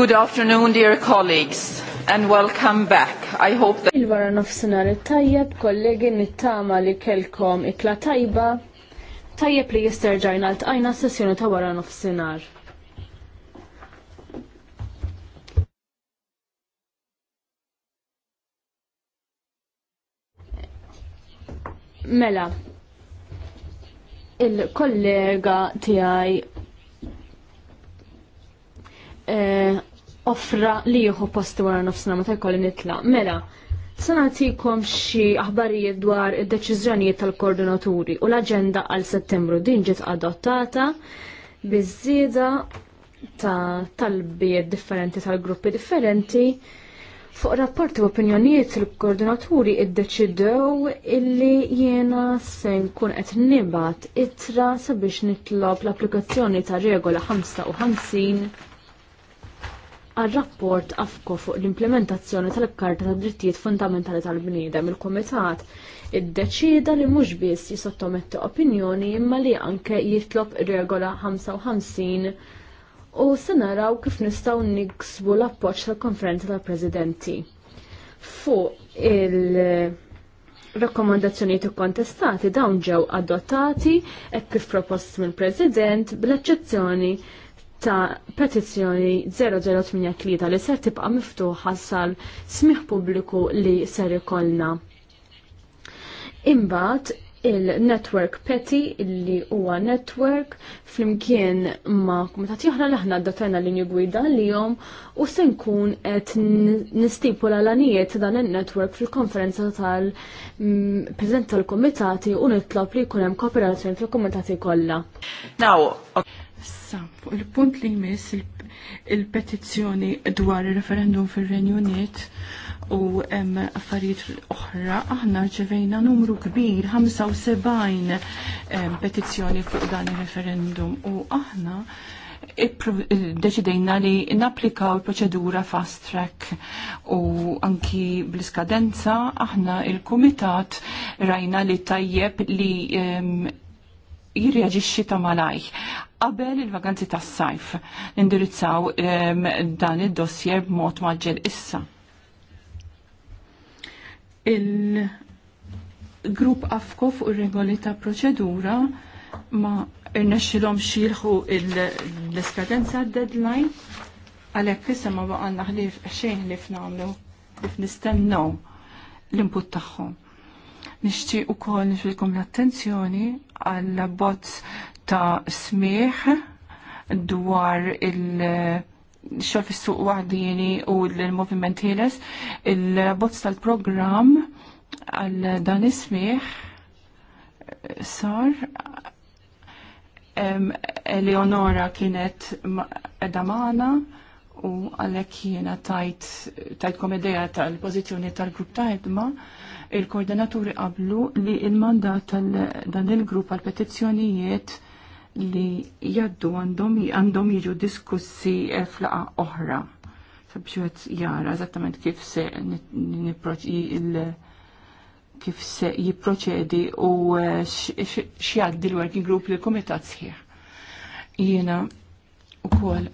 Good afternoon, dear colleagues, and welcome back. I hope that... Il-wara nofsinar it-tajjeb, kollegi nittama li kelkom ikla tajba, tajjeb li jisterġajna l-tajna sessjoni ta' wara nofsinar. Mela, il-kollega tijaj eh, offra li jieħu posti wara nofsna ma jkolli nitla. Mela, se nagħtikom xi aħbarijiet dwar id-deċiżjonijiet tal-koordinaturi u l-aġenda għal Settembru din ġiet adottata biż-żieda ta' talbijiet differenti tal-gruppi differenti Fuq rapporti u opinjonijiet il-koordinaturi iddeċidew illi jiena se nkun qed nibat itra sabiex nitlob l-applikazzjoni ta' regola 55 għal-rapport afko fuq l-implementazzjoni tal-Karta ta' Drittijiet Fundamentali tal-Bniedem il-Kumitat deċida li mhux biss jisottometti opinjoni imma li anke jitlob regola 55 u se naraw kif nistgħu niksbu l-appoġġ tal-Konferenza tal-Presidenti. Fuq il- rakkomandazzjonijiet kontestati dawn ġew adottati hekk kif propost mill-President bl-eċċezzjoni ta' petizzjoni 0083 li ser tibqa' miftuħa sal smih pubbliku li ser ikollna. Imbagħad il-network peti li huwa network flimkien ma' kumitat joħra li aħna dotajna linju gwida li jom u se et qed nistipula l-anijiet dan il-network fil-konferenza tal mm, prezent tal-Komitati u nitlob li jkun hemm kooperazzjoni fil-Komitati kollha. Now, okay. Sa, fuq il-punt li jmiss il-petizzjoni dwar il-referendum fil-Renju Unit u hemm affarijiet oħra, aħna ġevejna numru kbir, 75 petizzjoni fuq dan il-referendum u aħna deċidejna li napplikaw il-proċedura fast track u anki bl-iskadenza aħna il-Kumitat rajna li tajjeb li jirreagġixxi ta' malaj. Qabel il-vaganzi tas-sajf nindirizzaw ehm, dan id-dossier b'mod maġġel issa. Il-grupp afko fuq ir-regoli ta' proċedura ma irnexxilhom xilħu l skadenza deadline għalhekk issa ma baqgħna ħlief xejn li nagħmlu kif f'nistennu l-input tagħhom Nixtieq ukoll nixbilkom l-attenzjoni għall bots ta' smieħ dwar il- xol fis u għadini u l-moviment Hiles, il-bozz tal-programm għal dan ismiħ eh, sar Eleonora kienet edamana u għalek jiena tajt tajt komedeja tal-pozizjoni tal-grupp ta' edma. Il-koordinaturi qablu li il-mandat tal-dan il-grupp għal petizzjonijiet li jaddu għandhom jiġu diskussi eh, flaqa oħra. Sabiex jara eżattament kif se il- kif se jiproċedi u eh, xjaddi l-working group li l-komitat sħiħ. Jena u kol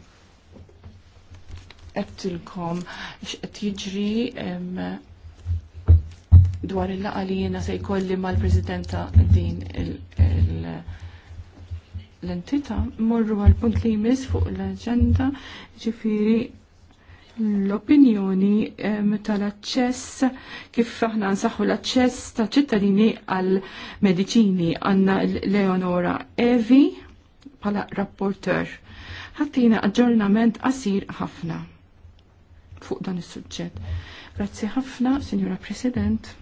għettilkom xqed jiġri dwar il-laqa li jena se jkolli mal-prezidenta din l-entita, morru għal-punt li jmiss fuq l-agenda ġifiri l-opinjoni tal-aċċess kif aħna nsaħħu l-aċċess ta' ċittadini għal-mediċini għanna Leonora Evi pala rapporter. Ħattina aġġornament qasir ħafna fuq dan is-suġġett. Grazzi ħafna, Signora President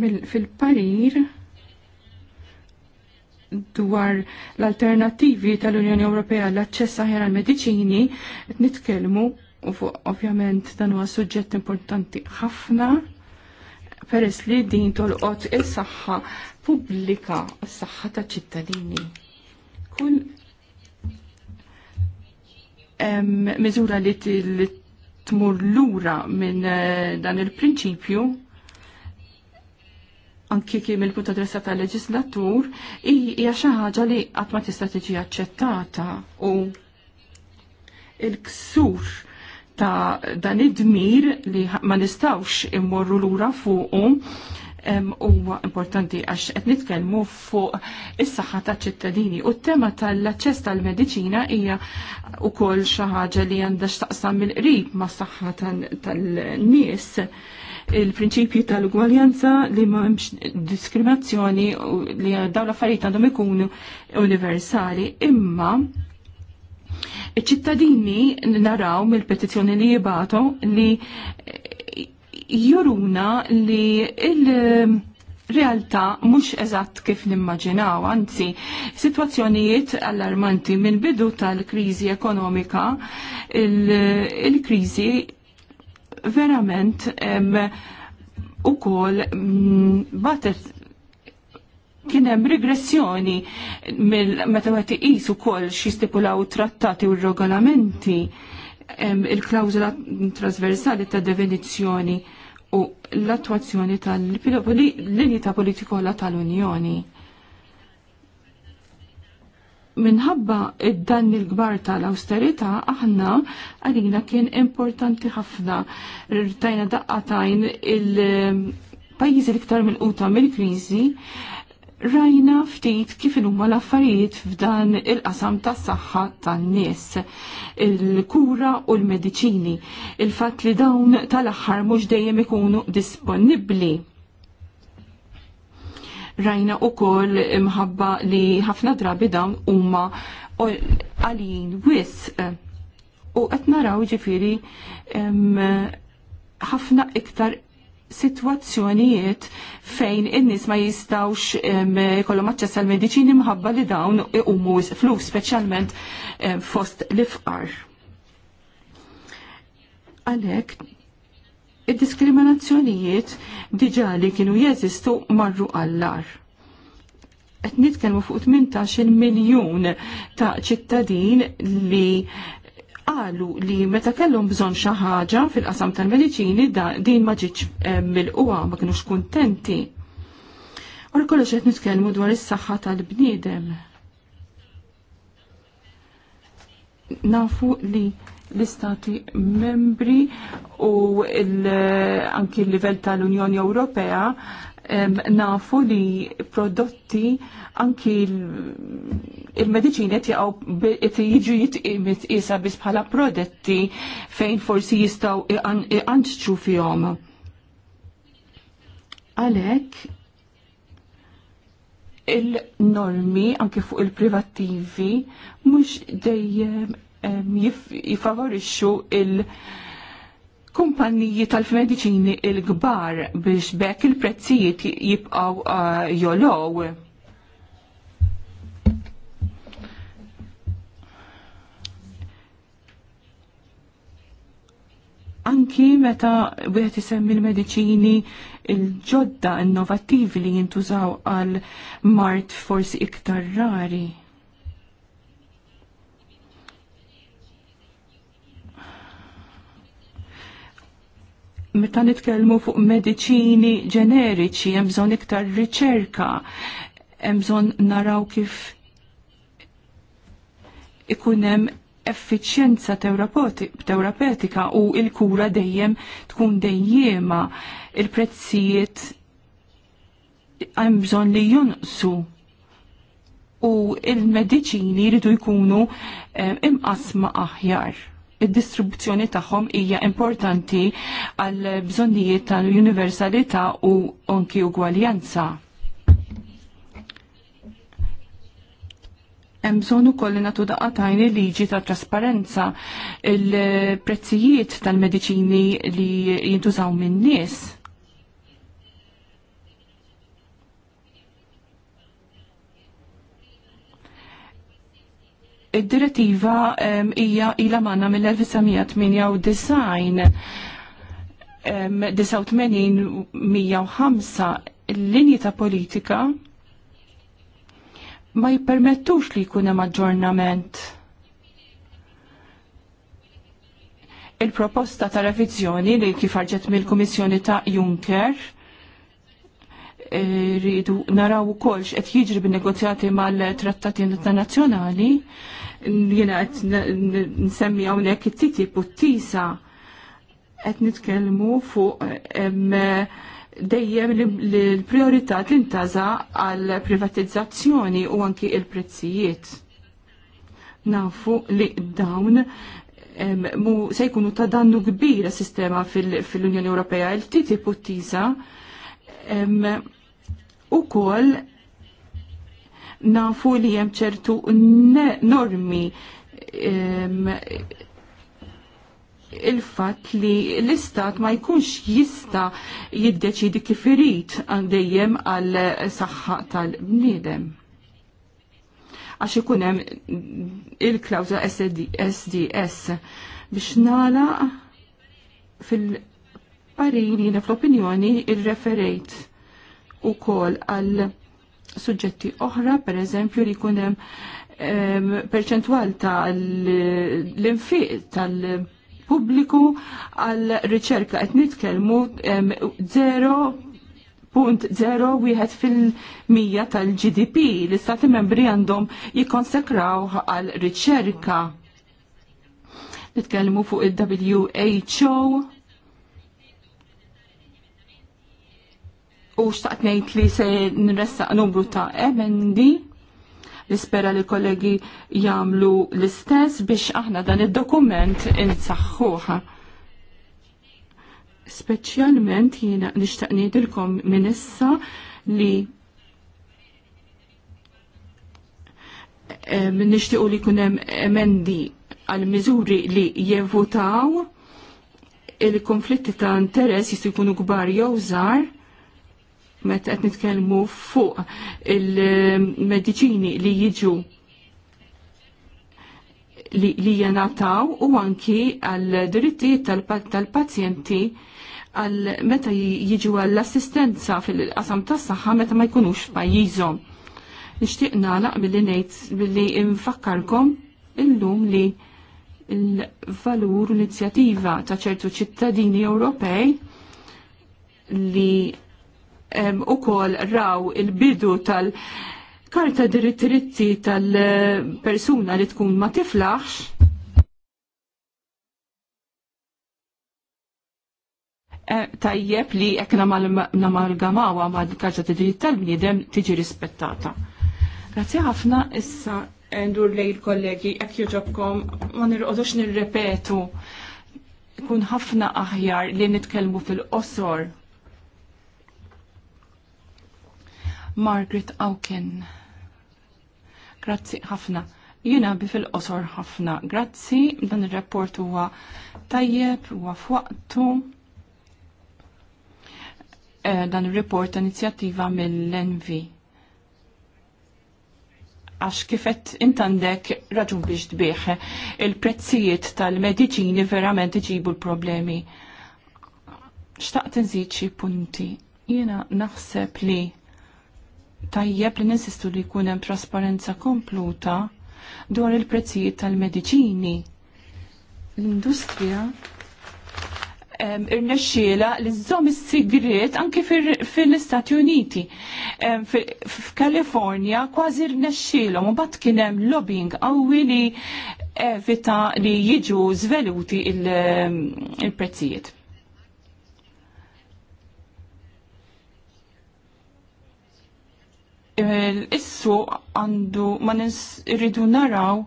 fil-parir dwar l-alternativi tal-Unjoni Ewropea l-aċċess aħjar għal mediċini qed nitkellmu fuq ovvjament dan huwa suġġett importanti ħafna peress li din tolqot is-saħħa pubblika s-saħħa taċ ċittadini. Kull miżura li tmur lura minn eh, dan il-prinċipju anki kim il-punt adressa tal-leġislatur, hija xi ħaġa li qatt ma tista' tiġi aċċettata u il-ksur ta' dan id-dmir li ma nistawx immorru lura fuqu huwa importanti għax qed nitkellmu fuq is-saħħa taċ-ċittadini u t-tema tal-aċċess tal-mediċina hija wkoll xi ħaġa li għandha x'taqsam mill-qrib mas-saħħa tan-nies. Tal il-prinċipju tal-ugwaljanza li ma diskriminazzjoni u li dawn l-affarijiet għandhom ikunu universali imma iċ-ċittadini naraw mill-petizzjoni li jibatu li juruna li il- realtà mhux eżatt kif nimmaġinaw, anzi, situazzjonijiet allarmanti minn bidu tal-kriżi ekonomika, il-kriżi verament u kol batet kienem regressjoni meta għet iqisu kol xi stipulaw trattati u regolamenti il-klawzula trasversali ta' definizjoni u l-attuazzjoni tal-linji ta' politikola tal-Unjoni minħabba id-dan il-gbar tal-austerita, aħna għalina kien importanti ħafna. Rtajna daqqatajn il-pajizi liktar mill-quta mill-krizi, rajna ftit kif huma l-affarijiet f'dan il-qasam tas saħħa tan-nies, il-kura u l-mediċini, il-fatt li dawn tal-aħħar mhux dejjem ikunu disponibbli rajna u koll imħabba li ħafna drabi dawn huma għalin wis u qed raw ġifiri ħafna iktar situazzjonijiet fejn in-nies ma jistawx jkollhom aċċess għal mediċini mħabba li dawn huma flus speċjalment fost l-ifqar. Għalhekk id-diskriminazzjonijiet diġa li kienu jeżistu marru għallar. Qed nitkellmu fuq 18 miljun ta' ċittadin li qalu li meta kellhom bżonn xi ħaġa fil-qasam tal-mediċini din ma ġietx eh, mill-qwa ma kinux kuntenti. Or kollox qed nitkellmu dwar is-saħħa tal-bniedem. Nafu li l-istati membri u anki l-livell tal-Unjoni Ewropea nafu li prodotti anki il-medicini qed jiġu jitqimet jisa biss bħala prodotti fejn forsi jistgħu iqantxu fihom. Għalhekk il-normi anke fuq il-privattivi mhux dejjem jifavorixxu il- kumpanniji tal-medicini il-gbar biex bekk il-prezzijiet jibqaw jolow. Anki meta wieħed isemmi l-mediċini il-ġodda innovattivi li jintużaw għal mart forsi iktar rari. meta nitkellmu fuq mediċini ġeneriċi, hemm bżonn iktar riċerka, hemm bżonn naraw kif ikun hemm effiċjenza terapeutika u il-kura dejjem tkun dejjema il-prezzijiet hemm bżonn li jonqsu u il-mediċini jridu jkunu eh, imqasma aħjar id-distribuzzjoni tagħhom hija importanti għal bżonnijiet tal-universalità u anki ugwaljanza. hemm bżonn ukoll nagħtu daqatajn il-liġi ta' trasparenza il-prezzijiet tal-mediċini li jintużaw minn nies Id-direttiva hija ila manna mill-1998 89-105 linji ta' politika ma jippermettux li jkun hemm aġġornament. Il-proposta ta' revizjoni li kif ħarġet mill-Kummissjoni ta' Juncker e, rridu naraw ukoll x'qed jiġri bin-negozjati mal-trattati internazzjonali jiena qed nsemmi hawnhekk it titi puttisa għet nitkelmu qed nitkellmu fuq dejjem l-priorità t-intaza għal privatizzazzjoni u anki il-prezzijiet. Nafu li dawn mu se jkunu ta' dannu kbira sistema fil-Unjoni Ewropea, il titi puttisa u koll nafu li hemm ċertu normi il-fat li l-istat ma jkunx jista jiddeċidi kif irid dejjem għal saħħa tal-bniedem. Għax ikun hemm il-klawża SDS biex nala fil parini jiena fl-opinjoni il-referejt kol għal suġġetti oħra, per eżempju, li kunem perċentwal ta' l-infiq tal-pubbliku għal riċerka qed nitkellmu 0.01 fil-mija tal-GDP li stati membri għandhom jikonsekraw għal riċerka. Nitkellmu fuq il-WHO u xtaqt ngħid li se nressaq numru ta' emendi l-ispera li kollegi jagħmlu l-istess biex aħna dan id-dokument insaħħuħa. Speċjalment jiena nixtaq ngħidilkom minissa li nixtiequ li kunem emendi għal miżuri li jevvutaw il-konflitti ta' interess jistu jkunu kbar jew żgħar meta qed nitkellmu fuq il medicini li jiġu li, li jenataw u anki għal drittijiet tal-pazjenti għal meta jiġu għall-assistenza fil-qasam tas-saħħa meta ma jkunux pajizom. Nixtieq nagħlaq billi ngħid billi infakkarkom illum li il-valur l-inizjattiva ta' ċertu ċittadini Ewropej li ukoll raw il-bidu tal-karta diritti tal-persuna li tkun ma tiflaħx. E, tajjeb li jekk namalgamawa ma' karta tidrit tal-bniedem tiġi rispettata. Grazzi ħafna issa Endur lej il-kollegi jekk joġobkom ma nirqodux nirrepetu kun ħafna aħjar li nitkellmu fil-qosor Margaret Auken. Grazzi ħafna. Jina bi fil-qosor ħafna. Grazzi, dan il-rapport huwa tajjeb, huwa f'waqtu. Eh, dan il rapport inizjattiva mill-Envi. Għax kifet intandek raġun biex tbieħ il-prezzijiet tal-mediċini verament iġibu l-problemi. Xtaqt nżid xi punti. Jiena naħseb li tajjeb li ninsistu li jkun hemm trasparenza kompluta dwar il-prezzijiet tal-mediċini. L-industrija irnexxiela li żżomm is-sigriet anke fil-Istati Uniti. F'Kalifornja kważi rnexxielhom u mbagħad kien hemm lobbying qawwi li evita li jiġu żveluti il-prezzijiet. issu għandu ma irridu naraw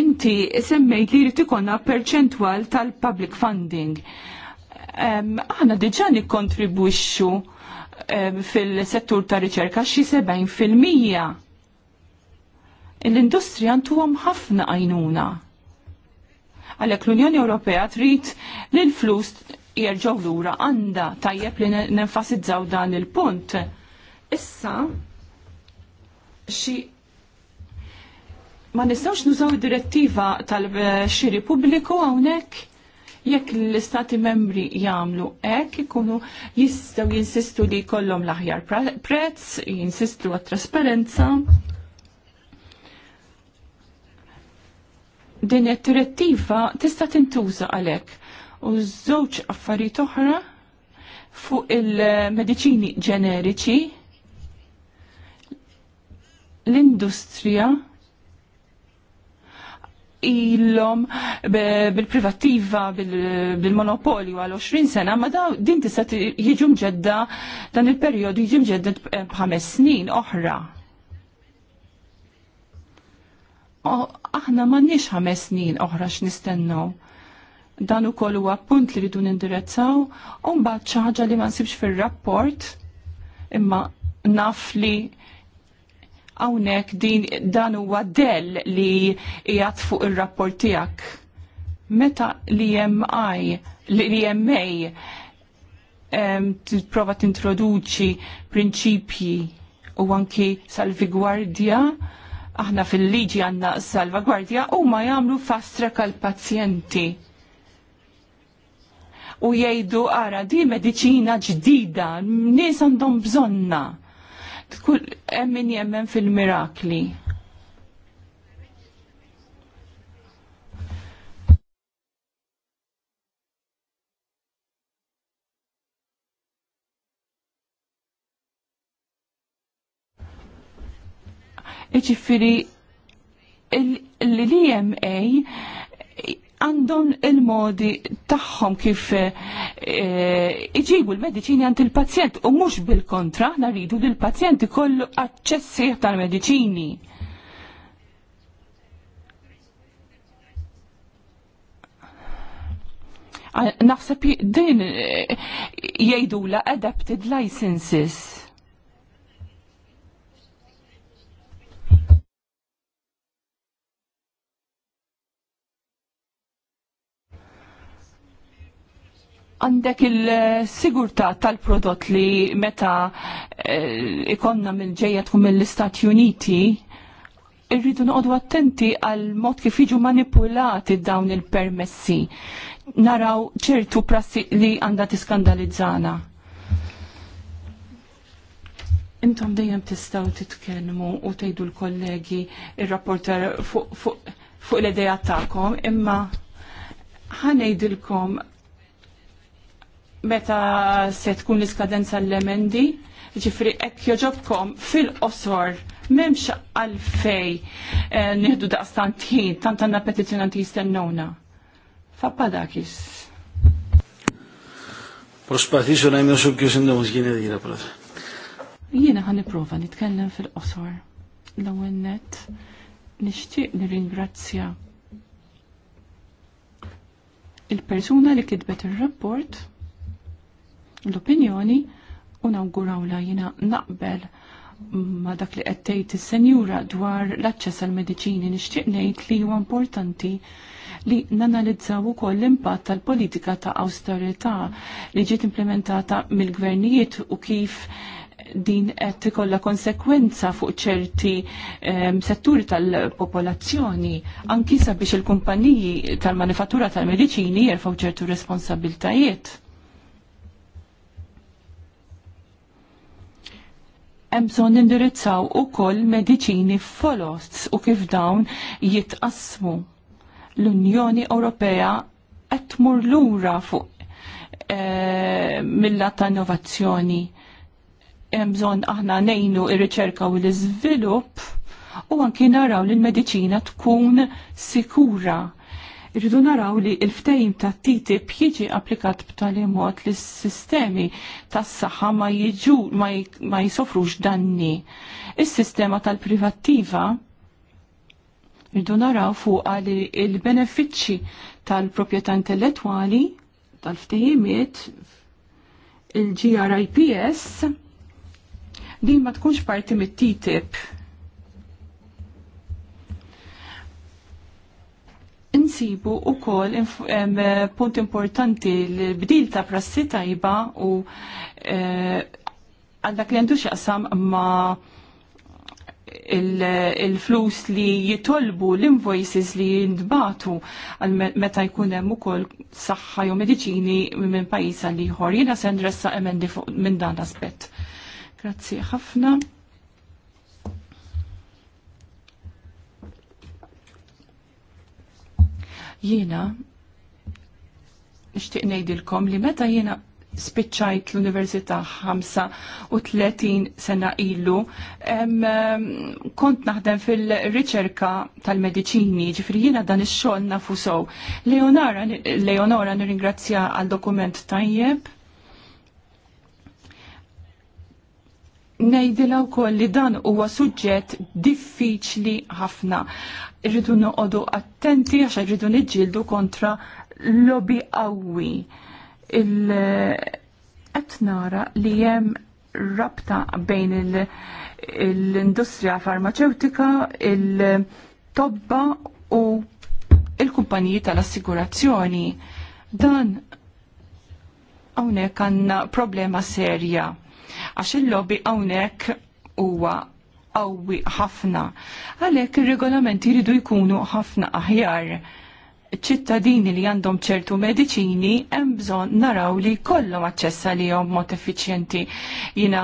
inti semmejt li jrid ikonna perċentwal tal-public funding. Aħna um, diġà nikkontribwixxu um, fil-settur ta' riċerka xi 70 fil-mija. L-industrija ntuhom ħafna għajnuna. Għalhekk l-Unjoni Ewropea trid l-flus jerġgħu lura għandha tajjeb li nenfasizzaw dan il-punt Issa, xi ma nistawx nużaw id direttiva tal-xiri pubbliku hawnhekk jekk l-istati membri jagħmlu hekk ikunu jistgħu jinsistu li jkollhom l-aħjar prezz, jinsistu għat-trasparenza. Din id-direttiva tista' tintuża għalhekk u żewġ affarijiet oħra fuq il-mediċini ġeneriċi l-industrija illom bil-privattiva, bil-monopolju għal 20 sena, ma da din tista' jiġu ġedda dan il-perjodu jiġu ġedda b'ħames snin oħra. Aħna m'għandniex ħames snin oħra x'nistennew. Dan ukoll huwa punt li rridu nindirezzaw u mbagħad xi ħaġa li ma nsibx fir-rapport imma naf li Hawnhekk din dan huwa għaddell li qiegħed fuq ir-rapport tiegħek. Meta li MI li t-prova tipprova tintroduċi prinċipji u anki salvigwardja aħna fil-liġi għanna salvagwardja u ma jagħmlu fastra kal pazjenti u jgħidu ara di medicina ġdida, nies għandhom bżonna. Tkun hemm min jemmen fil-mirakli. Iġifiri, l-LMA għandhom il-modi tagħhom kif eh, iġibu l-mediċini għand il-pazjent u mhux bil-kontra naridu li l-pazjent ikollu aċċessi tal-mediċini. Naħseb din eh, jgħidula adapted licenses għandek il-sigurta tal-prodott li meta eh, ikonna mill-ġeja tkun mill-Istati Uniti, irridu noqogħdu attenti għal mod kif jiġu manipulati dawn il-permessi. Naraw ċertu prassi li għandha tiskandalizzana. Intom dejjem tistgħu titkellmu u tgħidu l-kollegi ir-rapporter fuq fu, fu l-idea tagħkom, imma ħanejdilkom meta se tkun l-iskadenza l-emendi, ġifri ek joġobkom fil-qosor memx għalfej eh, nieħdu nieħdu daqstantin, tant għanna petizjonanti jistennuna. Fappadakis. Prospatisġu najmi uxub kjus indomu zgjina dira prat. Jiena għan niprofa nitkellem fil-qosor. L-ewwel net nixtieq nirringrazzja il-persuna li kitbet ir-rapport l-opinjoni u nawgurawla jina naqbel ma dak li qed tgħid is-senjura dwar l-aċċess għal mediċini nixtieq ngħid li huwa importanti li nanalizzaw ukoll l-impatt tal-politika ta' awsterità li ġiet implementata mill-gvernijiet u kif din qed tikollha konsekwenza fuq ċerti um, setturi tal-popolazzjoni anki sabiex il-kumpaniji tal-manifattura tal-mediċini jerfgħu ċertu responsabiltajiet Emson indirizzaw u koll mediċini folosts u kif dawn jitqasmu. L-Unjoni Ewropea qed tmur lura fuq e, eh, milla ta' innovazzjoni. Emson aħna nejnu ir-riċerka u l-iżvilupp u anki naraw li l-mediċina tkun sikura Irridu naraw li il-ftejim ta' TTIP jiġi applikat b'tali mod li s-sistemi tas saħħa ma jiġu ma jisofrux danni. Is-sistema tal-privattiva irridu naraw fuq li il-benefiċċi tal-proprjetà intellettwali tal-ftejimiet il-GRIPS li ma tkunx parti mit-TTIP insibu wkoll eh, punt importanti l-bdil ta' prassi tajba u eh, għandak li għandu xaqsam ma' il-flus il li jitolbu l-invoices li jindbatu għal meta jkun hemm ukoll saħħa jew mediċini minn pajjiż għal ieħor. Jiena se ndressa emendi minn dan l aspett. Grazzi ħafna. Jiena nixtieq ngħidilkom li meta jiena spiċċajt l-Università 35 sena ilu, em, kont naħdem fil-riċerka tal-mediċini, ġifri jiena dan ix-xogħol nafu sow. Leonora, Leonora nirringrazzja għal dokument tajjeb Nejdilaw wkoll li dan huwa suġġett diffiċli ħafna. Irridu noqogħdu attenti għax irridu niġġieldu kontra lobby qawwi. Il nara li hemm rabta bejn l-industrija farmaceutika, il-tobba u il-kumpaniji tal-assigurazzjoni. Dan hawnhekk għandna problema serja għax il-lobby hawnhekk huwa qawwi ħafna. Għalhekk ir-regolamenti jridu jkunu ħafna aħjar. ċittadini li għandhom ċertu mediċini hemm bżonn naraw li kollhom aċċessa lihom mod effiċjenti. Jiena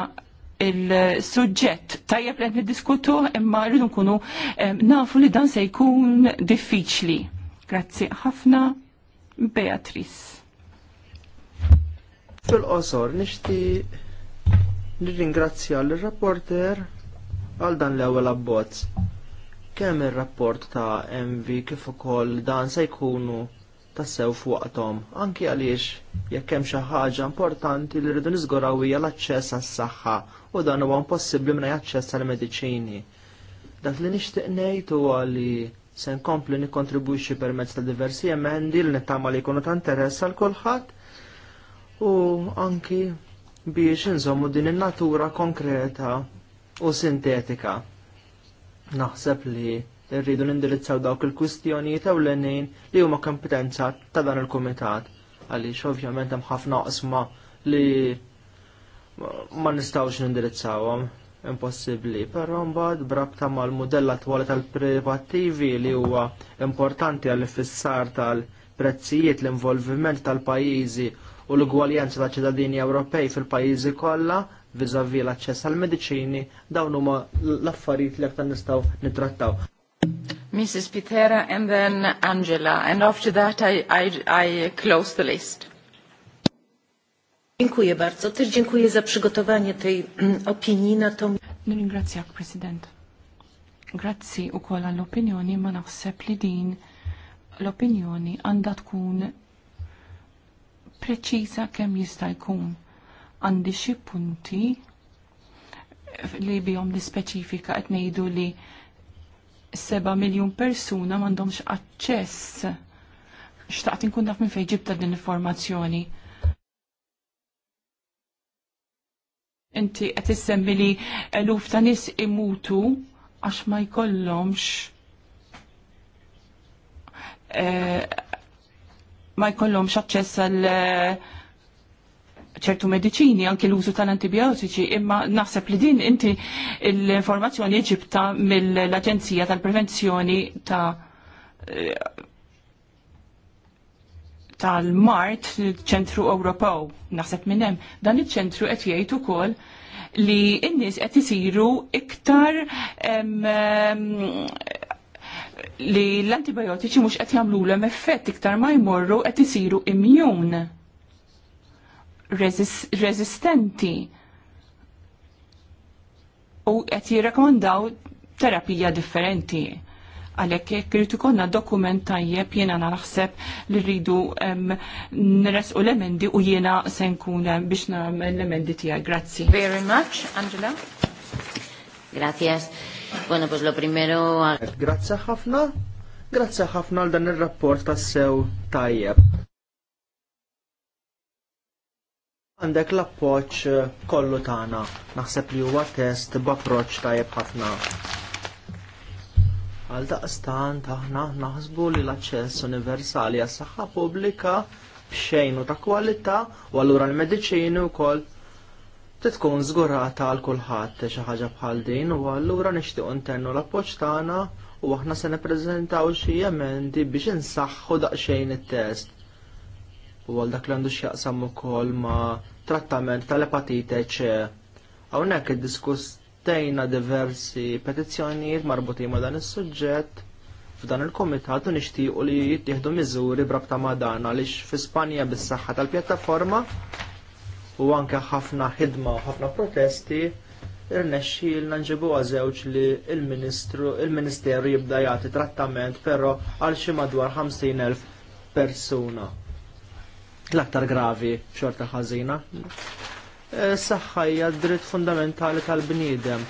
il-suġġett tajjeb li qed niddiskutu imma rridu nkunu nafu li dan se jkun diffiċli. Grazzi ħafna, Beatrice. Fil-qosor, nixtieq nirringrazzja l-rapporter għal dan l-ewwel abbozz. Kemm ir-rapport ta' MV kif ukoll dan se jkunu tassew fuqhom anki għaliex jekk hemm xi ħaġa importanti li rridu niżguraw hija l-aċċess għas-saħħa u dan huwa impossibbli minn aċċess għall mediċini Dak li nixtieq ngħid huwa li se nkompli nikkontribwixxi permezz ta' diversi emendi li nittama li jkunu ta' interess għal kulħadd u anki biex nżommu din in-natura konkreta u sintetika. Naħseb li rridu nindirizzaw dawk il-kwistjonijiet ewlenin li huma kompetenza ta' dan il-kumitat għaliex ovvjament hemm ħafna qisma li ma nistawx nindirizzawhom impossibbli, però mbagħad brabta mal-mudell attwali tal-privattivi li huwa importanti għall iffissar tal-prezzijiet l-involviment tal-pajjiżi u l-ugwaljanza ta' ċittadini Ewropej fil-pajjiżi kollha viżavi l-aċċess għal mediċini dawn huma l-affarijiet li aktar nistgħu nittrattaw. Mrs. Pitera and then Angela, and after that I, I, I close the list. Dziękuję bardzo. Też dziękuję za przygotowanie tej mm, opinii na tą... Ringrazzjak, President. Grazzi u kolla l-opinjoni ma naħseb li din l-opinjoni għanda tkun preċiża kemm jista' jkun għandi xi punti li bihom ispeċifika qed ngħidu li 7 miljun persuna m'għandhomx aċċess. Xtaqt inkun naf minn fejn ġibta din l-informazzjoni. Inti qed issemmi li eluf ta' nies imutu għax ma jkollhomx eh, ma jkollhomx aċċess għal eh, ċertu mediċini, anki l-użu tal-antibiotiċi, imma naħseb li din inti l-informazzjoni ġibta mill-Aġenzija tal-Prevenzjoni ta' eh, tal-Mart, ċentru Ewropew, naħseb minn hemm. Dan iċ-ċentru qed jgħid ukoll li n-nies qed isiru iktar li l-antibiotiċi mhux qed jagħmlulhom effett iktar ma jmorru qed isiru immjun rezistenti. u qed jirrekomandaw terapija differenti. Għalhekk jekk irid ikollna dokument tajjeb jiena naħseb li rridu nresqu l-emendi u jiena se nkun biex nagħmel l-emendi tiegħi. Grazzi. Very much, Angela. Grazie. Bueno, pues lo primero... Grazie ħafna. Grazie ħafna għal dan il-rapport tas sew tajjeb. Għandek l-appoċ eh, kollu tagħna. Naħseb li huwa test b'approċċ tajjeb ħafna. Għal daqstan taħna naħsbu li l-aċċess universali għas saħħa pubblika b'xejn u ta' kwalità u allura l-mediċini wkoll titkun żgurata għal kulħadd xi ħaġa bħal din u allura nixtieq intennu l-appoġġ tagħna u aħna se nippreżentaw xi emendi biex insaħħu daqsxejn it-test. U għal dak li għandu x'jaqsam ukoll ma' trattament tal-epatite C. Hawnhekk iddiskustejna diversi petizzjonijiet marbutin ma' dan is-suġġett f'dan il-komitat u nixtiequ li jittieħdu miżuri brabta ma' dan għaliex fi Spanja bis-saħħa tal-pjattaforma u anke ħafna ħidma u ħafna protesti irnexxielna nanġibu żewġ li il-Ministru il-Ministeru jibda jagħti trattament però għal xi madwar 50,000 persuna. L-aktar gravi xorta ħażina. Eh, Saħħajja hija dritt fundamentali tal-bniedem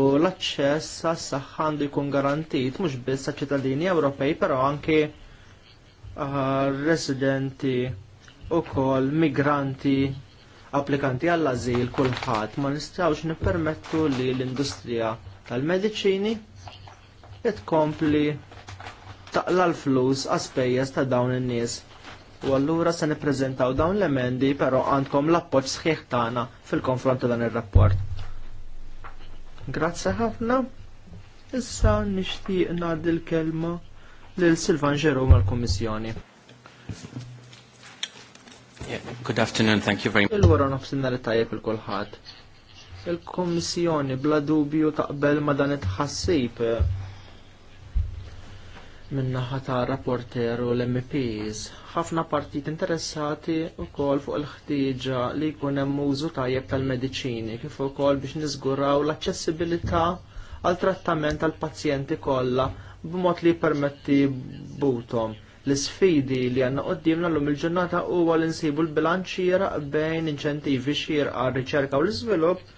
u l-aċċess għas-saħħa għandu jkun garantit mhux biss għaċ-ċittadini Ewropej, però anke ah, residenti u kol migranti applikanti għall-azil kulħadd ma nistgħux nippermettu li l-industrija tal-mediċini tkompli taqla l-flus għaspejjeż ta' dawn in-nies. U allura se nippreżentaw dawn l-emendi però għandkom l-appoġġ sħiħ tagħna fil-konfront ta' dan ir-rapport. Grazzi ħafna. Issa nixtieq ngħaddi l-kelma lil Silvan Ġerum għall-Kummissjoni. Good afternoon, thank you very much. Il-wara nofsinna li tajjeb il-kolħat. Il-Komissjoni bla dubju taqbel ma dan it-ħassib eh, minna ta' rapporter u l-MPs. ħafna partit interessati u kol fuq il-ħtieġa li jkun hemm użu tajjeb tal-mediċini kif ukoll biex niżguraw l-aċċessibilità għal trattament tal-pazjenti kollha b'mod li jpermetti butom l-sfidi li għanna qoddimna l-lum il-ġurnata huwa li nsibu l bilanċira bejn inċentivi xieraq għal riċerka u l-iżvilupp,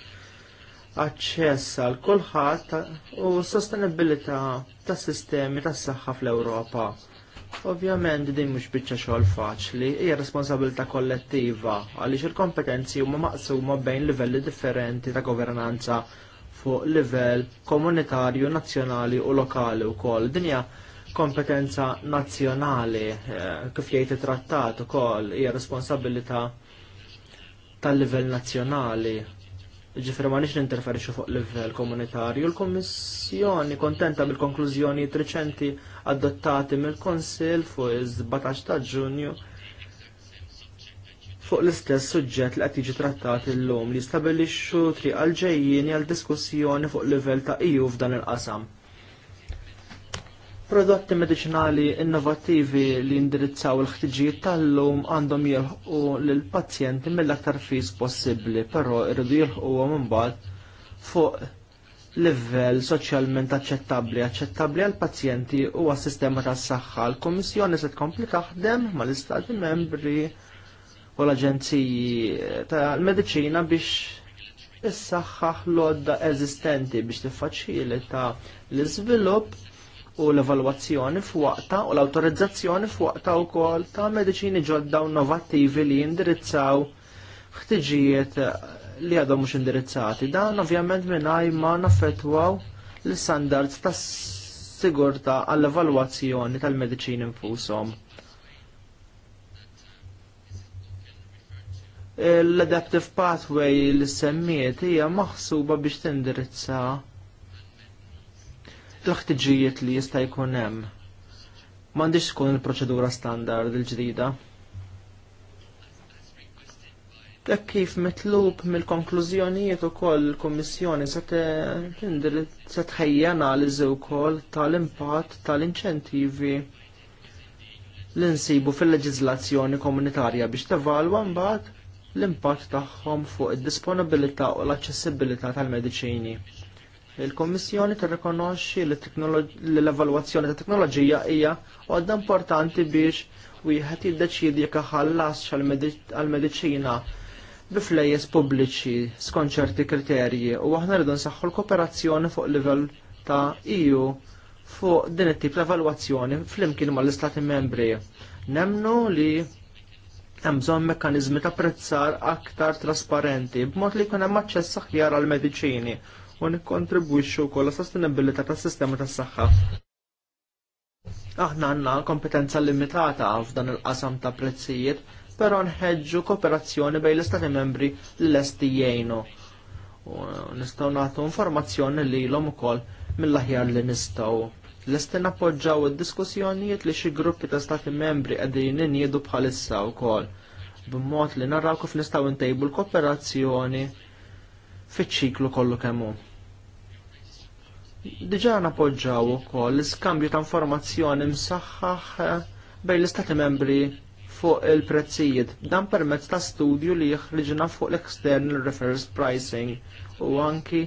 aċċess għal kulħadd u sostenibilità tas sistemi tas saħħa fl-Ewropa. Ovvjament din mhux biċċa xogħol faċli, hija responsabilità kollettiva għaliex il-kompetenzi huma maqsuma bejn livelli differenti ta' governanza fuq livell komunitarju, nazzjonali u lokali wkoll. dinja kompetenza nazzjonali eh, kif jgħid it-trattat ukoll hija responsabilità tal-livell nazzjonali. Ġifri ma nix ninterferixu fuq livell komunitarju. L-Kommissjoni kontenta bil-konklużjoni reċenti adottati mill-Konsil fuq iż-17 ta' Ġunju fuq l-istess suġġett li qed jiġi trattat illum li stabilixxu triq għal ġejjin għal diskussjoni fuq livell ta' EU f'dan il-qasam. Prodotti medicinali innovativi li indirizzaw il-ħtiġijiet tal-lum għandhom jilħqu lill-pazjenti mill-aktar fis possibbli, però irridu jilħquhom imbagħad fuq livell soċjalment aċċettabbli, aċċettabbli għall pazjenti u għas-sistema tas-saħħa. L-Kummissjoni se tkompli taħdem mal-Istati membri u l-Aġenziji tal-Mediċina biex is-saħħa l-odda eżistenti biex tiffaċilita l-iżvilupp u l-evalwazzjoni f'waqta u l-autorizzazzjoni f'waqta u kol ta' mediċini ġodda u novattivi li jindirizzaw ħtiġijiet li għadhom mhux indirizzati. Dan ovvjament mingħajr ma naffettwaw l-standards ta' sigurta għall-evalwazzjoni tal-mediċini nfushom. L-adaptive pathway li semmiet hija maħsuba biex tindirizza T-ħtiġijiet li jista' jkun hemm. M'għandix tkun il-proċedura standard il-ġdida. Dak kif mitlub mill-konklużjonijiet ukoll il-Kummissjoni se se tħejja analiżi wkoll tal-impatt tal-inċentivi li nsibu fil-leġiżlazzjoni komunitarja biex tevalwa mbagħad l-impatt tagħhom fuq id-disponibilità u l-aċċessibilità tal-mediċini. Il-Kommissjoni tirrikonoxxi li l-evalwazzjoni ta' teknoloġija hija għodda importanti biex wieħed jiddeċiedi jekk ħallas għall-mediċina biflejjes pubbliċi skont ċerti kriterji u aħna rridu nsaħħu l-kooperazzjoni fuq livell ta' EU fuq din it-tip ta' evalwazzjoni flimkien mal-Istati membri. Nemnu li hemm bżonn mekkaniżmi ta' prezzar aktar trasparenti b'mod li jkun hemm aċċess aħjar għall-mediċini u nikkontribwixxu wkoll għas-sostenibilità tas-sistema tas-saħħa. Aħna għandna kompetenza limitata f'dan il-qasam ta' prezzijiet, però nħeġġu kooperazzjoni bejn l-Istati membri l est jgħinu. Nistgħu nagħtu informazzjoni lilhom ukoll mill-aħjar li nistgħu. Lesti nappoġġaw id-diskussjonijiet li xi gruppi ta' stati membri qegħdin injiedu bħalissa wkoll b'mod li naraw kif nistgħu ntejbu l-kooperazzjoni fiċ-ċiklu kollu kemm hu. Diġa napoġġaw ukoll l-iskambju ta' informazzjoni msaħħaħ bejn l-Istati membri fuq il-prezzijiet. Dan permezz ta' studju li jħriġna fuq l-External Reference Pricing u anki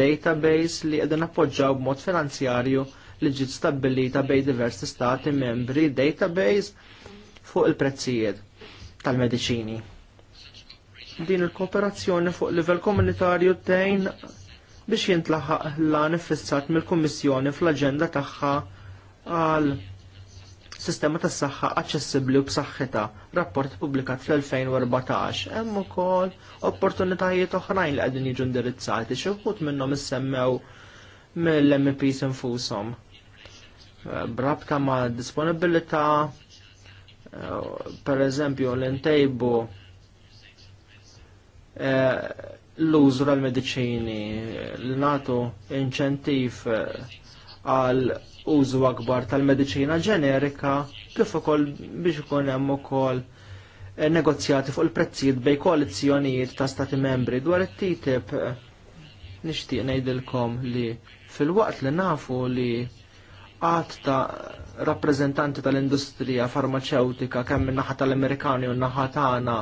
database li qegħdin appoġġaw b'mod finanzjarju li ġiet stabilita bejn diversi stati membri database fuq il-prezzijiet tal-mediċini. Din il-kooperazzjoni fuq livell komunitarju tejn biex jintlaħaq l-għan fissat mill-Kummissjoni fl-aġenda tagħha għal sistema tas saħħa aċċessibbli u b'saħħitha, rapport pubblikat fl-2014. Hemm ukoll opportunitajiet oħrajn li qegħdin jiġu indirizzati xi wħud minnhom issemmew mill-MPs infushom. Eh, brabta ma' disponibilità, eh, per eżempju l-intejbu eh, l-użu tal-mediċini, l-natu inċentiv eh, għal użu akbar tal-mediċina ġenerika kif ukoll biex ikun hemm ukoll eh, negozjati fuq il-prezzijiet bej koalizzjonijiet ta' stati membri dwar it-TTIP eh, nixtieq ngħidilkom li fil-waqt li nafu li għad ta' rappreżentanti tal-industrija farmaceutika kemm min-naħa tal-Amerikani u n-naħa tagħna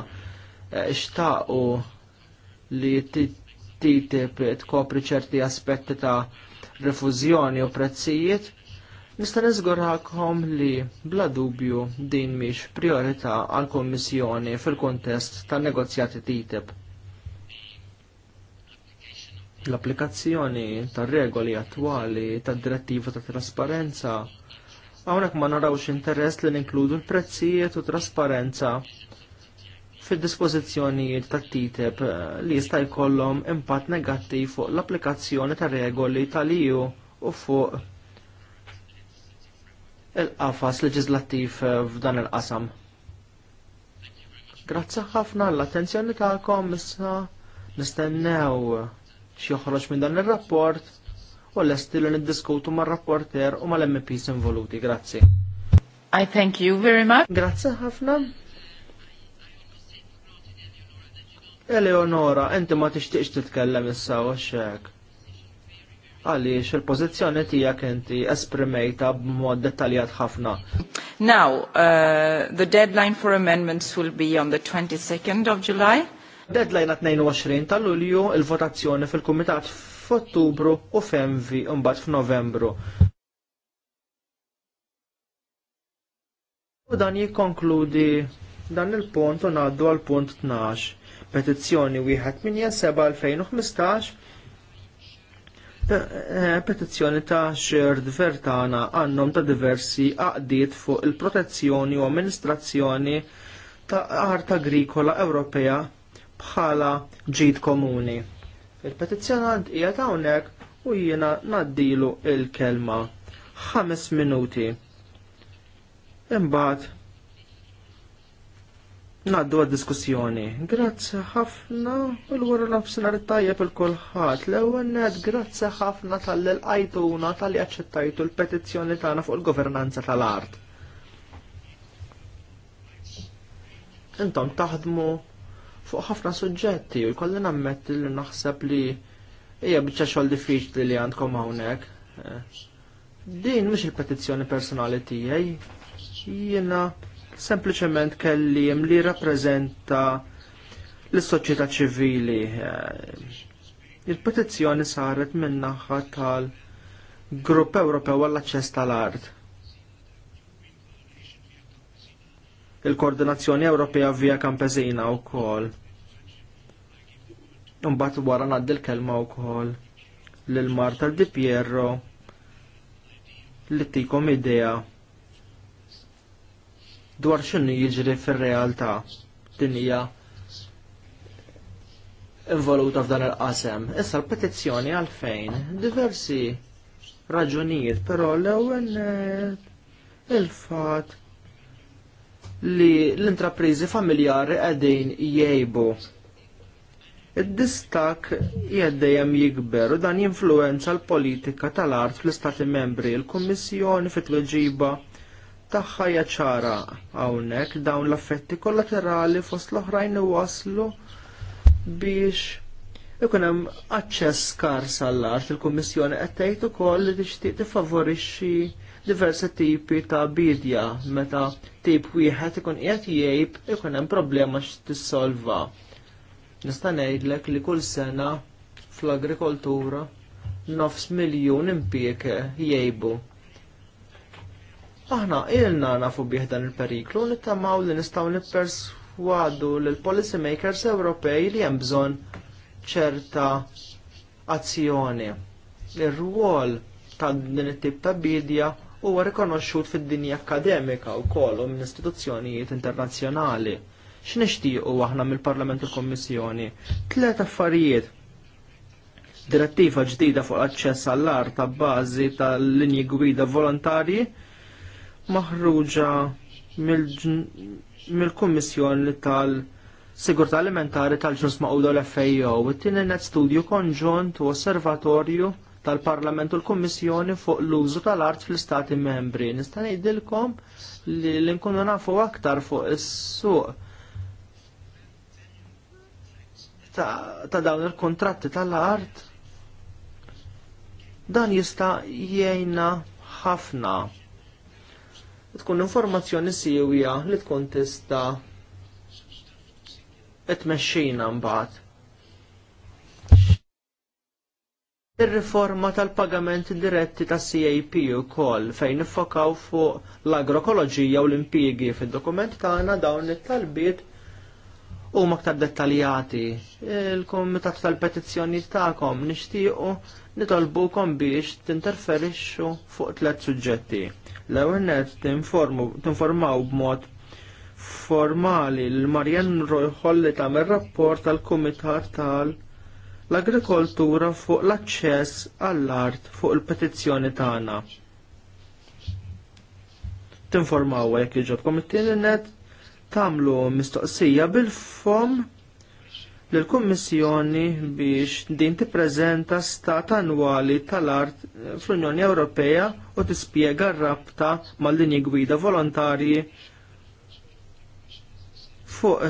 xtaqu li TTIP tkopri ċerti aspetti ta' refużjoni u prezzijiet, nista' niżgurħakom li bla dubju din mhix priorità għall kummissjoni fil kontest tan negozjati TTIP. L-applikazzjoni tar regoli attwali tad direttiva ta' trasparenza hawnhekk ma narawx interess li ninkludu l-prezzijiet u trasparenza fid dispozizjonijiet ta' ttip e eh, li jista' jkollhom impatt negattiv fuq l-applikazzjoni ta' regoli tal-EU u fuq il-qafas leġislattiv eh, f'dan il-qasam. Grazzi ħafna l-attenzjoni tagħkom issa nistennew xi joħroġ minn dan ir-rapport u lesti li niddiskutu mar-rapporter u mal-MPs involuti. Grazzi. I thank you very much. Grazzi ħafna. Eleonora, inti ma tixtiqx titkellem issa u xek. Għaliex il-pożizzjoni tijak inti esprimejta b'mod dettaljat ħafna. Now, uh, the deadline for amendments will be on the 22nd of July. Deadline għat 22 ta' Lulju, il-votazzjoni fil-Kumitat f'Ottubru u f'Envi mbagħad f'Novembru. U dan jikkonkludi dan il-punt u ngħaddu għal punt 12 petizzjoni 187-2015 eh, petizzjoni ta' xerd vertana għannom ta' diversi għaddit fuq il-protezzjoni u amministrazzjoni ta' art agrikola Ewropea bħala ġid komuni. il petizzjoni hija ta' hawnhekk u jiena naddilu il-kelma. Ħames minuti. Imbagħad Naddu għad-diskussjoni. Grazzi ħafna u l-għura l-absinar tajjeb il-kolħat. L-ewel grazzi ħafna tal-għajtuna tal-li għacċettajtu l-petizjoni tagħna fuq il-governanza tal-art. Intom taħdmu fuq ħafna suġġetti u jkolli nammet li naħseb li hija biċċa xogħol diffiċli li għandkom hawnhekk. Eh, din mhux il-petizzjoni personali tiegħi. Jiena sempliċement kellim li rappreżenta l-soċjetà ċivili. Il-petizzjoni saret minn naħa tal-Grupp Ewropew għall-Aċċess tal-Art. Il-Koordinazzjoni Ewropea via Kampesina wkoll. Imbagħad wara ngħaddi l-kelma wkoll lil Marta Di Pierro li tikom idea dwar xinni jiġri fir-realtà din hija involuta f'dan il-qasem. Issa l-petizzjoni għalfejn diversi raġunijiet, però l-ewwel eh, il-fatt li l-intrapriżi familjari qegħdin jgħibu. Id-distak dejjem jikber u dan jinfluenza l-politika tal-art fl-Istati membri, l kummissjoni fit-tweġiba Taħħa hija ċara hawnhekk dawn l-affetti kollaterali fost l-oħrajn waslu biex ikun hemm aċċess skars għall-art il-Kummissjoni qed tgħid ukoll li tixtieq tiffavorixxi diversi tipi ta' bidja meta tip wieħed ikun qiegħed jgħid ikun hemm problema x'tissolva. Nista' ngħidlek li kull sena fl-agrikoltura nofs miljun impjieg jgħibu Aħna ilna nafu bih dan il-periklu nittamaw li nistgħu nipperswadu lill policy makers Ewropej li hemm bżonn ċerta azzjoni. Ir-rwol ta' din it-tip ta' bidja huwa rikonoxxut fid-dinja akademika wkoll u minn istituzzjonijiet internazzjonali. X'nixtiequ aħna mill-Parlament u Kommissjoni? Tliet affarijiet. Direttiva ġdida fuq aċċess għall-art ta' bażi tal-linji gwida volontarji maħruġa mill-Kummissjoni tal-Sigurtà Alimentari tal-Ġus Maqdu l-FAO u t tini net studju konġunt u osservatorju tal-Parlament u l-Kummissjoni fuq l-użu tal-art fl-Istati membri. Nista' ngħidilkom li l-inkunu nafu aktar fuq is-suq ta' dawn il-kontratti tal-art dan jista' jgħinna ħafna tkun informazzjoni siwja li tkun tista etmexxina mbagħad. Ir-riforma tal-pagament diretti tas CAP ukoll fejn iffokaw fuq l-agrokoloġija u l-impjiegi fid-dokument tagħna dawn it-talbiet huma aktar dettaljati. Il-Kumitat tal-Petizzjoni tagħkom nixtiequ nitolbukom biex tinterferixxu fuq tliet suġġetti L-ewwel net tinformaw b'mod formali l-Marjan Rojħol li tagħmel rapport tal-Kumitat tal-Agrikoltura fuq l-aċċess għall-art fuq il-petizzjoni tagħna. Tinformaw hekk iġobkom it-tieni net tagħmlu mistoqsija bil-fom l-Kummissjoni biex din tippreżenta stat annwali tal-art fl-Unjoni Ewropea u tispjega r-rabta mal-linji gwida volontarji fuq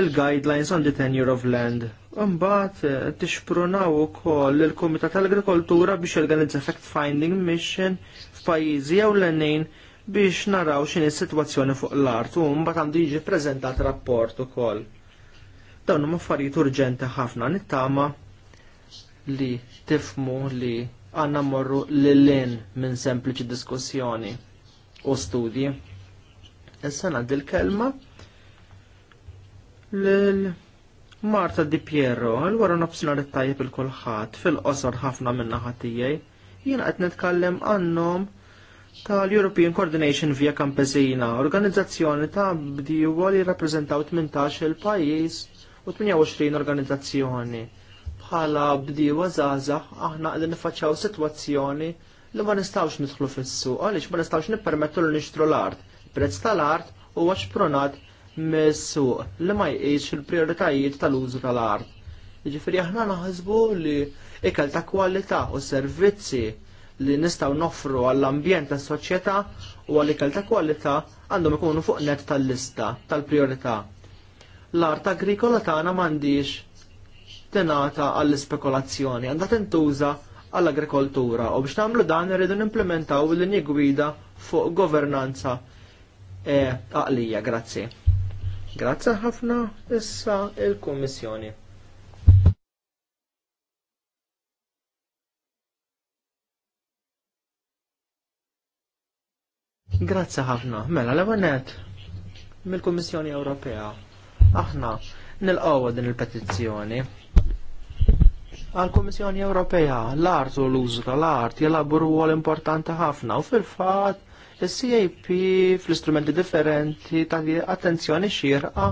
il-guidelines on the tenure of land. Mbagħad eh, tixprunaw ukoll il-Kumitat tal-Agrikoltura biex jorganizza fact-finding mission f'pajjiżi jew l biex naraw x'inhi s-sitwazzjoni fuq l-art u mbagħad għandu jiġi ppreżentat rapport ukoll. Dawn huma affarijiet urġenti ħafna nittama li tifmu li għanna morru l-lin minn sempliċi diskussjoni u studji. Issa ngħaddi l-kelma Lil marta Di Piero, għal wara nofsinar it-tajjeb il kulħadd fil-qosor ħafna minna ħatijaj, Jiena qed nitkellem għannom tal-European Coordination Via Campesina, organizzazzjoni ta' bdiju li rappresentaw 18 il pajjiż u 28 organizzazzjoni. Bħala bdiewa żgħażagħ aħna għadin nifaċċaw sitwazzjoni li ma nistgħux nidħlu fis għalix għaliex ma nistawx nippermettu li nixtru l-art. Prezz tal-art huwa xpronat mis-suq li ma jqis il-prioritajiet tal-użu tal-art. Jiġifieri aħna naħsbu li ikel ta' kwalità u servizzi li nistgħu noffru għall-ambjent tas-soċjetà u għall ikel ta' kwalità għandhom ikunu fuq net tal-lista tal-priorità l-art agrikola tagħna m'għandix tenata għall-ispekulazzjoni, għandha tintuża għall-agrikoltura u biex nagħmlu dan irridu nimplementaw linji gwida fuq governanza għaqlija, e, grazzi. Grazzi ħafna issa il-Kummissjoni. Grazzi ħafna. Mela, l ewanet mill-Kummissjoni Ewropea Aħna nilqgħu din il-petizzjoni. Għal-Kummissjoni Ewropea l-art u l-użu tal-art jelabru għol importanti ħafna u fil-fatt il cap fl-istrumenti differenti ta' attenzjoni xirqa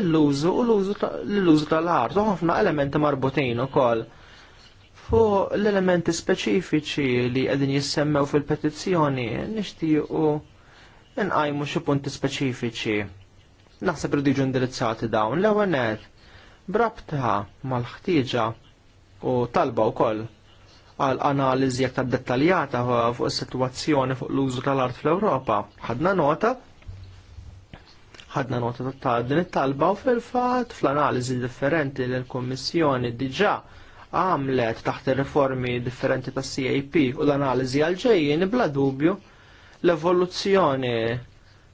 l-użu u l-użu tal-art u ħafna elementi marbutin ukoll. Fuq l-elementi speċifiċi li qegħdin jissemmew fil-petizzjoni nixtiequ nqajmu xi punti speċifiċi Naħseb li diġu indirizzati dawn l-ewwel net brabta mal-ħtieġa u talba wkoll għal analiżi aktar dettaljata fuq is-sitwazzjoni fuq l-użu tal-art fl-Ewropa. Ħadna nota ħadna nota ta' din it-talba u fil-fatt fl-analiżi differenti li l-Kummissjoni diġà għamlet taħt ir-riformi differenti tas CAP u l-analiżi għal ġejjin bla dubju l-evoluzzjoni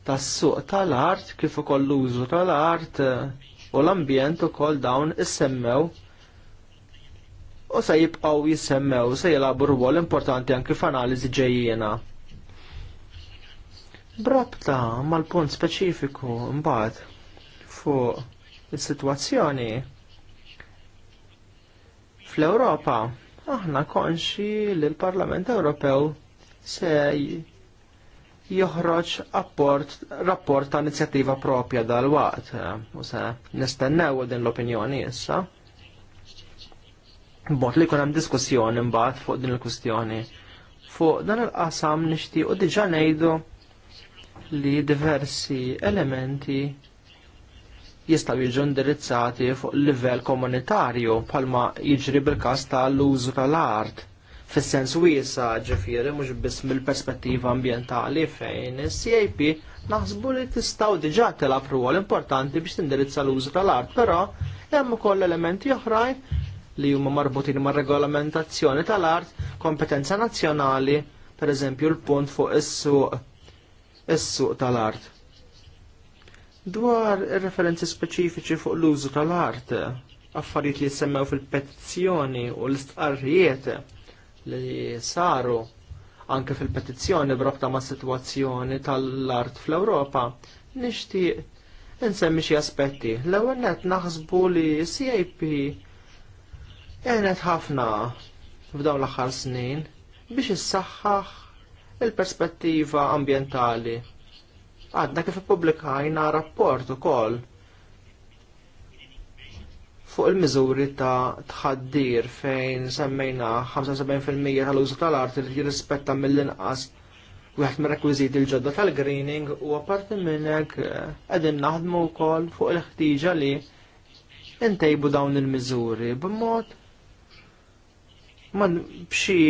tas-suq tal-art kif ukoll l-użu tal-art eh, u l-ambjent ukoll dawn issemmew u se jibqgħu jissemmew se jilagħbu rwol importanti anke f'analiżi ġejjiena. Brabta mal-punt speċifiku mbagħad fuq is-sitwazzjoni fl-Ewropa aħna konxi li l-Parlament Ewropew se joħroġ rapport ta' inizjattiva propja dal-waqt. U se nistennew din l-opinjoni issa. Bot li kun hemm diskussjoni mbagħad fuq din il-kwistjoni. Fuq dan il-qasam nixtiequ diġà ngħidu li diversi elementi jistaw jiġu indirizzati fuq livell komunitarju bħalma jiġri bil-każ tal-użu tal-art fis-sens wiesa ġifieri mhux biss mill-perspettiva ambjentali fejn is-CAP naħsbu li tistaw diġà telab rwol importanti biex tindirizza l-użu tal-art, però hemm ukoll elementi oħrajn li huma marbutin ma' regolamentazzjoni tal-art, kompetenza nazzjonali, per eżempju l-punt fuq is-suq is-suq tal-art. Dwar referenzi speċifiċi fuq l-użu tal-art, affarijiet li jissemmew fil-petizzjoni u l-istqarrijiet, li saru anke fil-petizzjoni brabta ma' situazzjoni tal-art fl-Ewropa, nixtieq insemmi xi aspetti. L-ewwel net naħsbu li CIP għenet ħafna f'dawn l-aħħar snin biex issaħħaħ il-perspettiva ambjentali. Għadna kif ippubblikajna rapport ukoll fuq il-miżuri ta' tħaddir fejn semmejna 75% tal-użu tal-art li jirrispetta mill-inqas Wieħed mir-rekwiżiti l-ġodda tal-greening u apparti minn hekk eh, qegħdin naħdmu wkoll fuq il ħtijġa li ntejbu dawn il-miżuri b'mod ma bxi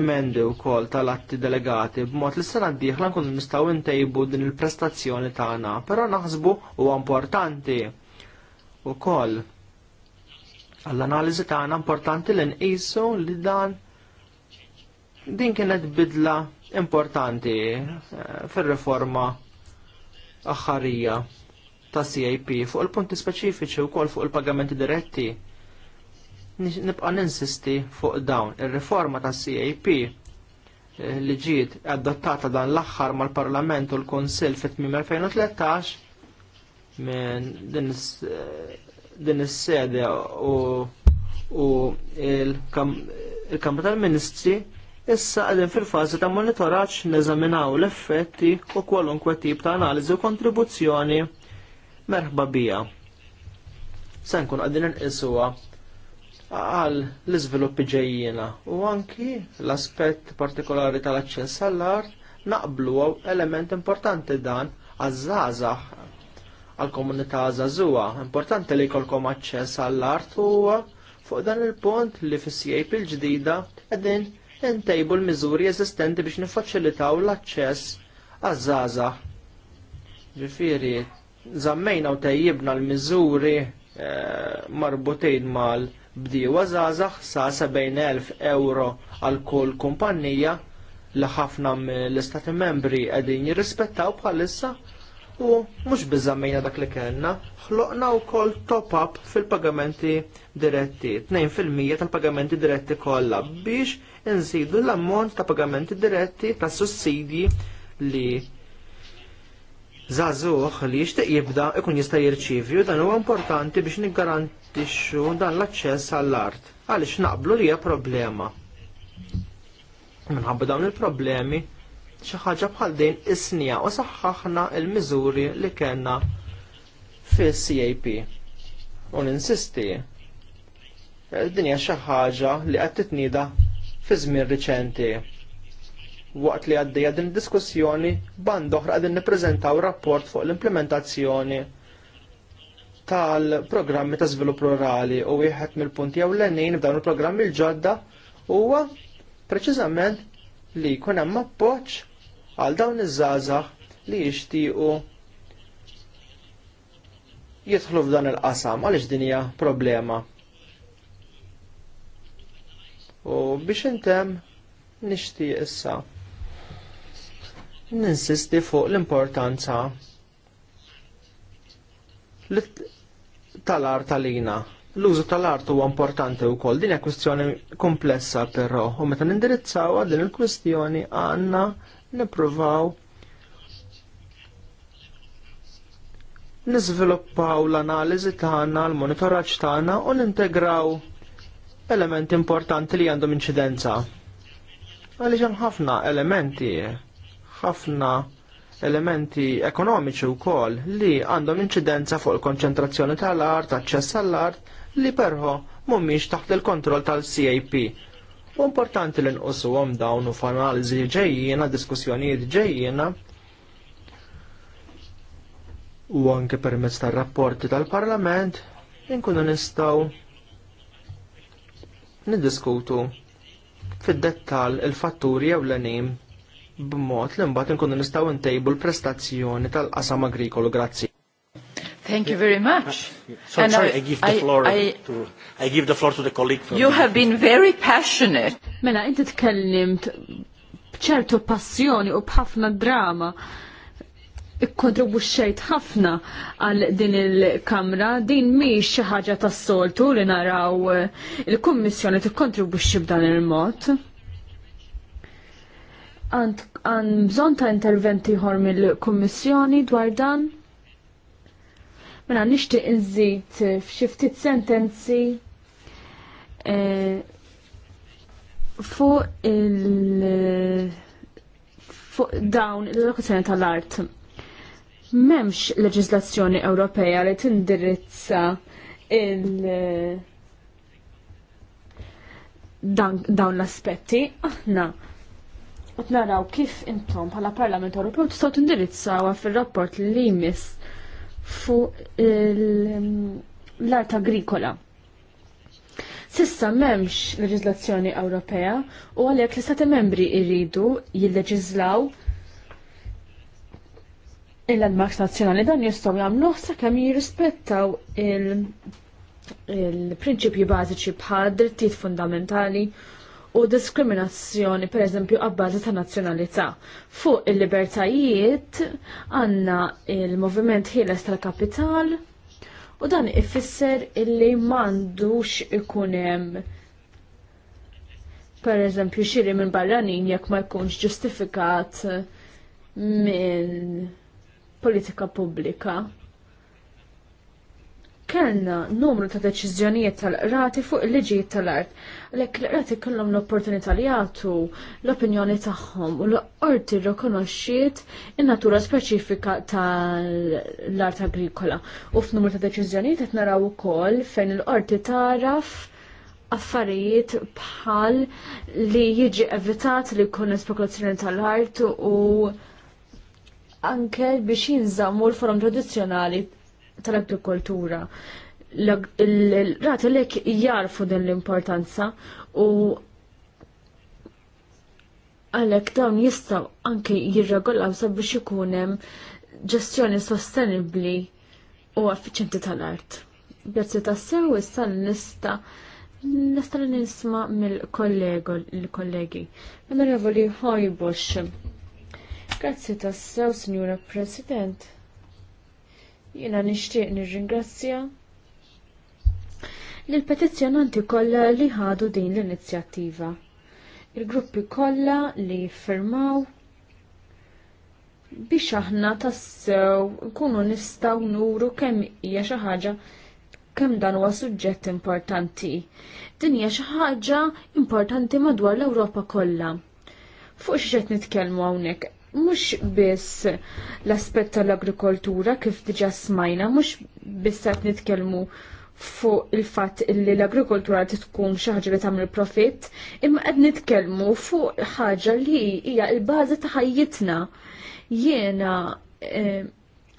emendi wkoll tal-atti delegati b'mod li sena d-dieħla nkunu nistgħu ntejbu din il-prestazzjoni tagħna, però naħsbu huwa importanti wkoll Għall-analiżi tagħna importanti li nqisu li dan din kienet bidla importanti eh, fir-riforma aħħarija ta' CIP fuq il-punti speċifiċi wkoll fuq il-pagamenti diretti nibqa' ninsisti fuq dawn. Ir-riforma ta' CIP eh, li ġiet adottata dan l-aħħar mal-Parlament u l-Kunsill fit-tmiem 2013 minn din eh, din is-sede u u il-Kamra tal-Ministri issa għadin fil-fażi ta' monitoraġġ neżaminaw l-effetti u kwalunkwe tip ta' analiżi u kontribuzzjoni merħba bija. Se nkun n inqisuha għal l-iżviluppi ġejjina u anki l-aspett partikolari tal-aċċess għall-art naqblu element importanti dan għaż-żgħażagħ għal-komunità Zazua. Importanti li jkollkom aċċess għall-art u fuq dan il-punt li fis il-ġdida qegħdin intejbu l-miżuri eżistenti biex nifaċilitaw l-aċċess għaż Ġifiri, zammejna u tajjibna l-miżuri eh, marbutin mal bdiewa għazzaza sa 70,000 euro għal kull kumpanija li ħafna l istati membri qegħdin jirrispettaw bħalissa u mhux biżammejna dak li kellna, ħloqna wkoll top-up fil-pagamenti diretti, 2% tal-pagamenti diretti kollha biex nżidu l-ammont ta' pagamenti diretti ta' sussidji li Zazuħ li jixtieq jibda ikun jista' jirċivju dan huwa importanti biex niggarantixxu dan l-aċċess għall-art għaliex naqblu li hija problema. Minħabba dawn il-problemi xi ħaġa bħal din is-snija u saħħaħna l-miżuri li kellna fis-CAP. U ninsisti dinja xi ħaġa li qed titnida fi żmien riċenti. Waqt li għaddejja din id diskussjoni band oħra qegħdin nippreżentaw rapport fuq l-implementazzjoni tal-programmi ta' żvilupp rurali u wieħed mill-punti ewlenin f'dawn il-programmi l-ġodda huwa preċiżament li jkun hemm appoġġ għal dawn iż-żgħażagħ li jixtiequ jidħlu f'dan il-qasam għaliex din hija problema. U biex intemm nixtieq issa ninsisti fuq l-importanza tal art tal-ina L-użu tal-art huwa importanti wkoll din hija kwistjoni komplessa però u meta nindirizzawha din il-kwistjoni għandna nippruvaw niżviluppaw l-analiżi tagħna, l-monitoraġġ tagħna u nintegraw elementi importanti li għandhom inċidenza. Għaliex hemm ħafna elementi, ħafna elementi ekonomiċi wkoll li għandhom inċidenza fuq il-konċentrazzjoni tal-art, aċċess għall-art, li perħo mhumiex taħt il-kontroll tal-CAP. U importanti li nqusuhom dawn u fanalizi ġejjina, diskussjonijiet ġejjina. u anke permezz tar-rapporti tal-Parlament inkunu nistgħu niddiskutu fid-dettall il-fatturi jew ewlenin b'mod li mbagħad inkunu nistgħu ntejbu l-prestazzjoni tal-qasam agrikolu grazzi. Thank you very much. So, and sorry, I, I give the floor I, to I give the floor to the colleague. you have been very passionate. Mela, inti tkellimt bċertu passjoni u bħafna drama ikkontribuxxejt ħafna għal din il-kamra, din mhix xi ħaġa tas-soltu li naraw eh, il-Kummissjoni tikkontribwixxi b'dan il-mod. Għand bżonn ta' interventi ħor mill-Kummissjoni dwar dan? Mela nishti nżid eh, f'xi ftit sentenzi eh, fuq il- fuq dawn il-lokazzjoni tal-art. Memx leġislazzjoni Ewropea li tindirizza il- eh, dawn l-aspetti, aħna qed naraw kif intom bħala Parlament Ewropew tistgħu tindirizzaw fir-rapport li jmiss fuq l-art agrikola. Sissa memx leġizlazzjoni Ewropea u għalhekk l-istati membri jridu jilleġizlaw il-landmarks nazzjonali dan jistgħu jagħmluh sakemm jirrispettaw il- prinċipji bażiċi bħal drittijiet fundamentali u diskriminazzjoni per eżempju għabbażi ta' nazzjonalità. Fuq il-libertajiet għanna il-moviment ħieles tal-kapital u dan ifisser illi mandux ikunem per eżempju xiri minn barranin jekk ma jkunx ġustifikat minn politika pubblika kellna numru ta' deċiżjonijiet tal-qrati fuq il-liġijiet tal-art Lekk l-qrati kellhom l-opportunità li jagħtu l-opinjoni tagħhom u l-qorti rikonoxxiet in-natura speċifika tal-art agrikola. U f'numru ta' deċiżjonijiet qed naraw ukoll fejn il-qorti taraf affarijiet bħal li jiġi evitat li jkun spekulazzjoni tal-art u anke biex jinżammu l-forum tradizzjonali tal-agrikoltura l rata l jarfu din l-importanza u għalek dawn jistaw anki jirregolaw sabiex ikunem ġestjoni sostenibli u effiċenti tal-art. Grazzi ta' sew issa nista nista nisma mill kollegu l-kollegi. Onorevoli Hojbox. Grazzi ta' sew, Signora President. Jena nixtieq nirringrazzja l petizzjonanti kollha li ħadu din l-inizjattiva. Il-gruppi kollha li firmaw biex aħna tassew nkunu nistgħu nuru kemm hija xi ħaġa kemm dan huwa suġġett importanti. Din hija xi ħaġa importanti madwar l-Ewropa kollha. Fuq xi qed nitkellmu hawnhekk, mhux biss l-aspett tal-agrikoltura kif diġà smajna, mhux biss qed nitkellmu fuq il-fatt li l-agrikoltura tkun xaħġa li tagħmel profitt, imma qed nitkellmu fuq ħaġa li hija l-bażi ta' ħajjitna. Jiena eh,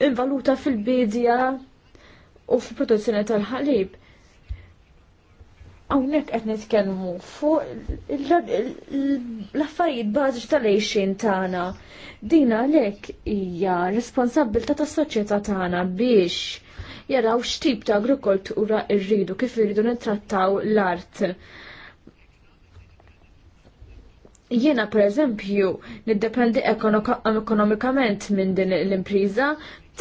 invaluta fil-bidja u fil-produzzjoni tal-ħalib. Hawnhekk qed nitkellmu fuq l-affarijiet bażiċi tal ejxin tagħna. Dina għalhekk hija responsabbilta tas-soċjetà tagħna biex jaraw x'tip ta' agrikoltura rridu kif irridu nittrattaw l-art. Jiena per eżempju niddependi ekonomikament minn din l-impriża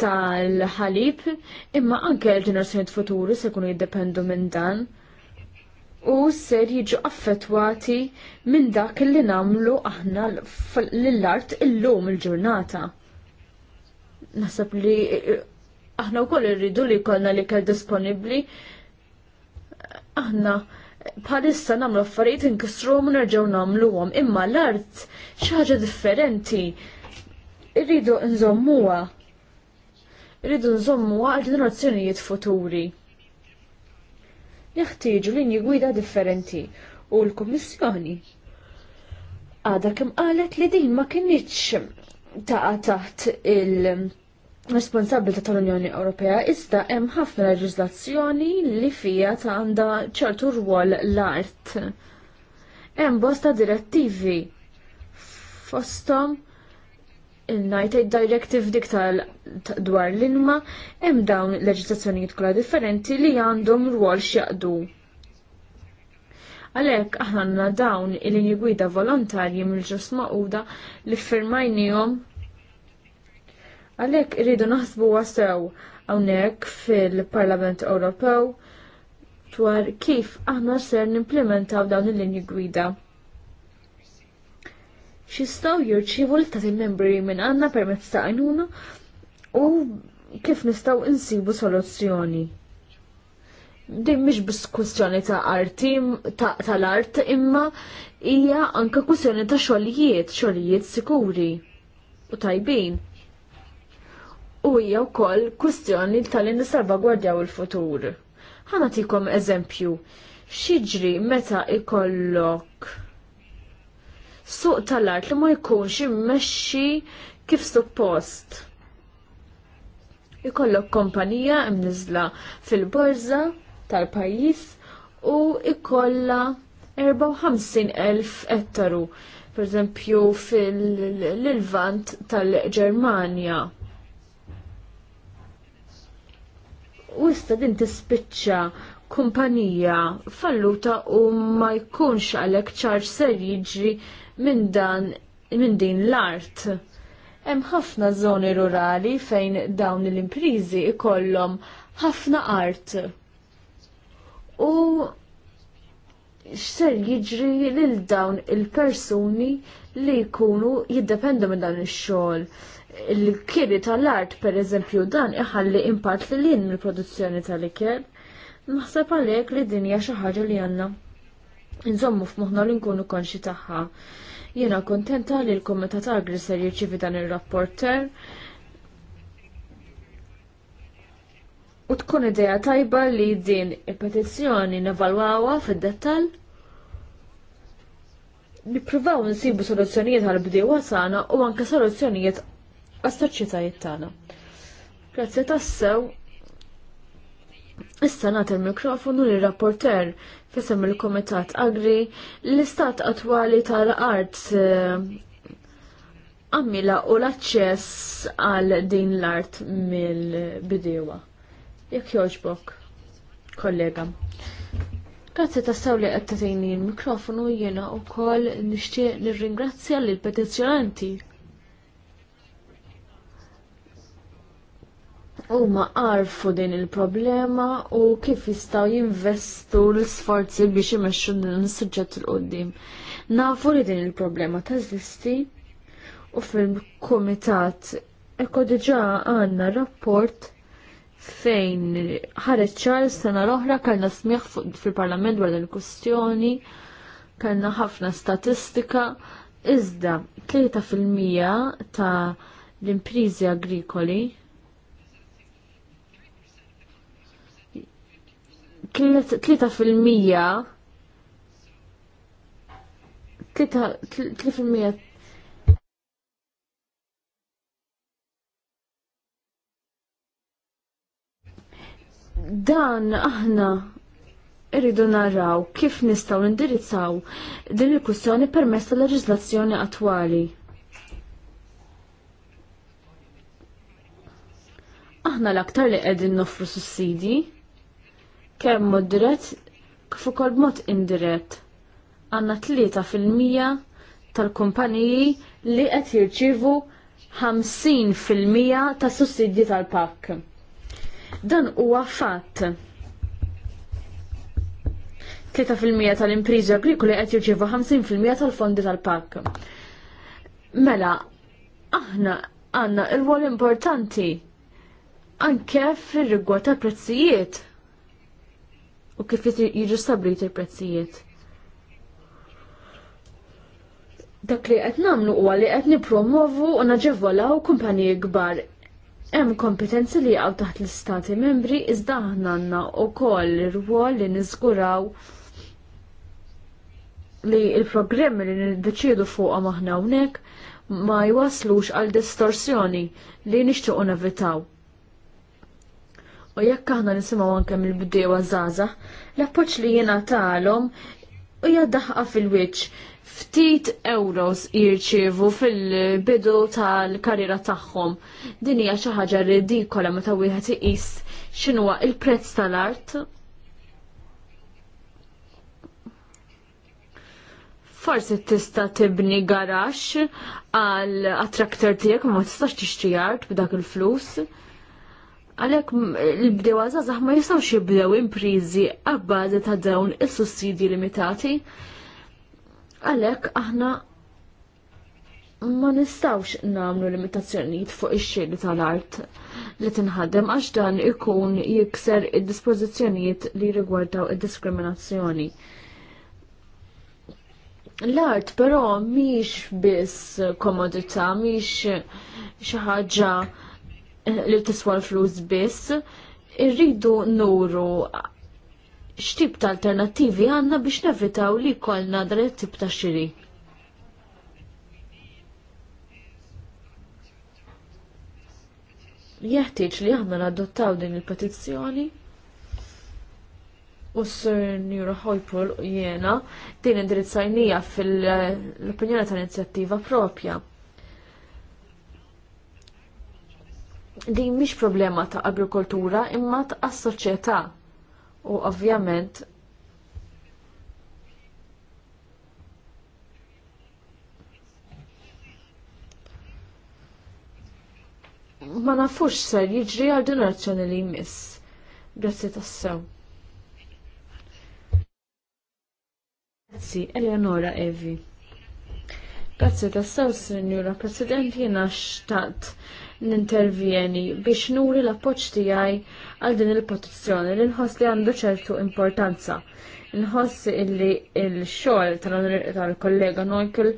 tal-ħalib, imma anke l-ġenerazzjonijiet futuri se jkunu jiddependu minn dan u ser jiġu affettwati minn dak li namlu aħna l-art illum il-ġurnata. Nasab li aħna wkoll irridu li jkollna li kell disponibbli. Aħna bħalissa nagħmlu affarijiet inkisruhom u nerġgħu nagħmluhom, imma l-art xi ħaġa differenti. Irridu nżommuha. Irridu nżommuha għal ġenerazzjonijiet futuri. Jeħtieġu linji gwida differenti u l-Kummissjoni għada kem qalet li din ma kienieċ taqa taħt il- ta' tal-Unjoni Ewropea iżda hemm ħafna leġiżlazzjoni li fija ta' għandha ċertu rwol l-art. Hemm bosta direttivi fosthom il-United Directive dik tal dwar l-inma hemm dawn leġiżlazzjonijiet kollha differenti li għandhom rwol x'jaqdu. Għalhekk aħna dawn il-linji gwida volontarji mill ġusma maquda li firmajnihom Għalhekk irridu naħsbu wasew hawnhekk fil-Parlament Ewropew dwar kif aħna ser nimplementaw dawn il-linji gwida. Xistaw jirċivu l-tat il-membri minn għanna permezz ta' għajnuna u kif nistaw insibu soluzzjoni. Din mhix biss kwistjoni ta' arti tal-art imma hija anke kwistjoni ta' xogħlijiet, xogħlijiet sikuri u tajbin u hija wkoll kwistjoni tal nissalvagwardjaw il-futur. tikom eżempju, xiġri meta ikollok suq tal-art li ma jkunx immexxi kif suppost. Ikollok kompanija imnizla fil-borza tal-pajjiż u ikolla 54,000 ettaru per fil-Levant tal-Germania. u issa din tispiċċa kumpanija falluta u ma jkunx għalhekk ċar ser jiġri minn dan minn din l-art. Hemm ħafna żoni rurali fejn dawn l-imprizi ikollhom ħafna art. U x'ser jiġri lil dawn il-persuni li jkunu jiddependu minn dan ix-xogħol il-kiri tal-art, per eżempju, dan iħalli impatt li l-in mill-produzzjoni tal-ikel. Naħseb għalek li dinja xaħġa li għanna. Nżommu f'moħna li nkunu konxi taħħa. Jena kontenta li l-Komitat Agri ser jirċivi dan il-rapporter. U tkun ideja tajba li din il-petizzjoni nevalwawa fid-dettal nippruvaw nsibu soluzzjonijiet għal bdiewa sana u anke soluzzjonijiet għas-soċjetajiet tagħna. Grazzi tassew. Issa nagħti il-mikrofonu li rapporter fisem il-Komitat Agri l-istat attwali tal-art eh, għamila u l-aċċess għal din l-art mill-bidiewa. Jekk joġbok, kollega. Grazzi ta' staw li għattatajni il-mikrofonu jena u koll nishtiq nir-ringrazzja l-petizjonanti huma għarfu din il-problema u kif jistgħu jinvestu l-sforzi biex imexxu din is-suġġett il qoddim Nafu li din il-problema teżisti u fil-kumitat ekko diġà għandna rapport fejn ħareġ ċar sena l-oħra kellna smieħ fil-Parlament dwar il-kustjoni, kellna ħafna statistika, iżda 3% ta' l-imprizi agrikoli 3% 3% dan aħna irridu naraw kif nistgħu nindirizzaw din il-kwistjoni permezz tal-leġislazzjoni attwali. Aħna l-aktar li qegħdin noffru sussidi kemm mod dirett fuq mod indirett. Għanna tlieta fil-mija tal-kumpaniji li qed jirċievu 50% fil-mija tas sussidji tal-pakk. Dan huwa fatt. 3% tal-impriżi agrikoli qed jirċievu 50% tal-fondi tal-pakk. Mela, aħna għandna il-wol importanti anke fir-rigward tal-prezzijiet u kif jiġu stablit il-prezzijiet. Dak li qed nagħmlu huwa li qed nippromovu u naġevolaw kumpaniji kbar. Hemm kompetenzi li jaqgħu taħt l-istati membri iżda aħna għandna wkoll ir-rwol li niżguraw li il-programmi li niddeċiedu fuqhom aħna hawnhekk ma jwaslux għal distorsjoni li nixtiequ nevitaw. U jekk aħna nisimgħu anke mill-bdewa żgħażagħ, l-appoġġ li jiena tagħhom hija daħqa fil-wiċċ ftit euros jirċievu fil-bidu tal-karriera tagħhom. Din hija xi ħaġa ridikola meta wieħed iqis x'inhuwa il-prezz tal-art. Forsi tista' tibni garax għal attraktor tiegħek ma tistax tixtri art b'dak il-flus. Għalek l-bdew għazazax ma jistawx jibdew imprizi għabbazi ta' dawn il-sussidi limitati. Għalek aħna ma nistawx namlu limitazzjonijiet fuq ix-xiri tal-art li tinħaddem għax dan ikun jikser id-dispożizzjonijiet li rigwardaw id-diskriminazzjoni. L-art però miex biss komodità, miex xi ħaġa li tiswa l-flus biss, irridu nuru x'tip ta' alternattivi għandna biex nevitaw li jkollna dan it-tip ta' xiri. Jeħtieġ li aħna nadottaw din il-petizzjoni u s-Sir Niro Hojpol jiena din indirizzajnija fil-opinjoni tal-inizjattiva propja. din mhix problema ta' agrikoltura imma ta' soċjetà u ovvjament ma nafux ser jiġri għal ġenerazzjoni li jmiss. Grazzi tassew. Grazzi, Eleonora Evi. Grazzi tassew, Signora President, jena xtaqt nintervjeni biex nuri l-appoġġ tiegħi għal din il-petizzjoni li nħoss li għandu ċertu importanza. Nħoss illi l-xogħol tal-kollega Noikel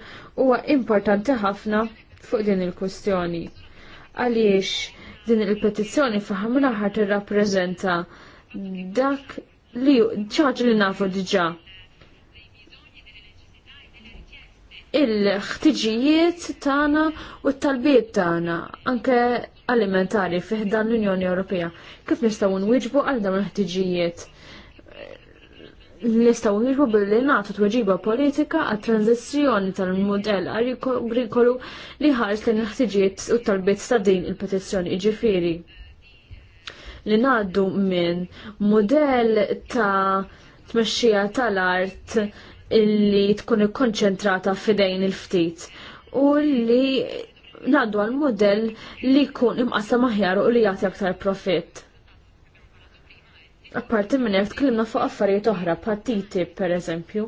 huwa importanti ħafna fuq din il-kwestjoni. Għaliex din il-petizzjoni faħamna l-aħħar tirrappreżenta dak li ċaġ li nafu diġa il-ħtiġijiet tagħna u t-talbiet tagħna anke alimentari fih dan l-Unjoni Ewropea. Kif nistgħu nwieġbu għal dawn il-ħtiġijiet? Nistgħu nwieġbu billi nagħtu tweġiba politika għat tranzizzjoni tal-mudell agrikolu li ħares lejn il-ħtiġijiet u t-talbiet ta' din il-petizzjoni jiġifieri li ngħaddu minn mudell ta' tmexxija tal-art illi tkun ikkonċentrata fidejn il-ftit u li naddu għal modell li jkun imqassam aħjar u li jagħti aktar profitt. Apparti minn hekk tkellimna fuq affarijiet oħra bħal TTIP pereżempju,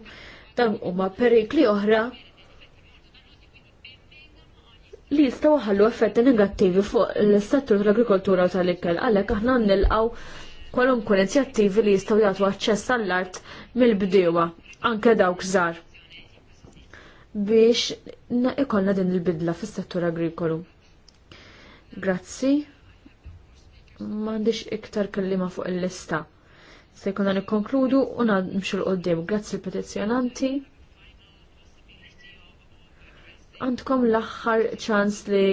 dan huma perikli oħra li jistgħu ħallu effetti negattivi fuq l-settur tal-agrikoltura u tal-ikel għalhekk aħna nilqgħu kwalunkwe inizjattivi li jistgħu jagħtu aċċess għall-art mill-bdiewa anke dawk żgħar biex ikollna din il-bidla fis-settur agrikolu. Grazzi. M'għandix iktar kellima fuq il-lista. Se jkunna nikkonkludu u nimxu l-qoddim. Grazzi l-petizzjonanti. Għandkom l-aħħar ċans li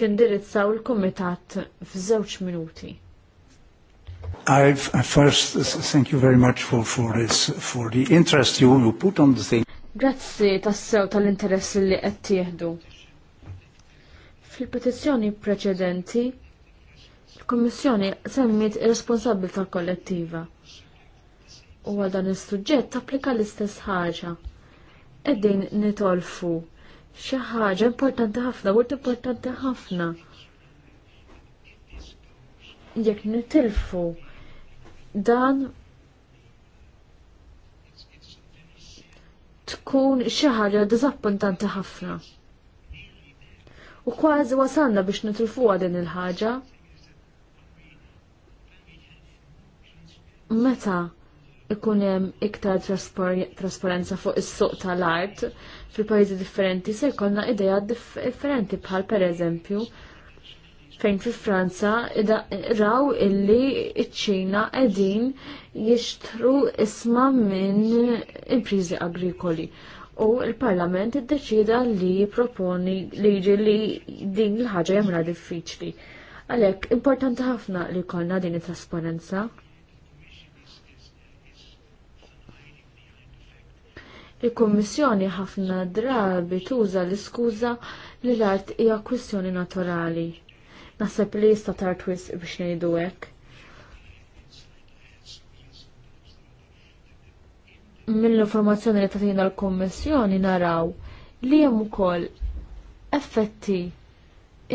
tindirizzaw il-kumitat f'żewġ minuti. I uh, first uh, thank you very much for, for this for the interest you, you put on the thing. Grazzi tassew tal-interess li qed tieħdu. Fil-petizzjoni preċedenti, il-Kommissjoni semmiet ir responsabbli tal kollettiva. U għal dan is-suġġett applika l-istess ħaġa. Qegħdin nitolfu xi ħaġa importanti ħafna, wurt importanti ħafna. Jekk nitilfu dan tkun xi ħaġa diżappuntanti ħafna. U kważi wasalna biex nitilfuha din il-ħaġa. Meta ikun hemm iktar trasparenza fuq is-suq tal-art fil-pajjiżi differenti se jkollna idea differenti bħal pereżempju fejn fi Franza raw illi iċ-Ċina qegħdin jixtru isma minn imprizi agrikoli. U il-Parlament iddeċida li jipproponi liġi li din l-ħaġa jemra diffiċli. Għalhekk importanti ħafna li jkollna din it-trasparenza. Il-Kummissjoni ħafna drabi tuża l-iskuża li l-art hija kwistjoni naturali Naħseb li jista' tartwis biex ngħidu hekk. Mill-informazzjoni li tagħtina l-Kummissjoni naraw li hemm ukoll effetti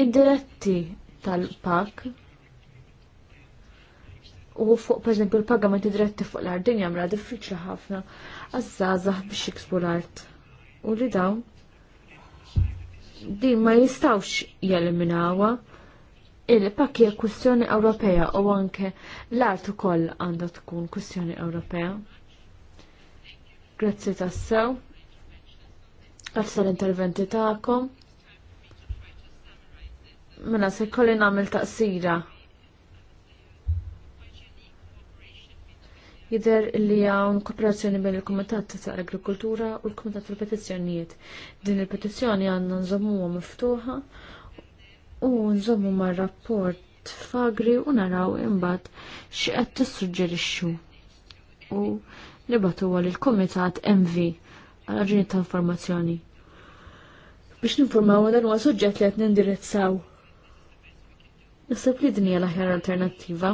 indiretti tal-pak u fuq pereżempju l-pagamenti diretti fuq l-ardin jamra diffiċli ħafna għazzazah biex jiksbu l-art. U li dawn din ma jistawx jeliminawa il-pakki kwistjoni Ewropea u anke l-art ukoll għandha tkun kwistjoni Ewropea. Grazzi tassew għal l interventi ta'kom. Mela se kolli nagħmel taqsira. Jider li hawn kooperazzjoni bejn il-Kumitat ta' Agrikultura u l-Kumitat tal-Petizzjonijiet. Din il-petizzjoni għandna nżommuha miftuħa u nżommu ma' rapport fagri u naraw imbagħad x'qed tissuġġerixxu u batu għal il-Komitat MV għal aġuni ta' informazzjoni. Biex ninformaw dan huwa suġġett li qed nindirizzaw. Naħseb li din hija l-aħjar alternattiva.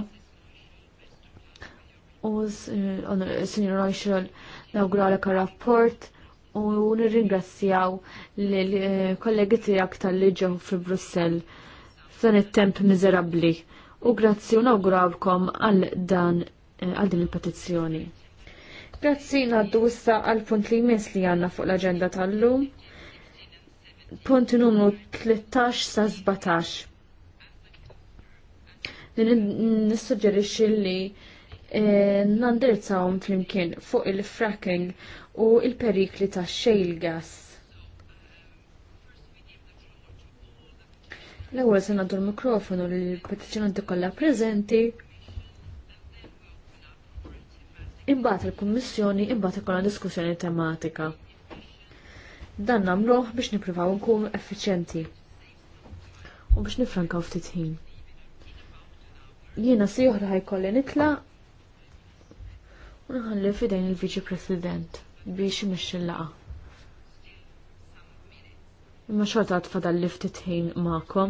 U eh, eh, Sinjor Rajxel nawguralek rapport u nirringrazzjaw l-kollegi tiegħek tal-li ġew fi Brussell f'dan it-temp miżerabbli u grazzi u nawgurawkom għal dan eh, għal din il-petizzjoni. Grazzi ngħaddu issa għal punt li jmiss li għandna fuq l-aġenda tal-lum. Punt numru 13 sa 17. Nissuġġerixxi li Eh, nandirzawhom flimkien fuq il-fracking u il-perikli ta' shale gas. L-ewwel se nagħtu l-mikrofonu lill petizzjonanti kollha preżenti imbagħad il-Kummissjoni imbagħad ikollha diskussjoni tematika. Dan nagħmluh biex nippruvaw nkunu effiċjenti u biex nifrankaw ftit ħin. Jiena si oħra ħajkolli nitla' u nħalli fidejn il-Viċi President biex imexxi il laqa Imma xorta għatfada l ftit ħin maqom.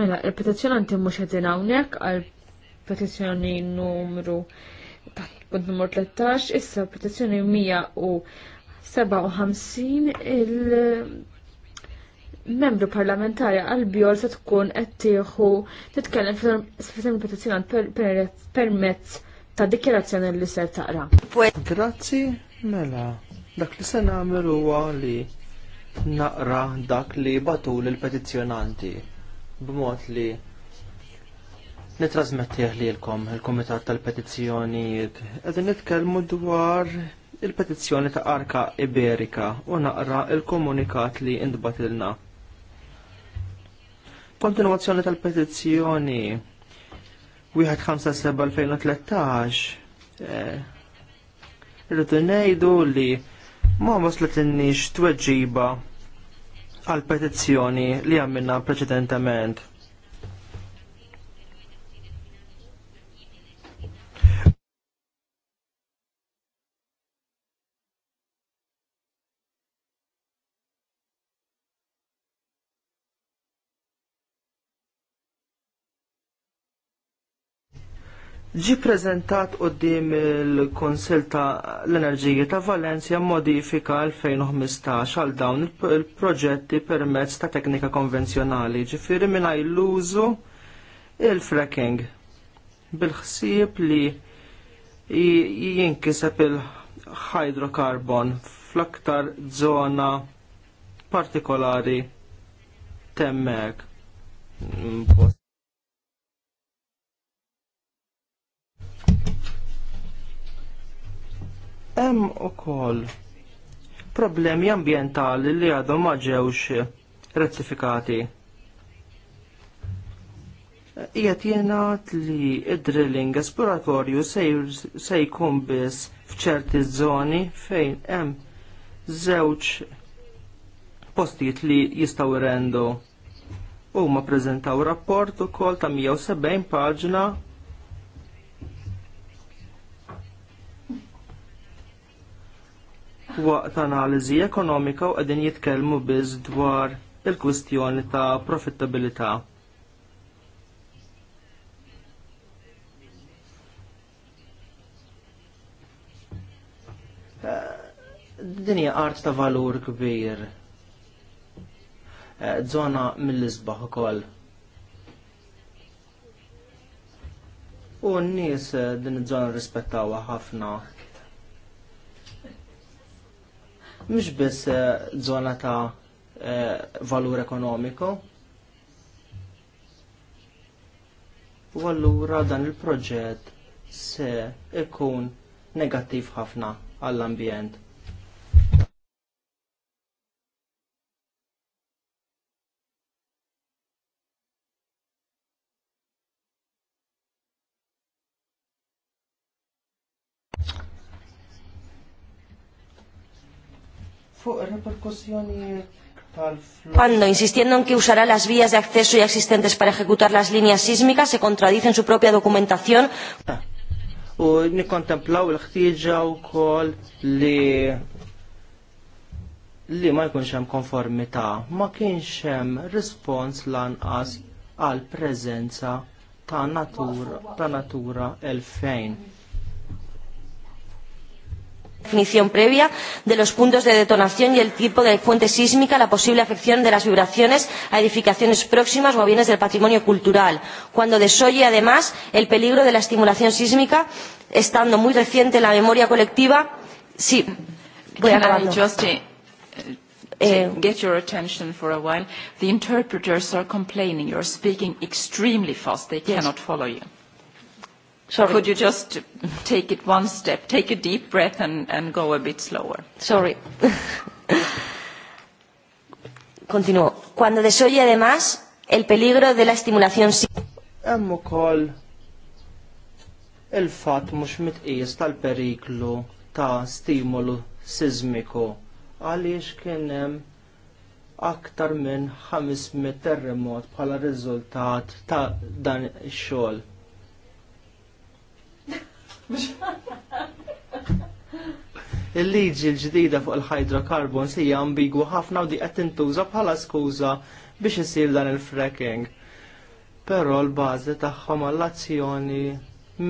Mela, il-petizjonanti mhux għedin hawnhekk għal petizzjoni numru taħt punt numru 13, issa petizzjoni 157 il- membru parlamentari għal-bjol se tkun qed tieħu titkellem fil petizzjonant permezz ta' dikjerazzjoni li se taqra. Grazzi, mela. Dak li se nagħmel huwa li naqra dak li batu l-petizzjonanti b'mod li nitrasmettih lilkom il-Komitat tal-Petizzjonijiet. Qegħdin nitkellmu dwar il-petizzjoni ta' Arka Iberika u naqra il-komunikat li indbatilna. Kontinuazzjoni tal-petizzjoni 157-2013 eh, Irridu ngħidu li ma nix tweġiba għal petizzjoni li għamilna preċedentement. ġi prezentat qoddim il-Konsil ta' l-Enerġija ta' Valencia modifika 2015 għal dawn il-proġetti permezz ta' teknika konvenzjonali, ġifiri minna l-użu il-fracking bil-ħsieb li jinkiseb il-hydrocarbon fl-aktar zona partikolari temmek. Mm, Hemm ukoll problemi ambjentali li għadhom ma ġewx rettifikati. Qiegħed jingħad li id-drilling esploratorju se jkun biss f'ċerti żoni fejn hemm żewġ postijiet li jistgħu rendu. Huma ppreżentaw rapport ukoll ta' 170 paġna waqt analiżi ekonomika u qegħdin jitkellmu biz dwar il-kwistjoni ta' profittabilità. Eh, dinja art ta' valur kbir. Eh, zona mill-isbaħ ukoll. U n-nies eh, din iż-żona rispettawha ħafna. mhux biss żona eh, ta' eh, valur ekonomiku. U allura dan il-proġett se ikun negattiv ħafna għall-ambjent. Cuando, insistiendo en que usará las vías de acceso ya existentes para ejecutar las líneas sísmicas, se contradice en su propia documentación. U nikkontemplaw il-ħtieġa wkoll li li ma jkunx hemm konformità, ma kienx hemm rispons lanqas għal preżenza ta' natura ta' natura 2000 definición previa de los puntos de detonación y el tipo de fuente sísmica, la posible afección de las vibraciones a edificaciones próximas o a bienes del patrimonio cultural, cuando desoye además el peligro de la estimulación sísmica, estando muy reciente en la memoria colectiva. Sí, voy a Uh, eh, eh, eh, get your attention for a while. The interpreters are complaining. You're speaking extremely fast. They yes. cannot follow you. Sorry. Could you just take it one step, take a deep breath and, and go a bit slower? Sorry. Continuo. Cuando desoye además el peligro de la estimulación Hemm ukoll il-fatt mhux mitqies tal-periklu ta' stimolu sismiku għaliex kien hemm aktar minn 500 terremot bħala riżultat ta' dan ix-xogħol. Il-liġi l-ġdida fuq il-hydrocarbons hija ambigwa ħafna u di qed tintuża bħala skuża biex isir dan il-fracking. Però l-bażi tagħhom għall-azzjoni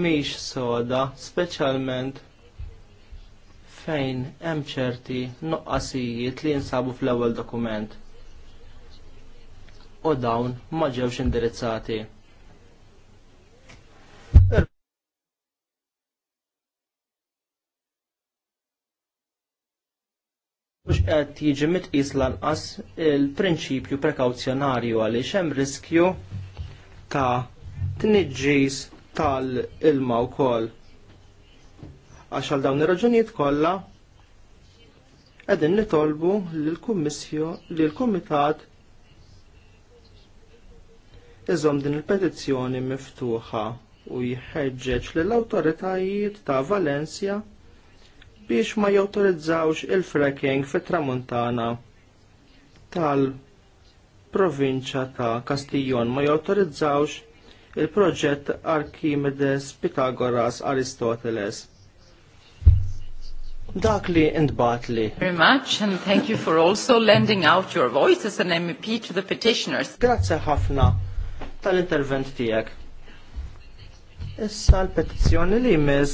mhix soda, speċjalment fejn hemm ċerti noqqasijiet li jinsabu fl-ewwel dokument. U dawn ma ġewx indirizzati. mhux qed jiġi mitqis lanqas il-prinċipju prekawzjonarju għaliex hemm riskju ta' tniġġis tal-ilma wkoll. Għax għal dawn ir-raġunijiet kollha qegħdin nitolbu lill-Kummissju li l-Kumitat iżom din il-petizzjoni miftuħa u jħeġġeġ lill awtoritajiet ta' Valencia biex ma jawtorizzawx il-fracking fit-tramuntana tal-provinċja ta' Kastijon ma jawtorizzawx il-proġett Archimedes Pitagoras Aristoteles dak li intbat li. Very much and thank you for also lending out your voice as an MEP to the petitioners. Grazie ħafna tal-intervent tijek. Issa l-petizjoni li jmiss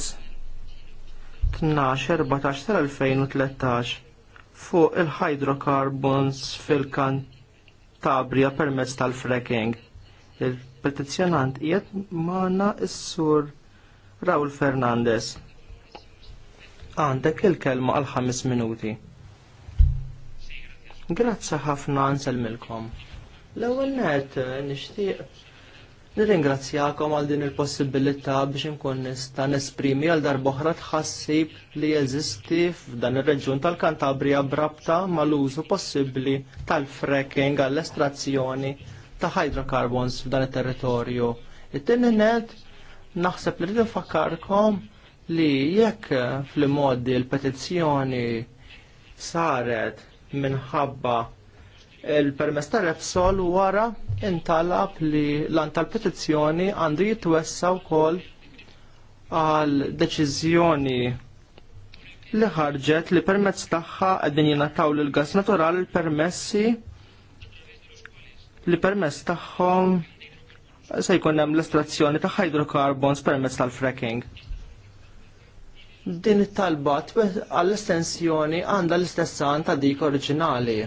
12-14 tal-2013 fuq il-hydrocarbons fil-Kantabria permezz tal-fracking. Il-petizjonant jiet maħna s-sur Raul Fernandez. Għandek il-kelma għal 5 minuti. Grazzi ħafna milkom. L-ewwel net eh, nixtieq Nirringrazzjakom għal din il-possibilità biex inkun nista' nesprimi għal darboħra tħassib li jeżisti f'dan ir-reġjun tal-Kantabria brabta mal-użu possibbli tal-fracking għall estrazzjoni ta' hydrocarbons f'dan it-territorju. It-tieni net naħseb li rridu nfakkarkom li jekk fl-modi l-petizzjoni saret minħabba il-permess ta' repsol wara intalab li l tal-petizzjoni għandu jitwessa wkoll għal deċiżjoni li ħarġet li permezz tagħha qegħdin jingħataw lil gas naturali l-permessi li permezz tagħhom se jkun hemm l-estrazzjoni ta' hydrocarbons permezz tal-fracking. Din it-talba għall-estensjoni għandha l-istess ta' dik oriġinali.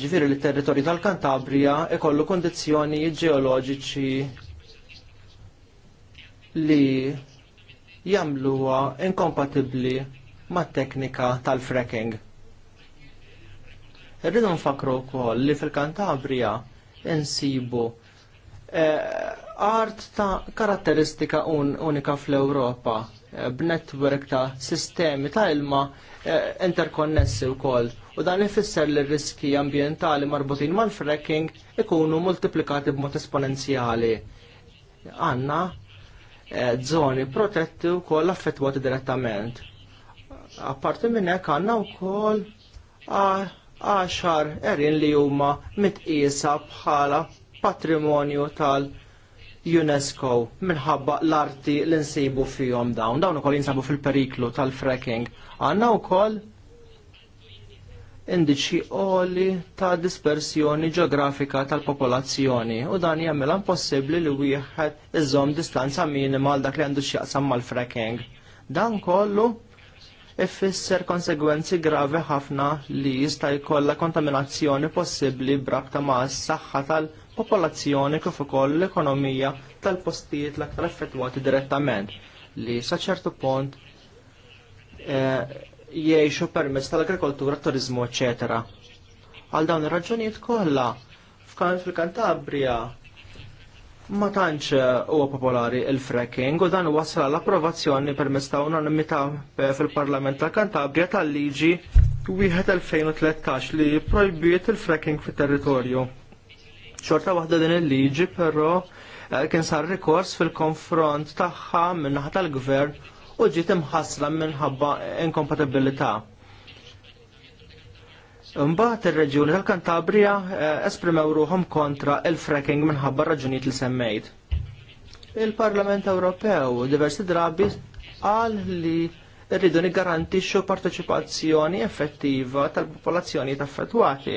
Ġifiri li territorju tal-Kantabria ikollu kondizjoni ġeoloġiċi li jamluwa inkompatibli ma' teknika tal-fracking. Rridu nfakru wkoll li fil-Kantabria insibu eh, art ta' karatteristika un unika fl-Ewropa eh, b'netwerk ta' sistemi ta' ilma eh, interkonnessi wkoll u dan ifisser li r-riski ambjentali marbutin mal-fracking ikunu multiplikati b'mod esponenzjali. Għanna eh, zoni protetti u koll affettwati direttament. Apparti minn hekk għandna wkoll għaxar erin li huma mitqiesa bħala patrimonju tal-UNESCO minħabba l-arti l-insibu fihom dawn. Dawn ukoll jinsabu fil-periklu tal-fracking. Għandna wkoll indiċi oli ta' dispersjoni ġeografika tal-popolazzjoni u dan jagħmilha impossibbli li wieħed iżżomm distanza minima għal dak li għandu xieqsam mal-fracking. Dan kollu ifisser konsegwenzi gravi ħafna li jista' jkollha kontaminazzjoni possibbli brabta ma' s-saħħa tal-popolazzjoni kif ukoll l-ekonomija tal-postijiet l-aktar effettwati direttament li sa ċertu punt. eh, Jiexu permess tal-agrikoltura, turizmu, eċetera. Għal dawn ir-raġunijiet kollha fil-Kantabria ma tantx eh, huwa popolari il-fracking u dan wasla l-approvazzjoni permezz ta' unanimità eh, fil-Parlament tal-Kantabria tal-liġi 2013 li projbiet il-fracking fit-territorju. Xorta waħda din il-liġi, però eh, kien sar rikors fil-konfront tagħha min-naħa tal-gvern u ġiet imħassla minħabba inkompatibilità. Imbagħad ir-reġjuni tal-Kantabria eh, esprimew ruhom kontra il-fracking minħabba raġunijiet li semmejt. Il-Parlament Ewropew diversi drabi qal li rridu niggarantixxu parteċipazzjoni effettiva tal-popolazzjoni taffettwati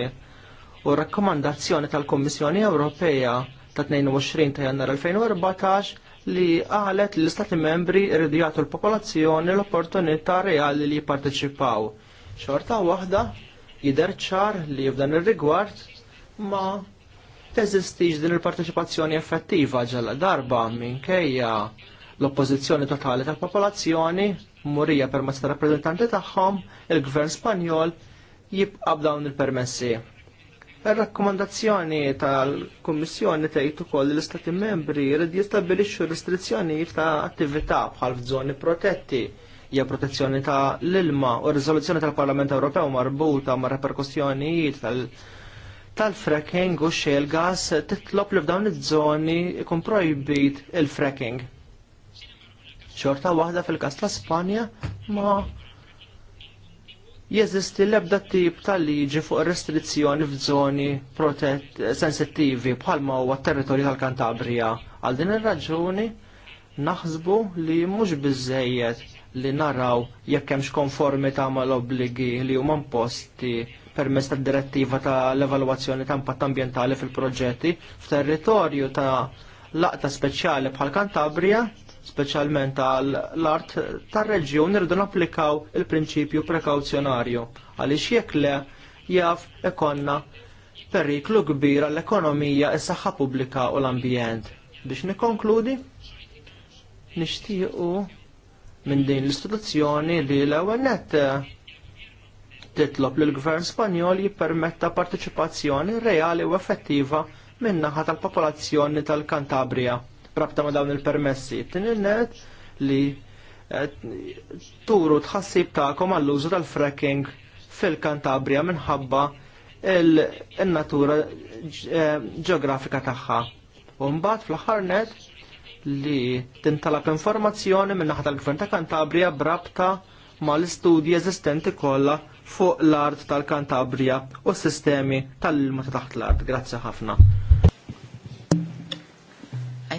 u rakkomandazzjoni tal-Kommissjoni Ewropea ta' 22 ta' jannar 2014 li qalet li l istati membri jridu jagħtu l-popolazzjoni l-opportunità reali li jipparteċipaw. Xorta waħda jidher ċar li f'dan ir-rigward ma teżistix din il-parteċipazzjoni effettiva ġalla darba minkejja l-oppożizzjoni totali tal-popolazzjoni murija permezz tar rappreżentanti tagħhom il-Gvern Spanjol jibqa' dawn il-permessi. Ir-rakkomandazzjoni tal-Kummissjoni tgħid ukoll li l-Istati membri jrid jistabbilixxu restrizzjonijiet ta' attività bħal f'żoni protetti hija protezzjoni ta' l-ilma u r-riżoluzzjoni tal-Parlament Ewropew marbuta ma' reperkussjonijiet tal- tal-fracking u xejl gas titlob li f'dawn iż-żoni ikun projbit il-fracking. Xorta waħda fil-każ ta' Spanja ma' jeżisti l-ebda tip tal-liġi fuq restrizzjoni f'żoni protett eh, sensittivi bħalma huwa territorju tal-Kantabria. Għal din ir-raġuni naħsbu li mhux biżejjed li naraw jekk hemmx konformità mal-obbligi li huma imposti permezz tad-direttiva tal-evalwazzjoni ta' impatt ambjentali fil-proġetti f'territorju ta' laqta speċjali bħal Kantabria speċjalment għall-art tar-reġjun irridu napplikaw il-prinċipju prekawzjonarju għaliex jekk le jaf ikonna periklu kbir għall-ekonomija is saħħa pubblika u l-ambjent. Biex nikkonkludi, nixtiequ minn din l-istituzzjoni li l-ewwel nett eh, titlob lill gvern Spanjol jippermetta partiċipazzjoni reali u effettiva min-naħa tal-popolazzjoni tal-Kantabria rabta ma dawn il-permessi. Tininnet li eh, turu tħassib ta'kom għall-użu tal-fracking fil-Kantabria minħabba il-natura eh, ġeografika tagħha. U mbagħad fl-aħħar net li tintalab informazzjoni minn naħa tal-Gvern ta' Kantabria brabta mal-istudji eżistenti kollha fuq l-art tal-Kantabria u s-sistemi tal-ilma ta' taħt l-art. Grazzi ħafna.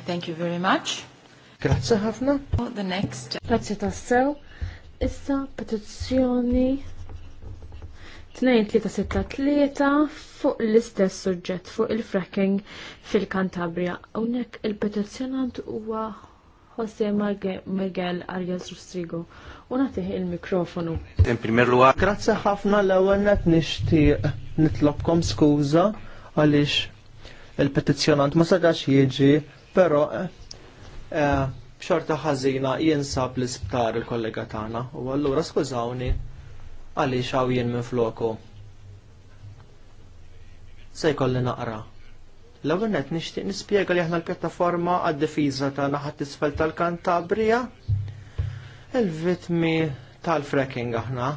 Thank you very much. Grazzi ħafna. the next. Grazie tassew. Issa petizzjoni 2363 fuq l-istess suġġett fuq il-fracking fil-Kantabria. Unek il-petizzjonant huwa Jose Miguel Arias Rustrigo. Unatih il-mikrofonu. In primer lugar, grazzi ħafna l-ewwel net nixtieq nitlobkom skuża għaliex il-petizzjonant ma sadax jiġi però eh, eh, b'xorta ħażina jinsab l-isptar il-kollega tagħna u allura skużawni għaliex hawn jien minn floku. Se jkolli naqra. L-ewwel net nixtieq nispjega li aħna l-pjattaforma għad-difiża tagħna t isfel tal-Kantabrija il-vitmi tal-fracking aħna.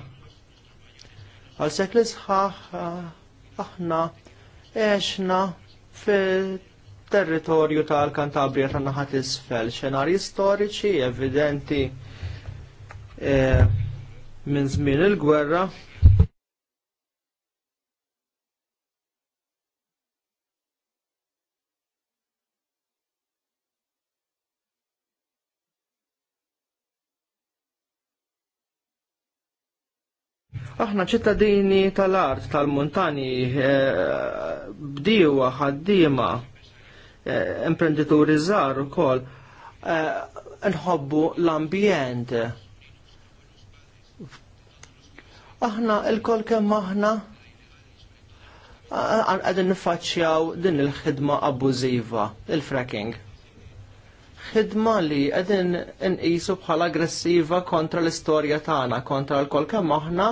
Għal sekli sħaħ eh, aħna għexna territorju tal-Kantabria tan naħat isfel, xenarji storiċi evidenti eh, minn żmien il-gwerra. Aħna ċittadini tal-art, tal-montani, eh, bdiewa, ħaddiema, Eh, imprenditori żgħar ukoll eh, nħobbu l-ambjent. Aħna il-kol kemm aħna eh, għadin niffaċċjaw din il-ħidma abbużiva, il-fracking ħidma li qegħdin nqisu bħala aggressiva kontra l-istorja tagħna, kontra l-kol kemm aħna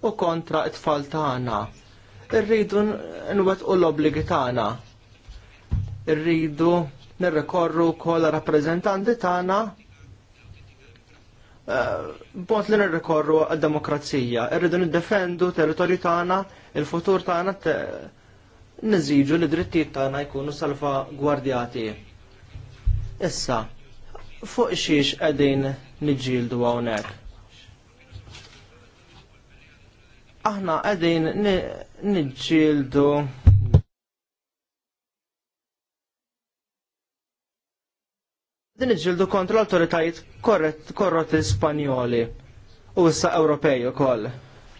u kontra t-tfal tagħna. Irridu nwettqu l-obbligi tagħna rridu nirrekorru kol rappreżentanti tagħna eh, bont li nirrekorru għad-demokrazija. Irridu niddefendu territorju tagħna, il-futur tagħna niżiġu li drittijiet tagħna jkunu gwardjati. Issa, fuq xiex qegħdin niġġieldu hawnhekk. Aħna qegħdin niġġieldu ni din iġildu kontra l-autoritajiet korrotti Spanjoli u issa Ewropej ukoll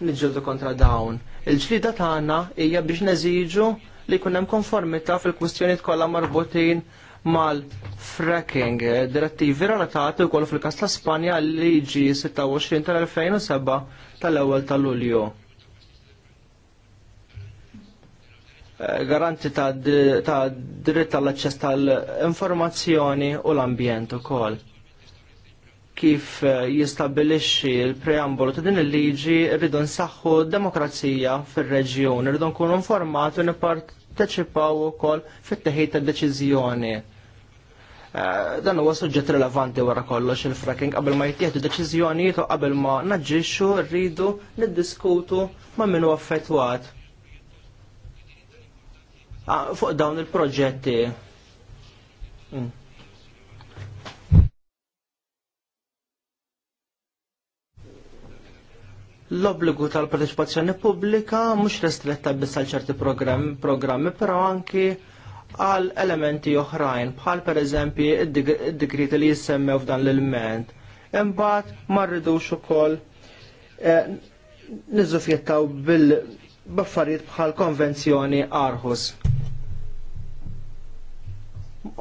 Niġildu kontra dawn. Il-ġlida tagħna hija biex neżiġu li jkun hemm konformità fil-kwistjonijiet kollha marbutin mal-fracking, direttivi relatati wkoll fil-każ ta' Spanja liġi 26 tal-2007 tal-ewwel tal-Lulju. garanti ta' dritt tal-aċċess tal-informazzjoni u l-ambjent ukoll. Kif eh, jistabilixxi l-preambolu ta' din il-liġi rridu nsaħħu demokrazija fir-reġjun, rridu nkunu informat u nipparteċipaw ukoll fit-teħid tad-deċiżjoni. Eh, dan huwa suġġett rilevanti wara kollox il-fracking qabel ma jittieħdu deċiżjonijiet u qabel ma naġġixxu rridu niddiskutu ma' min affettwat Ah, fuq dawn il-proġetti. Mm. L-obbligu tal-parteċipazzjoni pubblika mhux restretta biss għal ċerti programmi, programmi però anki għal elementi oħrajn bħal pereżempju id-digriti li jissemmew f'dan l-ilment. Imbagħad ma rridux ukoll eh, niżufjettaw bil-baffariet bħal konvenzjoni Arhus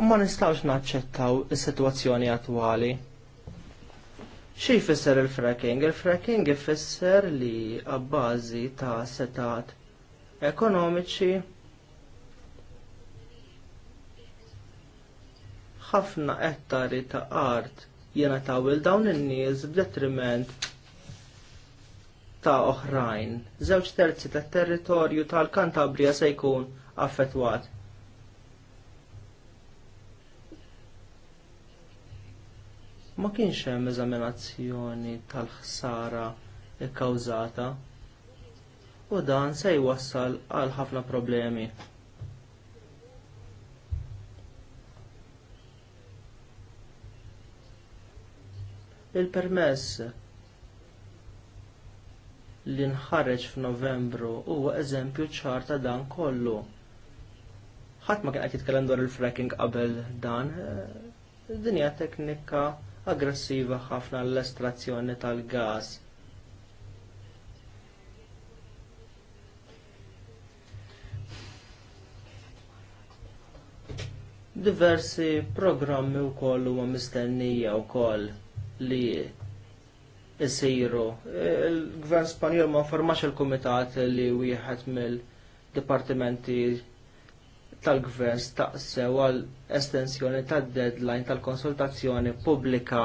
ma nistawx naċċettaw is-sitwazzjoni attwali. Xi jfisser il-fracking? Il-fracking ifisser li għabbażi ta' setat ekonomiċi ħafna ettari ta' art jena tawil dawn in-nies b'detriment ta' oħrajn. Żewġ terzi tat territorju tal-Kantabria se jkun affettwat. ma kienx hemm eżaminazzjoni tal-ħsara kkawżata u dan se jwassal għal ħafna problemi. Il-permess li nħarreġ f'Novembru huwa eżempju ċar ta' dan kollu. Ħadd ma kien qed jitkellem dwar il-fracking qabel dan, eh, dinja teknika aggressiva ħafna l-estrazzjoni tal-gas. Diversi programmi wkoll huma mistennija wkoll li jisiru. Il-Gvern Spanjol ma formax il kumitat li wieħed mill-dipartimenti tal-gvern staqsew għal estensjoni tad deadline tal-konsultazzjoni pubblika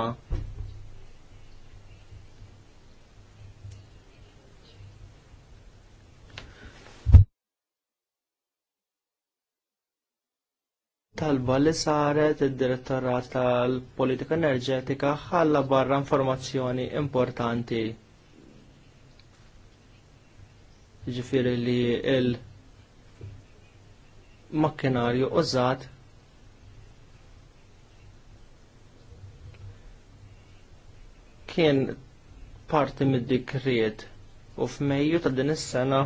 talba li saret id-direttorat tal-politika enerġetika ħalla barra informazzjoni importanti. Ġifiri li il- makkinarju użat kien parti mid-dikriet u f'Mejju ta' din is-sena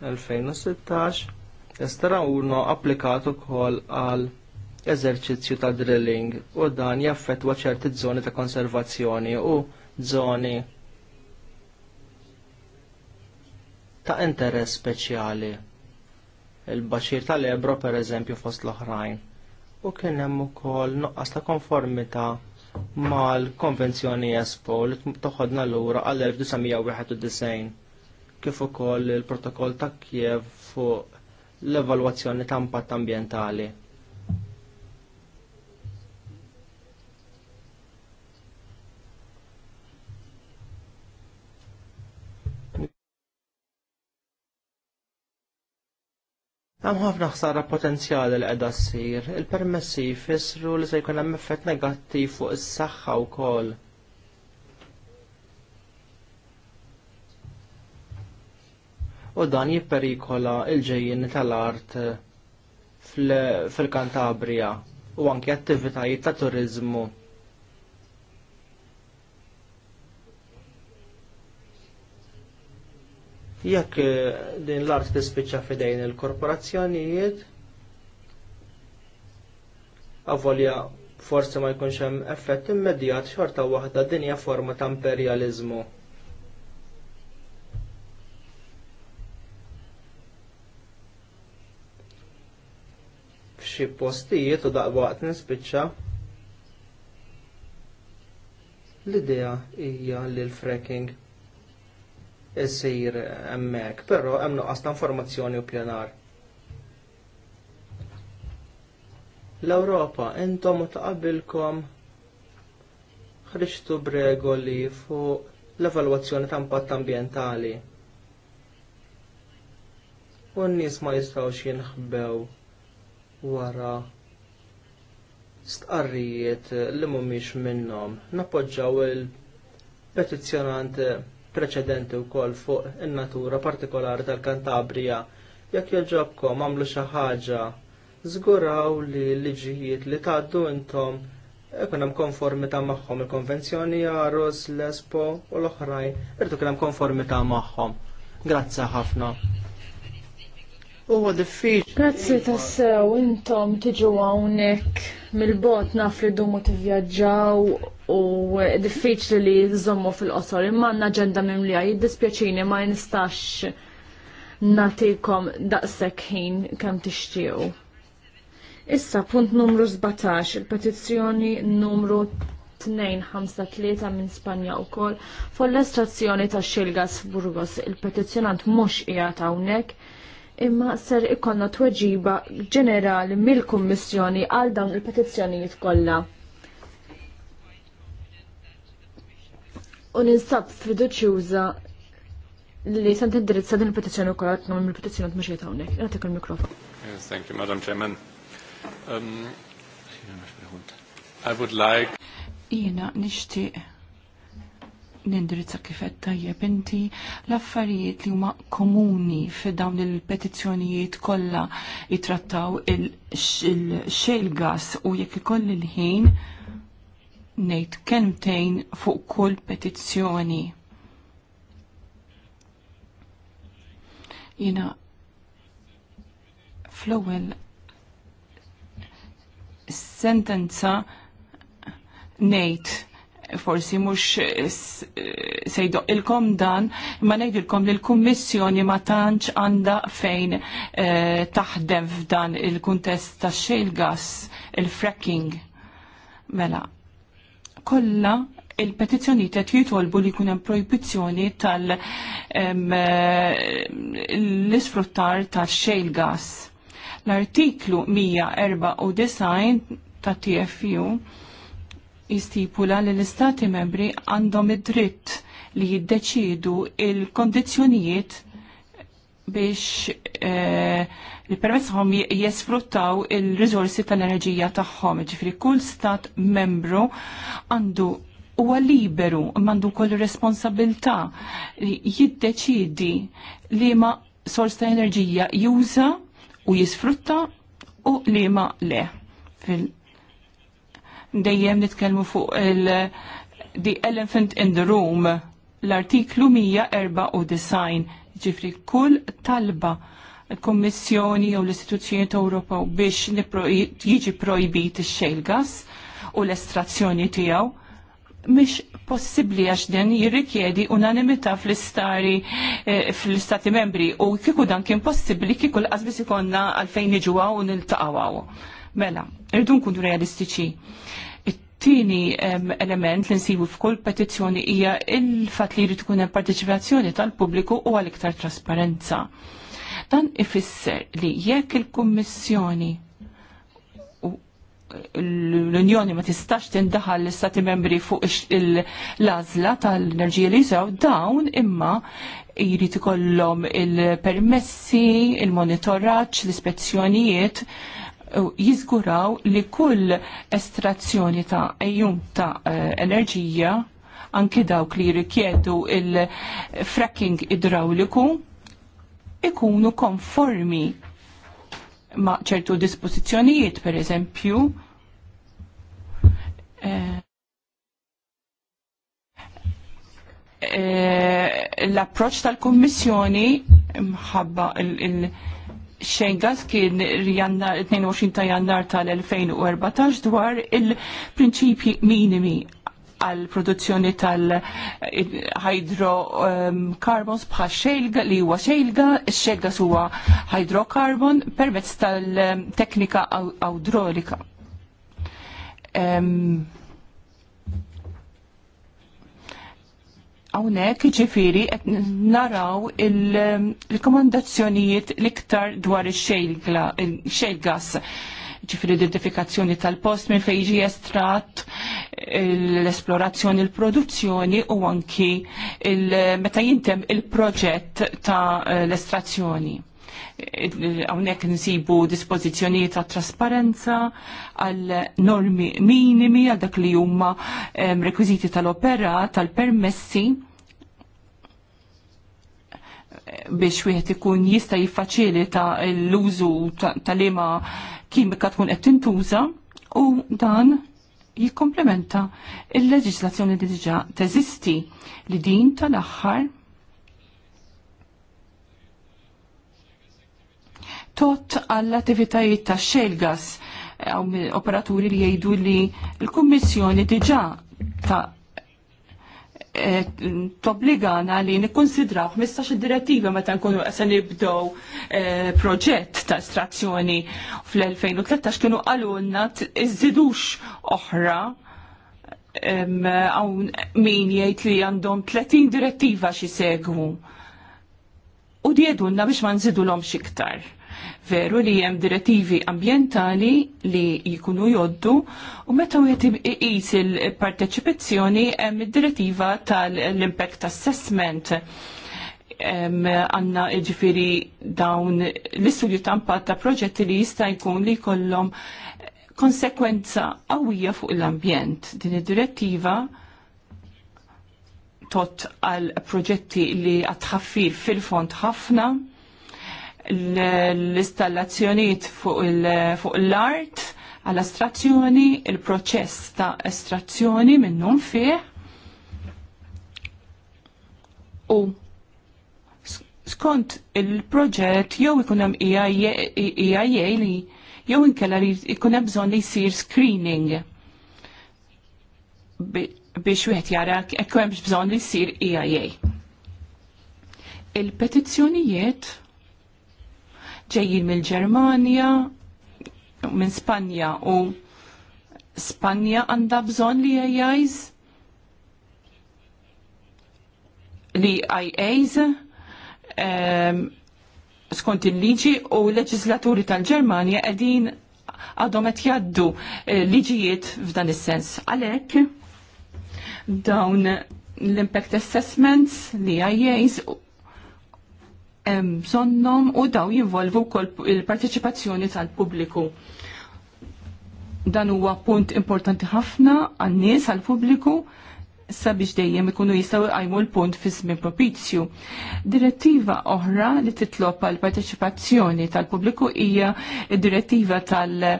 2016 estarawno applikat ukoll għal eżerċizzju ta' drilling u dan jaffettwa ċerti żoni ta' konservazzjoni u zoni ta' interess speċjali il-baxir tal-Ebro per eżempju fost l-oħrajn. U kien hemm ukoll noqqas ta' konformità mal-Konvenzjoni Espo li toħodna lura għall-1991 kif ukoll il-protokoll ta' Kiev fuq l-evalwazzjoni ta' impatt ambjentali. Hemm ħafna ħsara potenzjali li qiegħda ssir. Il-permessi jfissru li se jkun hemm effett negattiv fuq is-saħħa wkoll. U dan jipperikola l-ġejjin tal-art fil-Kantabria u anke attivitajiet ta' turiżmu. Jekk eh, din l-art tispiċċa fidejn il-korporazzjonijiet, avolja forsi ma jkunx hemm effett immedjat xorta waħda din hija forma ta' imperjaliżmu. F'xi postijiet u daqwaqt nispiċċa l-idea hija li l-fracking jsir hemmhekk, però hemm nuqqas ta' informazzjoni u pjanar. L-Ewropa intom u taqabilkom ħriġtu b'regoli fuq l-evalwazzjoni ta' impatt ambjentali u n-nies ma jistgħux jinħbew wara stqarrijiet li mhumiex minnhom. Nappoġġaw il-petizzjonant preċedenti wkoll fuq in-natura partikolari tal-Kantabrija. Jekk joġobkom għamlu xi ħaġa, żguraw li liġijiet li tgħaddu intom ikun hemm konformità magħhom il-konvenzjoni Aros, l-Espo u l-oħrajn irdu kien hemm konformità magħhom. Grazzi ħafna. Huwa diffiċ. Grazzi tassew, intom tiġu hawnhekk mil bot naf li dumu tivvjaġġaw u diffiċli li zommu fil-qosor. Imma għandna ġenda għaj, jiddispjaċini ma nistax natikom daqshekk ħin kemm tixtiequ. Issa punt numru 17, il-petizzjoni numru 253 minn Spanja u kol, fol-estrazzjoni ta' xilgas f'Burgos. Il-petizzjonant mux qiegħed hawnhekk imma ser ikonna tweġiba ġenerali mill-Kummissjoni għal dawn il-petizzjonijiet kollha. U ninsab fiduċjuża li se tindirizza din il-petizzjoni kollha tnum il petizzjoni qed mhux hawnhekk. Nagħtik il-mikrofon. Yes, thank you, Madam Chairman. Um, I would like. Jena nishtiq nindirizza kifet tajjeb inti l-affarijiet li huma komuni f'dawn il-petizzjonijiet kollha jitrattaw il-xejl gas u jekk ikolli l-ħin ngħid kelmtejn fuq kull petizzjoni. Jina fl-ewwel sentenza ngħid forsi mux eh, sejdoq ilkom dan, ma nejdilkom li l-Kummissjoni ma tantx għanda fejn eh, taħdem f'dan il-kuntest ta' xejl gas, il-fracking. Mela, kolla il-petizjoni ta' jitolbu li kunem proibizjoni tal eh, l-isfruttar tax xejl gas. L-artiklu 194 ta' TFU jistipula li l-istati membri għandhom id-dritt li jiddeċidu il-kondizjonijiet biex eh, li permessħom jesfruttaw il-rizorsi tal-enerġija tagħhom. Ġifri kull stat membru għandu huwa liberu mandu kol responsabilta li jiddeċidi li ma sors ta' enerġija juża u jisfrutta u li ma le fil dejjem nitkellmu fuq il- The Elephant in the Room l-artiklu design ġifri kull talba l-Kommissjoni u l ta' Europa biex jiġi projbit ix-xejl gas u l-estrazzjoni tiegħu mhix possibbli għax din jirrikjedi unanimità fl-istari eh, fl-istati membri u kieku dan kien possibbli kieku l-qasbis ikonna għalfejn iġuwa u nil-taqawaw. Mela, irridu nkunu realistiċi. It-tieni element li nsibu f'kull petizzjoni hija il-fatt li jrid ikun hemm partecipazzjoni tal-pubbliku u għal iktar trasparenza. Dan ifisser li jekk il-Kummissjoni l-Unjoni ma tistax tindaħal l-Stati membri fuq l-azla tal-enerġija li jużaw dawn imma jrid ikollhom il-permessi, il-monitoraġġ, l-ispezzjonijiet jizguraw li kull estrazzjoni ta' ejjum ta' eh, enerġija anki dawk li jirrikjedu il-fracking idrawliku ikunu konformi ma' ċertu dispożizzjonijiet, per eżempju, eh, eh, l-approċ tal-Kommissjoni mħabba il- Schengas kien jannar 22 ta' jannar tal-2014 dwar il prinċipi minimi għal produzzjoni tal-hydrocarbons ehm, bħal xejlga li huwa xejlga, xejlga huwa hydrocarbon permezz tal-teknika awdrolika. Um, Hawnhekk ġifiri qed naraw il-rekomandazzjonijiet l-iktar dwar ix-xejl gas ġifir identifikazzjoni tal-post minn fejġi estrat, l-esplorazzjoni, l-produzzjoni u anki il meta jintem il-proġett ta' l-estrazzjoni. Hawnhekk nsibu dispożizzjonijiet ta' trasparenza għal normi minimi għal dak li huma rekwiżiti tal-opera tal-permessi biex wieħed ikun jista' jiffaċilita l-użu tal-ima kimika tkun qed tintuża u dan jikkomplementa il-leġislazzjoni li diġà teżisti li din tal-aħħar tot għall-attivitajiet ta' xejl gas għaw operaturi li jgħidu li l-Kummissjoni diġa ta' e, t-obligana li nikkonsidraw 15 direttiva meta nkunu se nibdow e, proġett ta' estrazzjoni fl-2013 kienu għalunna iżidux oħra għaw min jgħid li għandhom 30 direttiva xi segwu. U djedunna biex ma nżidu l-om xiktar. iktar Veru li hemm direttivi ambientali li jkunu joddu u meta wieħed iqis il-parteċipazzjoni hemm id-direttiva tal-impact assessment għanna ġifiri dawn l-istudju impatt ta' proġetti li jista' jkun li kollhom konsekwenza qawwija fuq l-ambjent. Din id-direttiva tot għal proġetti li għatħaffir fil-fond ħafna l-installazzjoniet fuq l-art għall-astrazzjoni, il-proċess ta' estrazzjoni minnum fih u skont il-proġett jew ikun hemm hija e e li jew inkella li ikun hemm bżonn li jsir screening biex wieħed jara hekk hemmx bżonn li jsir EIA. Il-petizzjonijiet ġejjin mill-Ġermanja, minn Spanja u Spanja għandha bżonn li AIs li IAs um, ehm, skont il-liġi u l-leġislaturi tal-Ġermanja qegħdin għadhom qed jgħaddu eh, liġijiet f'dan is-sens. Għalhekk dawn l-impact assessments li IAs bżonnom u daw jinvolvu kol il-parteċipazzjoni tal-pubbliku. Dan huwa punt importanti ħafna għan-nies għall-pubbliku sabiex dejjem ikunu jistaw għajmu l-punt fi żmien propizju. Direttiva oħra li titlob għal parteċipazzjoni tal-pubbliku hija direttiva tal-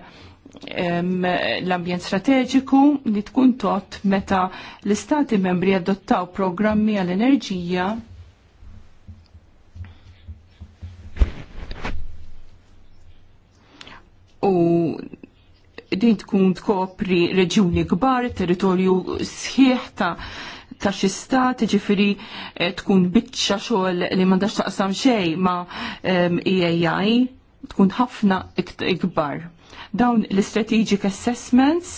l-ambjent strateġiku li tkun tot meta l-istati membri adottaw programmi għall-enerġija u din tkun tkopri reġjuni kbar, territorju sħiħ ta' ta' xi stat, ġifiri eh, tkun biċċa xogħol li m'għandax taqsam xejn ma' EAI, ehm, e tkun ħafna ikbar. Dawn l-strategic assessments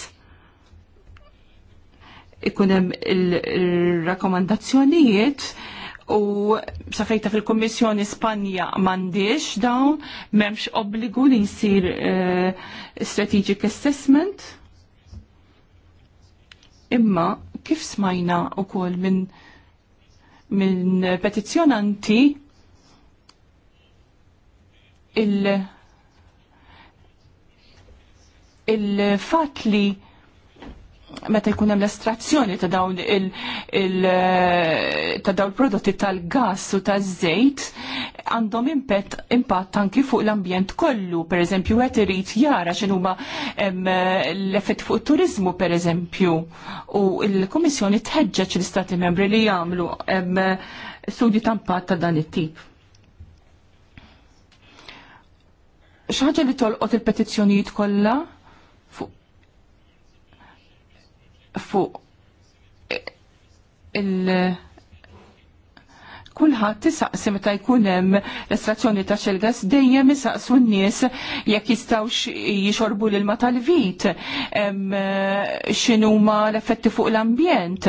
ikun hemm il-rakkomandazzjonijiet il u safejta fil-Kommissjoni Spanja mandiex dawn, memx obbligu li jisir uh, eh, strategic assessment. Imma kif smajna u kol minn min petizjonanti il- il-fat li meta jkun hemm l-estrazzjoni ta' dawn il, il ta' dawn prodotti tal-gass u taż-żejt għandhom impatt anki fuq l-ambjent kollu, pereżempju qed irid jara x'in huma l-effett fuq it-turiżmu pereżempju. U l-Kummissjoni tħeġġeġ l-Istati Membri li jagħmlu studji ta' impatt ta' dan it-tip. Xi ħaġa li tolqot il-petizzjonijiet kollha fuq il- kulħadd tisaqsi meta jkun hemm estrazzjoni ta' xelgas dejjem isaqsu n-nies jekk jistawx jixorbu l-ilma tal-vit, x'inhuma l-effetti fuq l-ambjent,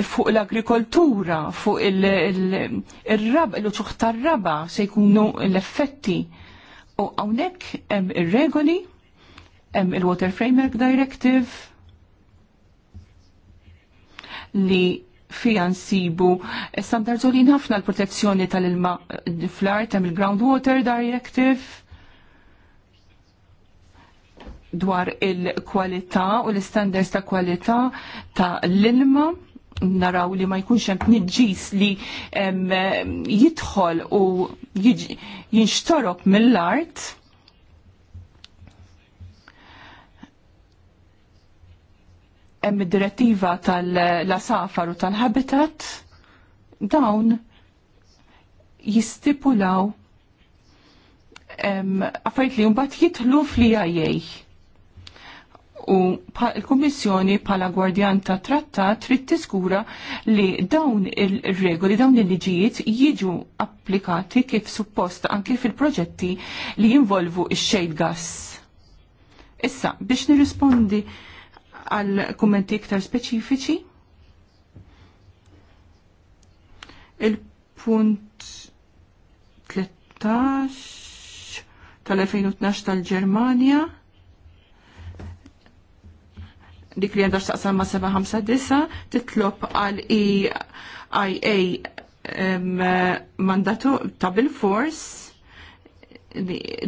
fuq l-agrikoltura, fuq il-rab, l-uċuħ tal raba se jkunu l-effetti. U hawnhekk hemm ir-regoli, hemm il-Water Framework Directive, li fija nsibu standards li ħafna l-protezzjoni tal-ilma fl-art hemm il-Groundwater Directive dwar il-kwalità u l-standards ta' kwalità ta' l-ilma naraw li ma jkunx hemm tniġġis li jidħol u jinxtorob mill-art hemm id-direttiva tal-safar u tal-habitat dawn jistipulaw affarijiet li mbagħad jitlu fl-IA. U l-Kummissjoni bħala gwardjan ta' trattat trid tiskura li dawn il-regoli, dawn il-liġijiet jiġu applikati kif suppost anke fil-proġetti li jinvolvu ix-xejn gas. Issa, biex nirrispondi għal kummenti iktar speċifiċi. Il-punt 13 tal-2012 tal-Ġermanja dik li għandax taqsam ma' 759 titlob għal EIA mandatu ta' bil-fors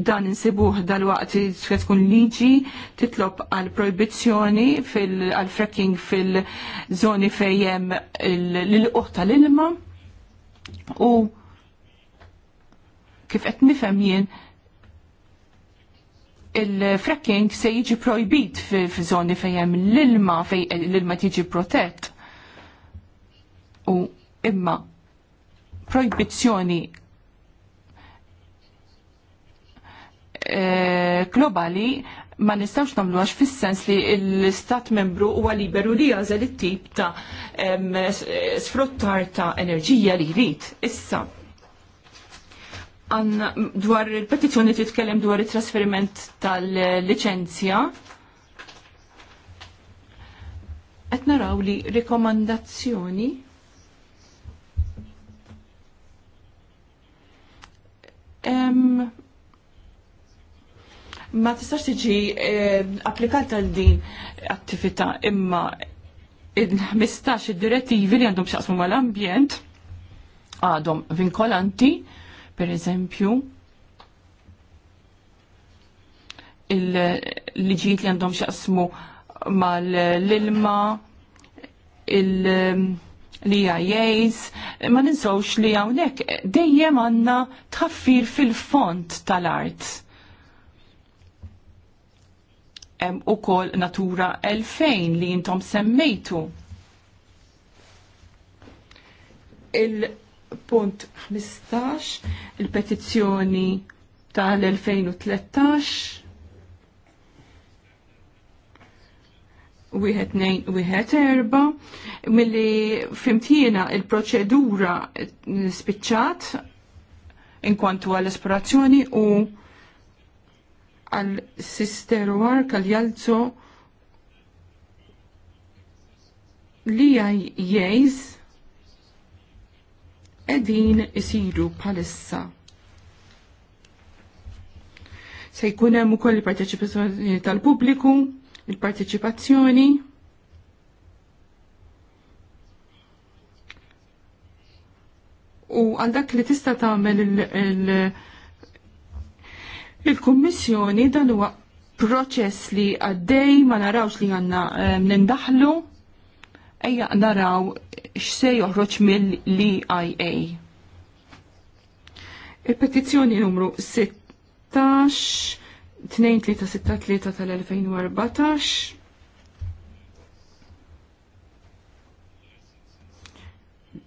dan insibuh dal-waqt se tkun liġi titlob għal proibizzjoni għal fracking fil-żoni fejjem l-qoħ tal-ilma u kif qed nifhem jien il-fracking se jiġi projbit f'żoni fejjem l-ilma fej l-ilma tiġi protett u imma proibizzjoni globali ma nistawx namlu għax fis-sens li l-istat membru huwa liberu li jażel it-tip ta' sfruttar ta' enerġija li jrid. Issa, għanna dwar il-petizjoni titkellem dwar il-trasferiment tal-licenzja. Qed naraw li rikomandazzjoni ma tistax tiġi eh, applikata għal din attività imma il id direttivi li għandhom xaqsmu mal-ambjent għadhom vinkolanti, per eżempju, il-liġijiet li għandhom xaqsmu l ilma l-IAs, ma ninsawx li għawnek dejjem għanna tħaffir fil-font tal-art hemm ukoll Natura 2000 li intom semmejtu. Il-punt 15, il-petizzjoni tal-2013, wieħed nejn wieħed erba, milli fimtina il-proċedura spiċċat inkwantu għall-esplorazzjoni u għal sister Wark jalzo li għaj jgħiz edin isiru palissa. Se jkun hemm ukoll il-parteċipazzjoni tal-pubbliku, il-parteċipazzjoni u għal dak li tista' tagħmel il-, il Il-Kummissjoni dan huwa proċess li għaddej ma narawx li għanna nindaħlu ejja naraw x'se joħroġ mill-EIA. Il-petizzjoni numru 16 2363 tal-2014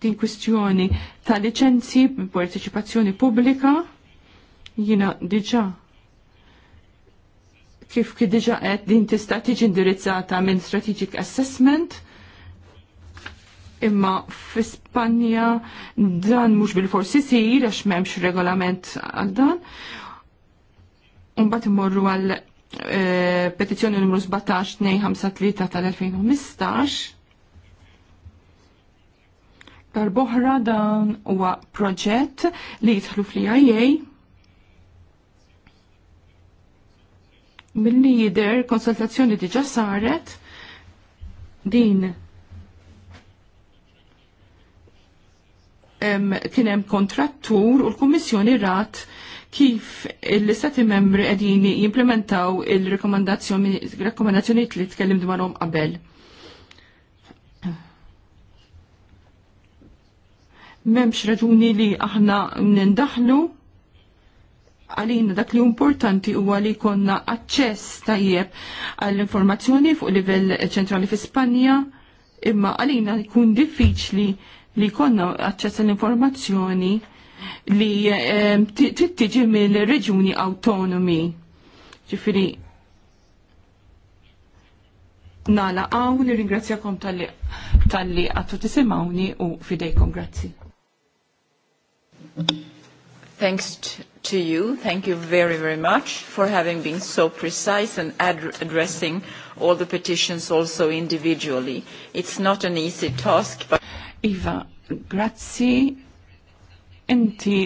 din kwistjoni ta' licenzi b'parteċipazzjoni pubblika jina diġa kif kif diġa qed din tista' tiġi indirizzata minn strategic assessment imma f'Ispanja dan mhux bil-forsi sir għax m'hemmx regolament għal dan. Imbagħad imorru għal e, petizzjoni numru 17-253 tal-2015 Darboħra dan huwa proġett li jidħlu fl-IA mill-lider konsultazzjoni diġa saret din kien hemm kontrattur u l-Kummissjoni rat kif l-istati membri qegħdin jimplementaw il rekomendazzjoni li tkellim dwarhom qabel. M'hemmx raġuni li aħna nindaħlu għalina dak li importanti huwa li konna aċċess tajjeb għall-informazzjoni fuq livell ċentrali fi Spanja, imma għalina jkun diffiċli li konna aċċess għall informazzjoni li ehm, tittiġi mill-reġuni autonomi. Ġifiri, nala għaw li ringrazzjakom tal-li għattu tisimawni u fidejkom grazzi. Thanks to you. Thank you very, very much for having been so precise and ad addressing all the petitions also individually. It's not an easy task, but... Iva, grazie. Inti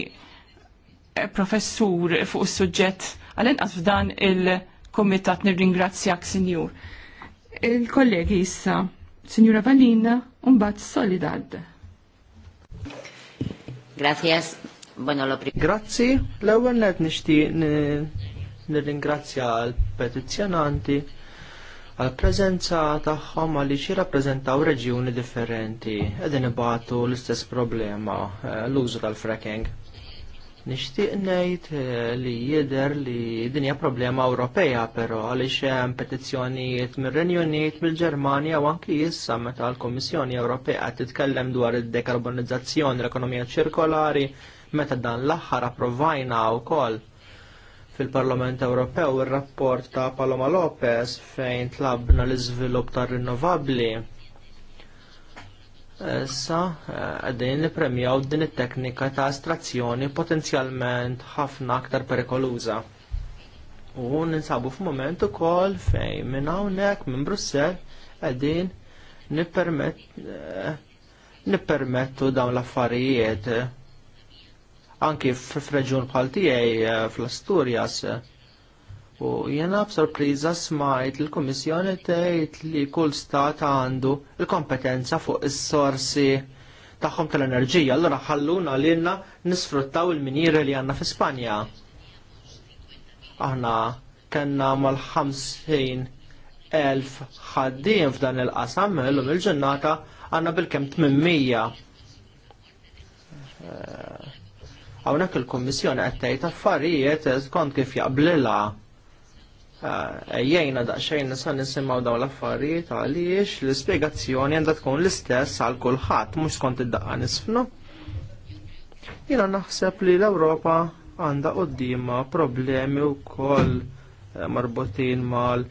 eh, professur fuq is-suġġett għal-inqas f'dan il-komitat nirringrazzjak, senjur. Il-kollegi issa, senjura Valina, un-bat Solidad. Grazie. Grazzi, l-ewwel net nixtieq nirringrazzja għal petizzjonanti għall prezenza tagħhom għalli xi rappreżentaw reġjuni differenti qegħdin ibatu l-istess problema eh, l-użu tal-fracking. Nixtieq ngħid eh, li jidher li din hija problema Ewropea però għaliex hemm petizzjonijiet mir-Renju Unit, mill-Ġermanja u anki issa meta l-Kummissjoni Ewropea titkellem dwar id-dekarbonizzazzjoni, l-ekonomija ċirkolari, Meta dan l-aħħar approvajna wkoll fil-Parlament Ewropew ir-rapport ta' Paloma Lopez fejn tlabna l-iżvilupp tar rinnovabbli. Issa eh, qegħdin nippremjaw din it-teknika ta' astrazzjoni potenzjalment ħafna aktar perikoluża. U ninsabu f'mument ukoll fejn minn hawnhekk minn Brussell qegħdin eh, nippermettu dawn l-affarijiet anki f'reġjun bħal tiegħi eh, fl-Asturjas. U jena b-sorpriza smajt il-Kummissjoni tgħid li kull stat għandu il-kompetenza fuq is-sorsi tagħhom tal-enerġija, allora ħalluna lilna nisfruttaw il-minjiri li għandna fi Spanja. Aħna kellna mal-50 elf ħaddiem f'dan il-qasam l-lum il ġennata għandna bil-kem 800. Hawnhekk il-Kummissjoni qed tgħid affarijiet skont kif jaqblilha. Ejjejna ah, daqsxejn nisan nisimaw dawn l-affarijiet għaliex l-ispjegazzjoni għandha tkun l-istess għal kulħadd mhux skont id-daqqa nisfna. Jiena naħseb li l-Ewropa għandha qudiema problemi wkoll eh, marbutin mal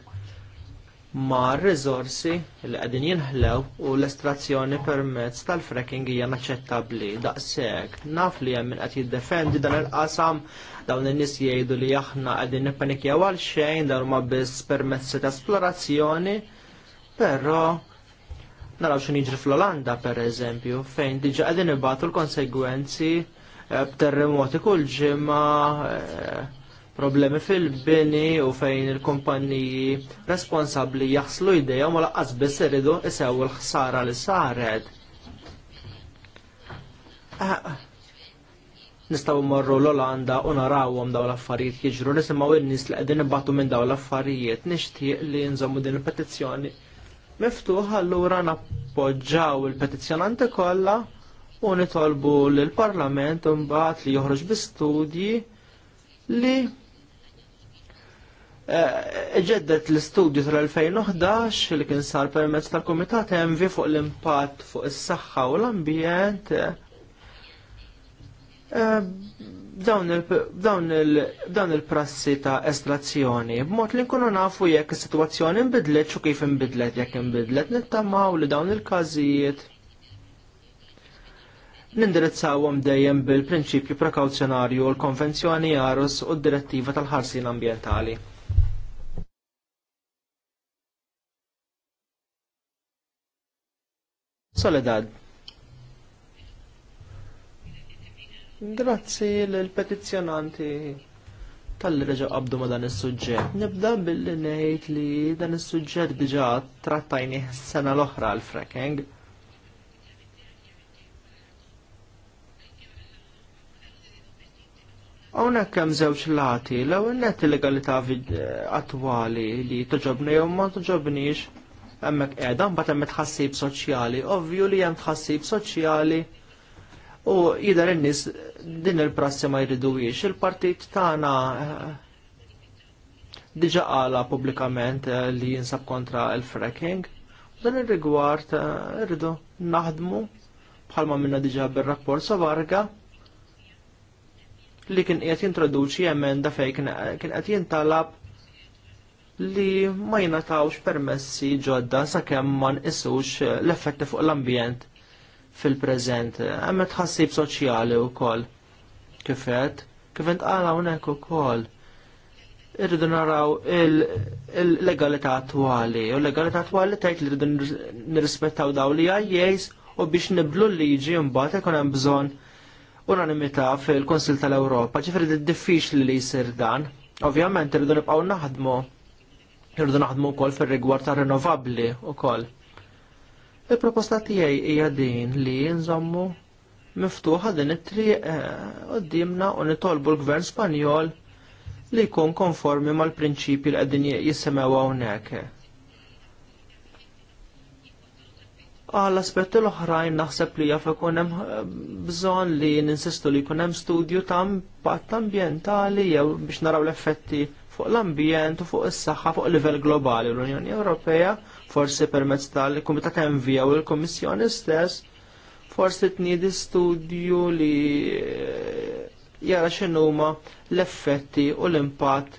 ma' r-rizorsi li qegħdin jinħlew u l-estrazzjoni permezz tal-fracking hija naċċettabbli daqshekk. Naf li hemm min qed jiddefendi dan il-qasam dawn in-nies jgħidu li aħna qegħdin nippanikjaw għal xejn dawn huma biss permezzi ta' esplorazzjoni, però naraw x'in jiġri fl-Olanda pereżempju fejn diġà qegħdin ibatu l-konsegwenzi eh, b'terremoti kull ġimgħa eh, problemi fil-bini u fejn il-kumpanniji responsabbli jaħslu idejhom u laqqas biss iridu isew il-ħsara li saret. Ah, Nistgħu mmorru l-Olanda u narawhom dawn l-affarijiet jiġru nisimgħu il nies li qegħdin ibbatu minn dawn l-affarijiet nixtieq li nżommu din il-petizzjoni miftuħa allura nappoġġaw il-petizzjonanti kollha u nitolbu lill-Parlament imbagħad li joħroġ bi studji li Eh, ġeddet l-istudju tal-2011 li kien sar permezz tal-Komitat MV fuq l-impatt fuq is-saħħa u l-ambjent. Eh, dawn il-prassi ta' estrazzjoni, b'mod li nkunu nafu jekk is-sitwazzjoni nbidlet u kif inbidlet jekk inbidlet, nittamaw li dawn il-każijiet nindirizzawhom dejjem bil-prinċipju prekawzjonarju l-Konvenzjoni JARUS u d-Direttiva tal-Ħarsien Ambjentali. Soledad. Grazzi l-petizjonanti tal reġa qabdu ma dan is-suġġett. Nibda billi ngħid li dan is-suġġett diġa trattajni sena l-oħra għal fracking. Hawnhekk hemm żewġ lati, l-ewwel il legalita eh, attwali li toġobni jew ma toġobnix hemmhekk qiegħda mbagħad emmet tħassib soċjali. Ovvju li hemm tħassib soċjali u jidher in-nies din il-prassi ma jridux. Il-partit tagħna eh, diġa għala pubblikament eh, li jinsab kontra il-fracking. Dan ir-rigward eh, irridu naħdmu bħalma minna diġa bir-rapport varga li kien qed jintroduċi emenda fejn kien qed jintalab li ma jinatawx permessi ġodda sakemm ma isux l-effetti fuq l-ambjent fil-preżent. Hemm tħassib soċjali wkoll. Kif qed? għala unek hawnhekk ukoll. Irridu naraw il-legalità attuali. U l-legalità attuali tgħid li rridu nirrispettaw daw li għajjejs u biex niblu l-liġi mbagħad ikun hemm bżonn unanimità fil-Konsil tal-Ewropa, id diffiċli li jsir dan. Ovvjament irridu nibqgħu naħdmu Nirdu naħdmu wkoll fir-rigward ta' u wkoll. Il-proposta tiegħi hija din li nżommu miftuħa din it-triq eh, qudiemna u nitolbu l-Gvern Spanjol li jkun konformi mal prinċipi li qegħdin jissemew hawnhekk. Għal aspetti l-oħrajn naħseb li jaf ikun hemm eh, bżonn li ninsistu li jkun hemm studju ta' impatt ambjentali jew biex naraw l-effetti fuq l-ambjent u fuq is-saħħa fuq livell globali. L-Unjoni Ewropea forsi permezz tal-Kumitat Envija u l-Kummissjoni stess forsi tniedi studju li eh, jara x'inhuma l-effetti u l-impatt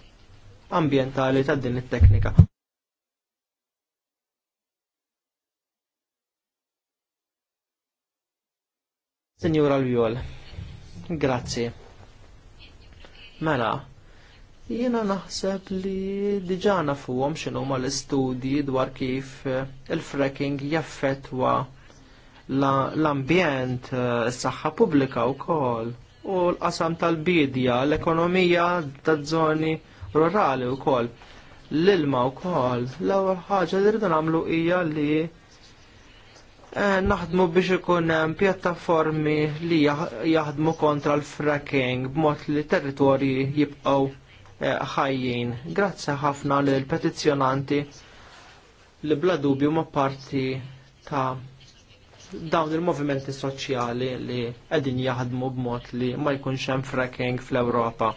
ambjentali ta' din it-teknika. Signora Lviol, grazie. Mela, Jiena naħseb li diġà nafuhom x'inhu ma l-istudji dwar kif eh, il-fracking jaffettwa l-ambjent, is-saħħa eh, pubblika wkoll u l-qasam tal-bidja, l-ekonomija taż-żoni rurali wkoll. L-ilma wkoll, l-ewwel ħaġa li rridu nagħmlu hija li eh, naħdmu biex ikun hemm pjattaformi li jaħdmu kontra l-fracking b'mod li territorji jibqgħu ħajjin. Grazzi ħafna lill petizzjonanti li bla dubju ma parti ta' dawn il-movimenti soċjali li qegħdin jaħdmu b'mod li ma jkunx hemm fracking fl-Ewropa.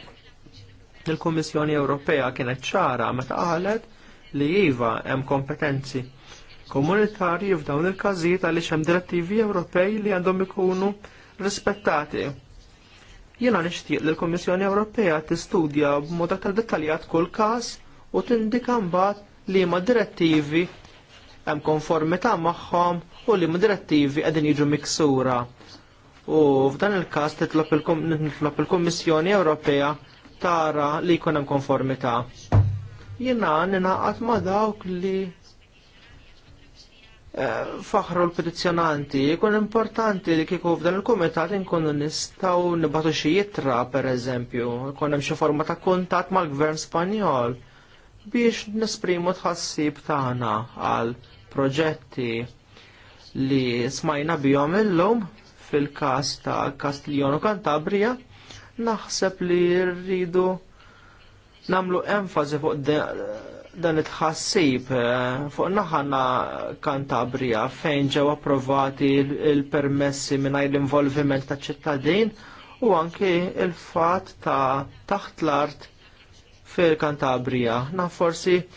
Il-Kummissjoni Ewropea kienet ċara meta qalet li iva hemm kompetenzi komunitarji f'dawn il-każijiet għaliex hemm direttivi Ewropej li għandhom ikunu rispettati. Jena nixtieq li l-Kommissjoni Ewropea tistudja b'mod aktar dettaljat kull każ u tindika mbagħad li ma direttivi hemm konformità magħhom u li ma direttivi qegħdin jiġu miksura. U f'dan il-każ titlob il-Kummissjoni Ewropea tara li jkun hemm konformità. Jiena ninaqat ma' dawk li faħru l-petizjonanti, jkun importanti li kieku f'dan il-komitat nkunu nistaw nibatu xi jitra per eżempju, jkun hemm xi forma ta' kuntat mal-Gvern Spanjol biex nesprimu tħassib tagħna għal proġetti li smajna bihom illum fil-każ ta' Kastiljonu Kantabria, naħseb li rridu namlu enfazi fuq dan it-ħassib eh, fuq naħana Kantabria fejn ġew approvati il-permessi mingħajr l-involviment ta' ċittadin u anki il-fat ta' taħt l-art fil-Kantabria. Na forsi eh,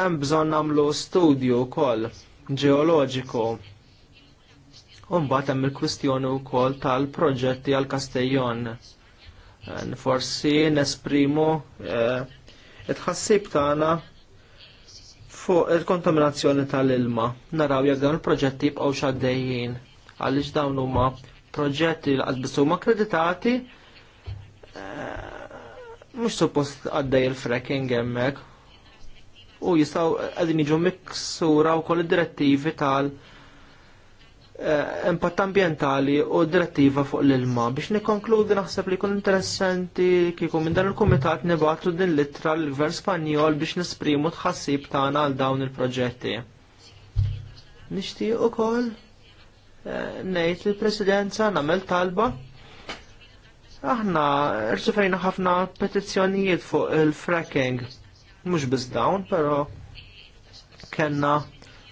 hemm bżonn nagħmlu studju wkoll ġeoloġiku. U mbagħad hemm il-kwistjoni wkoll tal-proġetti għal Kastejjon. Eh, forsi nesprimu eh, It-ħassib tagħna fuq il-kontaminazzjoni tal-ilma. Naraw jekk dawn il-proġetti jibqgħu xaddejjin għaliex dawn huma proġetti li qed biss huma kreditati eh, mhux suppost għaddej il-fracking hemmhekk u jistgħu qegħdin jiġu miksura wkoll id-direttivi tal- -ilma Eh, impatt ambientali u direttiva fuq l-ilma. Biex nikonkludi naħseb li kun interessanti kieku minn dan il-Kumitat nibatu din l-ittra l-Gvern Spanjol biex nisprimu tħassib tagħna għal dawn il-proġetti. Nixtieq ukoll eh, ngħid li presidenza nagħmel talba Aħna rċifejna ħafna petizzjonijiet fuq il-fracking, mhux biss dawn, però kellna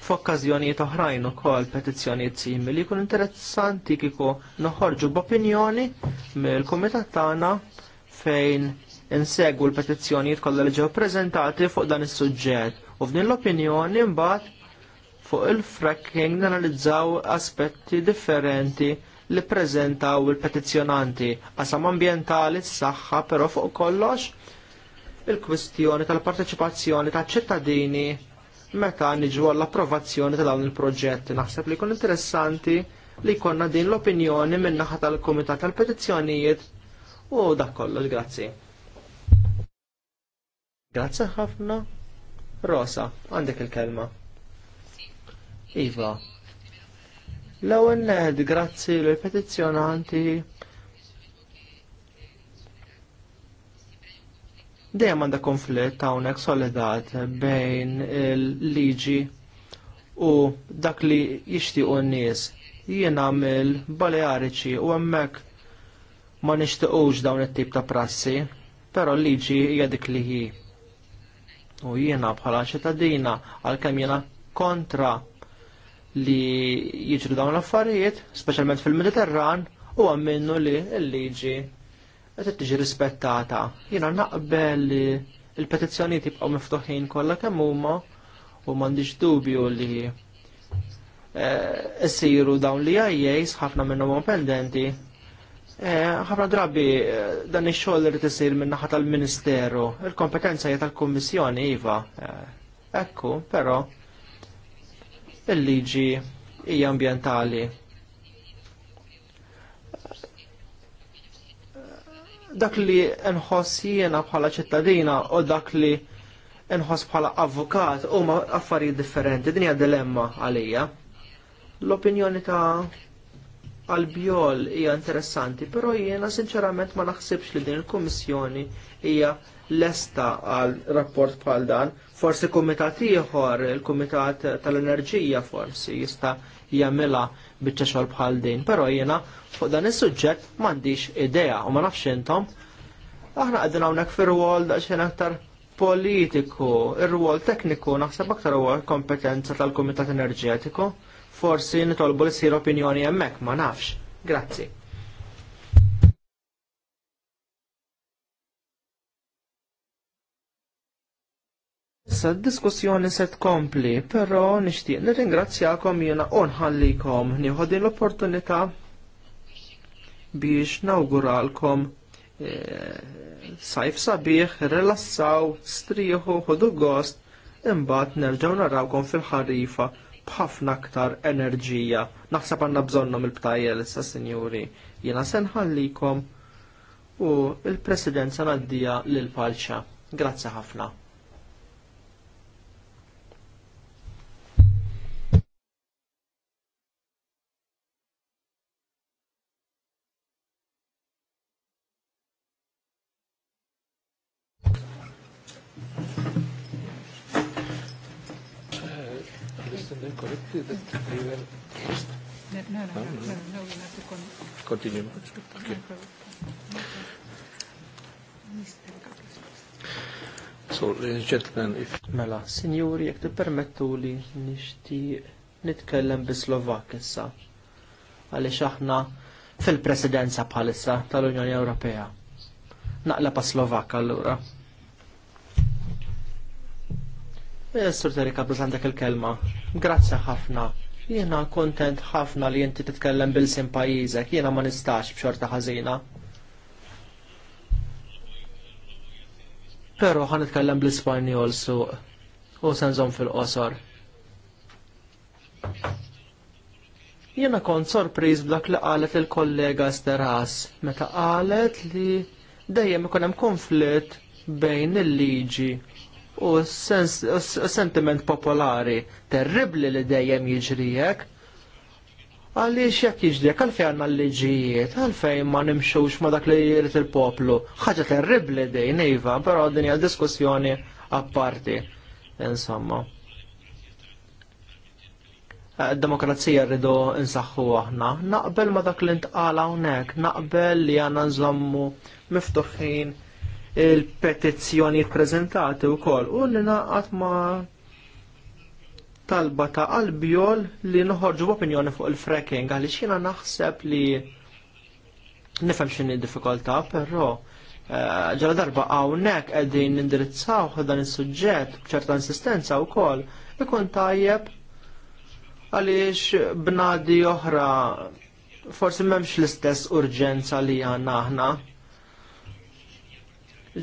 f'okkażjonijiet oħrajn ukoll petizzjonijiet simili jkun interessanti kieku noħorġu b'opinjoni mill-kumitat tagħna fejn insegwu l-petizzjonijiet kollha li ġew preżentati fuq dan is-suġġett u f'din l-opinjoni mbagħad fuq il-fracking nanalizzaw aspetti differenti li preżentaw il petizzjonanti qasam ambjentali, s-saxħa, però fuq kollox il-kwistjoni tal-parteċipazzjoni ta' ċittadini meta niġu għall-approvazzjoni ta' dawn il-proġetti. Naħseb li jkun interessanti li jkollna din l-opinjoni minn naħa tal-Kumitat tal-Petizzjonijiet u dak kollox, grazzi. Grazzi ħafna. Rosa, għandek il-kelma. Iva. L-ewwel grazzi l-petizzjonanti dejjem għandha konflitt hawnhekk solidat bejn il-liġi u dak li jixtiequ n-nies. Jien għamil baleariċi u hemmhekk ma nixtiequx dawn it-tip ta' prassi, però l-liġi hija dik li hi. U jiena bħala ċittadina għalkemm jiena kontra li jiġru dawn l-affarijiet, speċjalment fil-Mediterran, u għamminnu li l-liġi qed tiġi rispettata. Jiena naqbel li il-petizzjonijiet jibqgħu miftuħin kollha kemm huma u m'għandix dubju li eh, siru dawn li għajjejs ħafna minnhom pendenti. Eh, ħafna drabi eh, dan ix-xogħol irid isir minn naħa tal-Ministeru, il-kompetenza hija tal-Kummissjoni iva. Ekku, però il-liġi hija ambjentali dak li nħoss jiena bħala ċittadina u dak li nħoss bħala avukat huma affarijiet differenti, din hija dilemma għalija. L-opinjoni ta' għall-bjol hija interessanti, però jiena sinċerament ma naħsibx li din il-Kummissjoni hija lesta għal rapport bħal dan, forsi kumitat ieħor, il-Kumitat tal-Enerġija forsi jista' jagħmilha biċċa xogħol bħal din, però jiena fuq dan is-suġġett m'għandix idea u ma nafx intom. Aħna qegħdin hawnhekk fir-rwol daqsxejn aktar politiku, ir wol tekniku naħseb aktar huwa kompetenza tal-Kumitat Enerġetiku. Forsi nitolbu li sir opinjoni hemmhekk ma nafx. Grazzi. napprezza d-diskussjoni se tkompli, però nixtieq nirringrazzjakom jiena unħallikom nieħu din l-opportunità biex nawguralkom eh, sajf sabiħ, relassaw, striħu hudu gost, imbagħad nerġgħu narawkom fil-ħarifa b'ħafna aktar enerġija. Naħseb għandna bżonnhom il-btajjel issa sinjuri. Jiena se nħallikom u l presidenza naddija lil Palċa. Grazzi ħafna. correctly that they continue. So, ladies and gentlemen, if... Mela, signori, jek ti permettu li nishti nitkellem bi Slovak issa, għalix xaħna fil-presidenza bħalissa tal-Unjoni Ewropea. Naqla pa Slovak allura. Eh, Sur Terika Brus il-kelma. Grazzi ħafna. Jiena kontent ħafna li inti titkellem bil-sim pajjiżek, jiena ma nistax b'xorta ħażina. Però ħan nitkellem bl spanjol su, u senżom fil-qosor. Jiena kont sorpriż b'dak li qalet il-kollega Steras meta qalet li dejjem ikun hemm konflitt bejn il-liġi u sentiment popolari terribli li dejjem jiġrijek, Għaliex jekk jiġri hekk għalfejn għandna l-liġijiet, għalfejn ma nimxux ma dak li jrid il-poplu. Ħaġa terribli dejn iva, però din hija diskussjoni apparti. Insomma. Eh, demokrazija rridu insaħħu aħna. Naqbel ma dak li ntqala hawnhekk, naqbel li għandna nżommu miftuħin il-petizzjoni prezentati u kol u ninaqat ma talba ta' qalbjol li nħorġu opinjoni fuq il-fracking għalli xina naħseb li nifem xini diffikolta però eh, ġala darba għawnek għedin nindirizzaw dan il-sujġet bċerta insistenza u kol ikun tajjeb għaliex bnadi oħra forsi memx l-istess urġenza li għanna aħna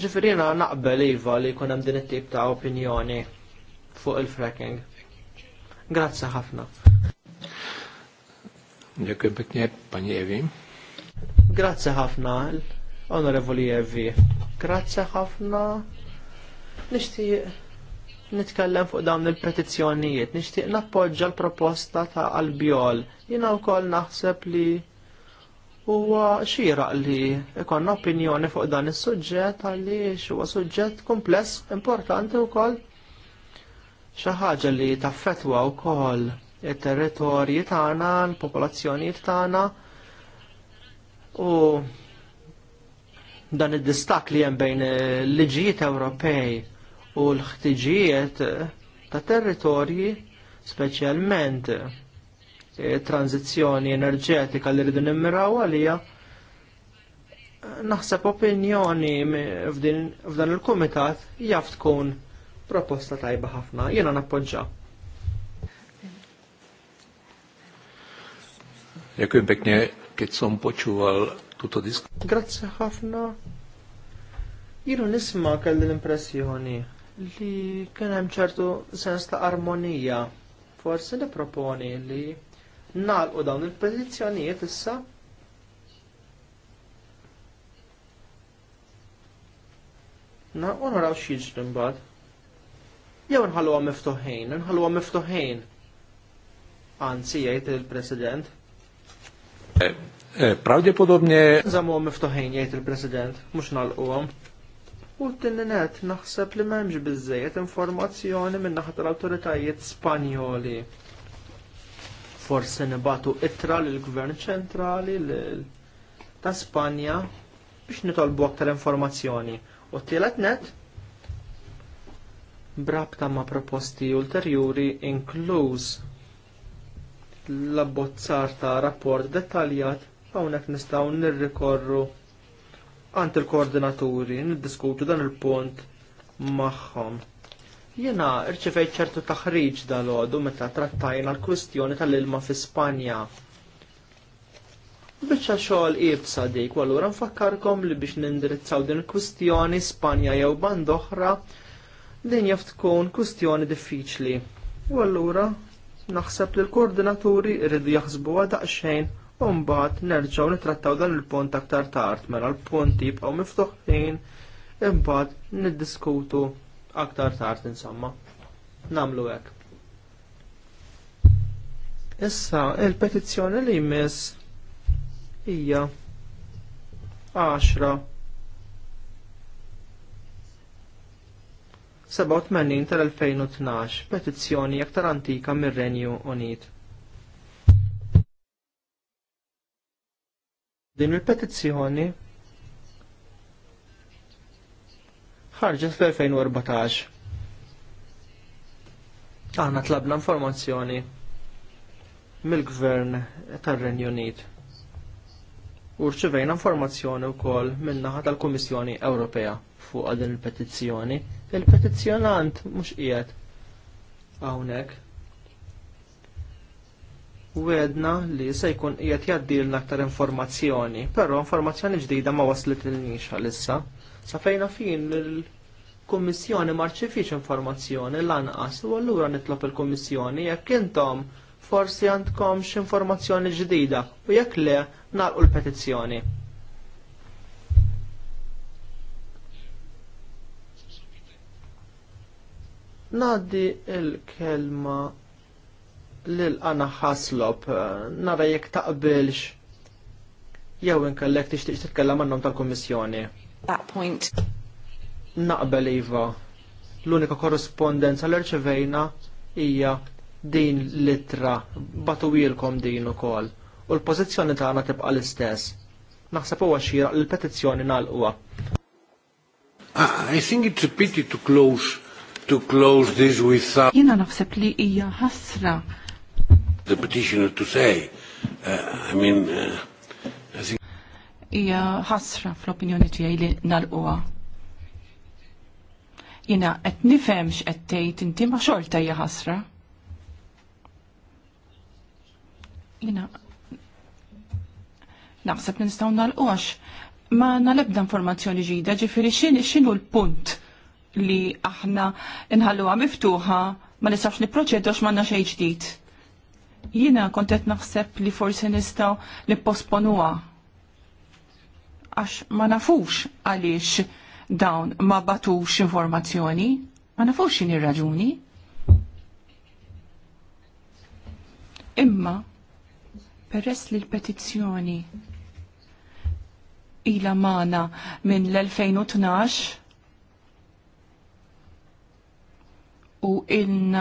Ġifirina naqbel iva li jkun hemm din it-tip ta' opinjoni fuq il-fracking. Grazzi ħafna. Dziękuję bitnie, pani Evi. Grazzi ħafna, onorevoli Evi. Grazzi ħafna. Nixtieq nitkellem fuq dawn il-petizzjonijiet, nixtieq nappoġġa l-proposta ta' Albiol. Jiena wkoll naħseb li huwa xira li ikonna opinjoni fuq dan is-suġġett għaliex huwa suġġett kompless, importanti wkoll xi ħaġa li taffetwa wkoll it-territorji tagħna, l-popolazzjonijiet tagħna u dan id-distak li hemm bejn l-liġijiet Ewropej u l-ħtiġijiet ta' territorji speċjalment E, tranzizjoni enerġetika li rridu nimmiraw għalija naħseb opinjoni f'dan il-kumitat jaf tkun proposta tajba ħafna, jiena nappoġġa. Jekk bekne kitsom għal tutto disk. Grazzi ħafna. Jiru nisma kelli l-impressjoni li kien hemm ċertu sens ta' armonija. Forsi li proponi li u dawn il pozizjonijiet issa Na, u naraw xieġ imbagħad. Jew għam miftuħin, għam miftuħin. Anzi, jgħid il-President. Eh, eh, Prawdepodobnie. għam miftuħin jajt il-President, mhux nagħlquhom. U t-tinni naħseb li m'hemmx biżejjed informazzjoni minnaħat naħa tal-awtoritajiet Spanjoli forse nibatu ittra l-Gvern ċentrali ta' Spanja biex nitolbu aktar informazzjoni. U t-tielet net, brabta ma' proposti ulterjuri inkluż l-abbozzar ta' rapport dettaljat hawnhekk nistgħu nirrikorru għand il-koordinaturi niddiskutu dan il-punt magħhom. Jena irċivejt ċertu taħriġ dal-għodu meta trattajna l-kwistjoni tal-ilma fi Spanja. Bicċa xogħol ibsa dik, allura nfakkarkom li biex nindirizzaw din il-kwistjoni Spanja jew band oħra din jaf tkun kwistjoni diffiċli. U allura naħseb li l-koordinaturi rridu jaħsbu daqsxejn u mbagħad nerġgħu nittrattaw dan il-punt aktar tard mela l-punt jibqgħu miftuħin imbagħad niddiskutu aktar tard insomma Namlu hekk. Issa, il-petizzjoni li jmiss hija Seba' 87 tal-2012, petizzjoni aktar antika mir-Renju Unit. Din il-petizzjoni ħarġet fl-2014. Aħna tlabna informazzjoni mill-gvern tar-Renju Unit. U rċivejna informazzjoni wkoll min-naħa tal-Kummissjoni Ewropea fuq din il-petizzjoni. Il-petizzjonant mhux qiegħed hawnhekk. Wedna li se jkun qiegħed jgħaddilna aktar informazzjoni, però informazzjoni ġdida ma waslet għalissa. Sa fejna fin il- kummissjoni marċifix informazzjoni lanqas u allura nitlob il-kummissjoni jekk intom forsi għandkom informazzjoni ġdida u jekk le nagħlqu l-petizzjoni. Naddi il-kelma lil ana ħaslop nara jekk taqbilx jew inkellek tixtieq titkellem għannom tal-Kummissjoni. That point. Naqbel Iva, l-unika korrespondenza l erċevejna hija din litra batuwilkom din ukoll u l-pożizzjoni tagħna tibqa' l-istess. Naħseb huwa xira l-petizzjoni nagħlquha. I think it's a pity to close to close this with Jiena naħseb li hija ħasra the petitioner to say uh, I mean uh, I think hija ħasra fl-opinjoni tiegħi li nagħlquha Jina qed nifhemx qed tgħid inti ma' xorta hija ħasra. Jina naħseb nistgħu nagħlqux ma nalebda informazzjoni ġdida ġifieri x'inhu l-punt li aħna inħalluha miftuħa ma nistax niproċedu għax manna xejn ġdid. Jiena kont qed naħseb li forsi nistgħu nipposponuha għax ma nafux għaliex dawn ma batux informazzjoni, ma nafux xini raġuni. Imma, peress li l-petizzjoni ila mana minn l-2012 u in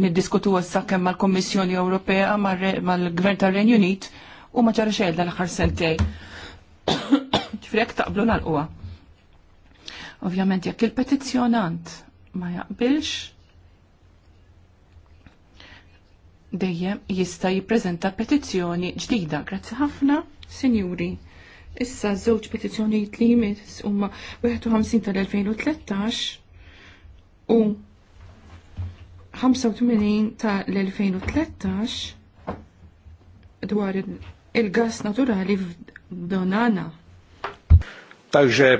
niddiskutu għassa kemm mal-Kommissjoni Ewropea mal-Gvern tar-Renju Unit u ma ġara l-aħħar sentej. Frek taqblu nal-qwa. Ovvjament jekk il-petizzjonant ma jaqbilx dejjem jista' jippreżenta petizzjoni ġdida. Grazzi ħafna, Sinjuri. Issa żewġ petizzjonijiet li jmiss huma 51 tal-2013 u 85 tal-2013 dwar il-gas naturali f'Donana. Także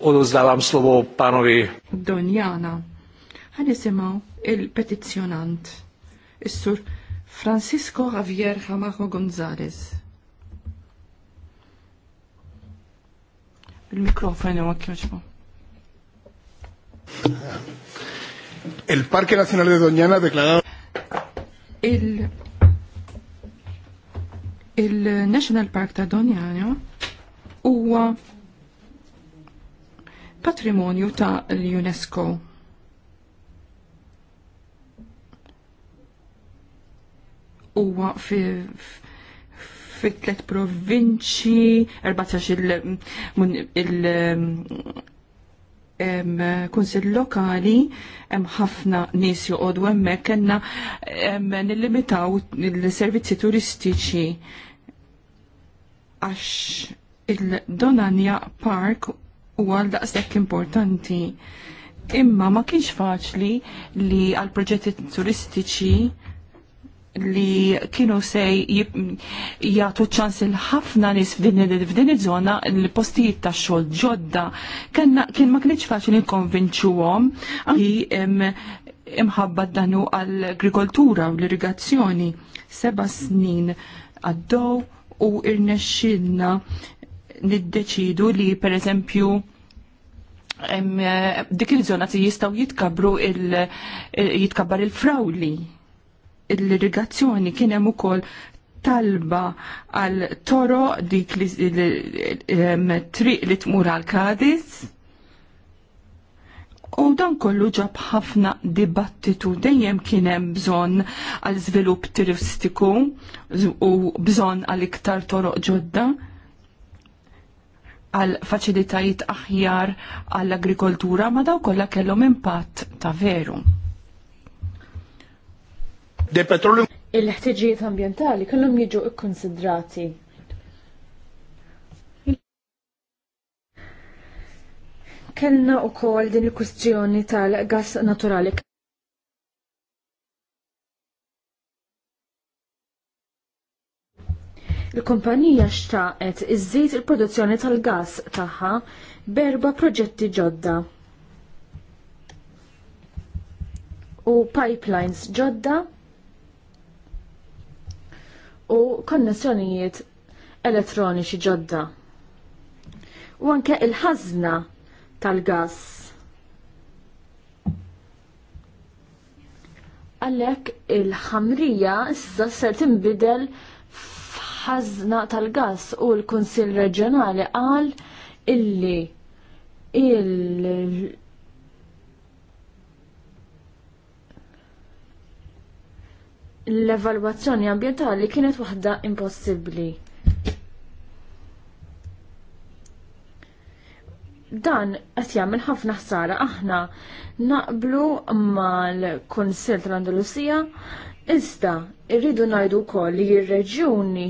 odozdawam slovo panovi. Donjana, għanisimaw il-petizjonant, il-sur Francisco Javier Jamajo Gonzalez. Il-mikrofonu għakjoġbu. El Parque Nacional de Doñana declarado el el National Park ta' Donjana huwa patrimonju ta' l-UNESCO. Huwa fi tlet provinċi, 14 il kunsil lokali, hemm ħafna nies joqogħdu hemmhekk kellna nillimitaw il-servizzi turistiċi għax il donania Park u għal daqshekk importanti. Imma ma kienx faċli li għal proġetti turistiċi li kienu se jgħatu ċans il-ħafna nis f'din iż-żona l-postijiet ta' xogħol ġodda. Kien ma kienx faċli nkonvinċuhom li imħabba danu għall-agrikoltura u l-irrigazzjoni. Seba snin għaddew u irnexxilna niddeċidu li pereżempju eh, dik il-żona si jistgħu jitkabru eh, jitkabbar il-frawli. Il-irrigazzjoni kien hemm ukoll talba għal toro dik li triq li tmur għal kadis. U dan kollu ġab ħafna dibattitu dejjem kien hemm bżonn għal żvilupp turistiku u bżonn għal iktar toroq ġodda għal faċilitajiet aħjar għall agrikoltura ma daw kollha kellhom impatt ta' veru. Il-ħtiġijiet ambjentali kellhom jiġu ikkonsidrati. Kellna wkoll din il-kwistjoni tal-gas naturali. Il-kumpanija xtaqet iżżid il-produzzjoni tal-gas tagħha berba proġetti ġodda. U pipelines ġodda u konnessjonijiet elettroniċi ġodda. U anke il-ħażna tal-gas. Għalhekk il-ħamrija issa ser tinbidel ħażna tal-gas u l-Kunsill Reġjonali qal illi il l-evalwazzjoni ambjentali kienet waħda impossibbli. dan qed jagħmel ħafna ħsara aħna naqblu mal-Kunsill tal-Andalusija iżda rridu ngħidu wkoll li r-reġjuni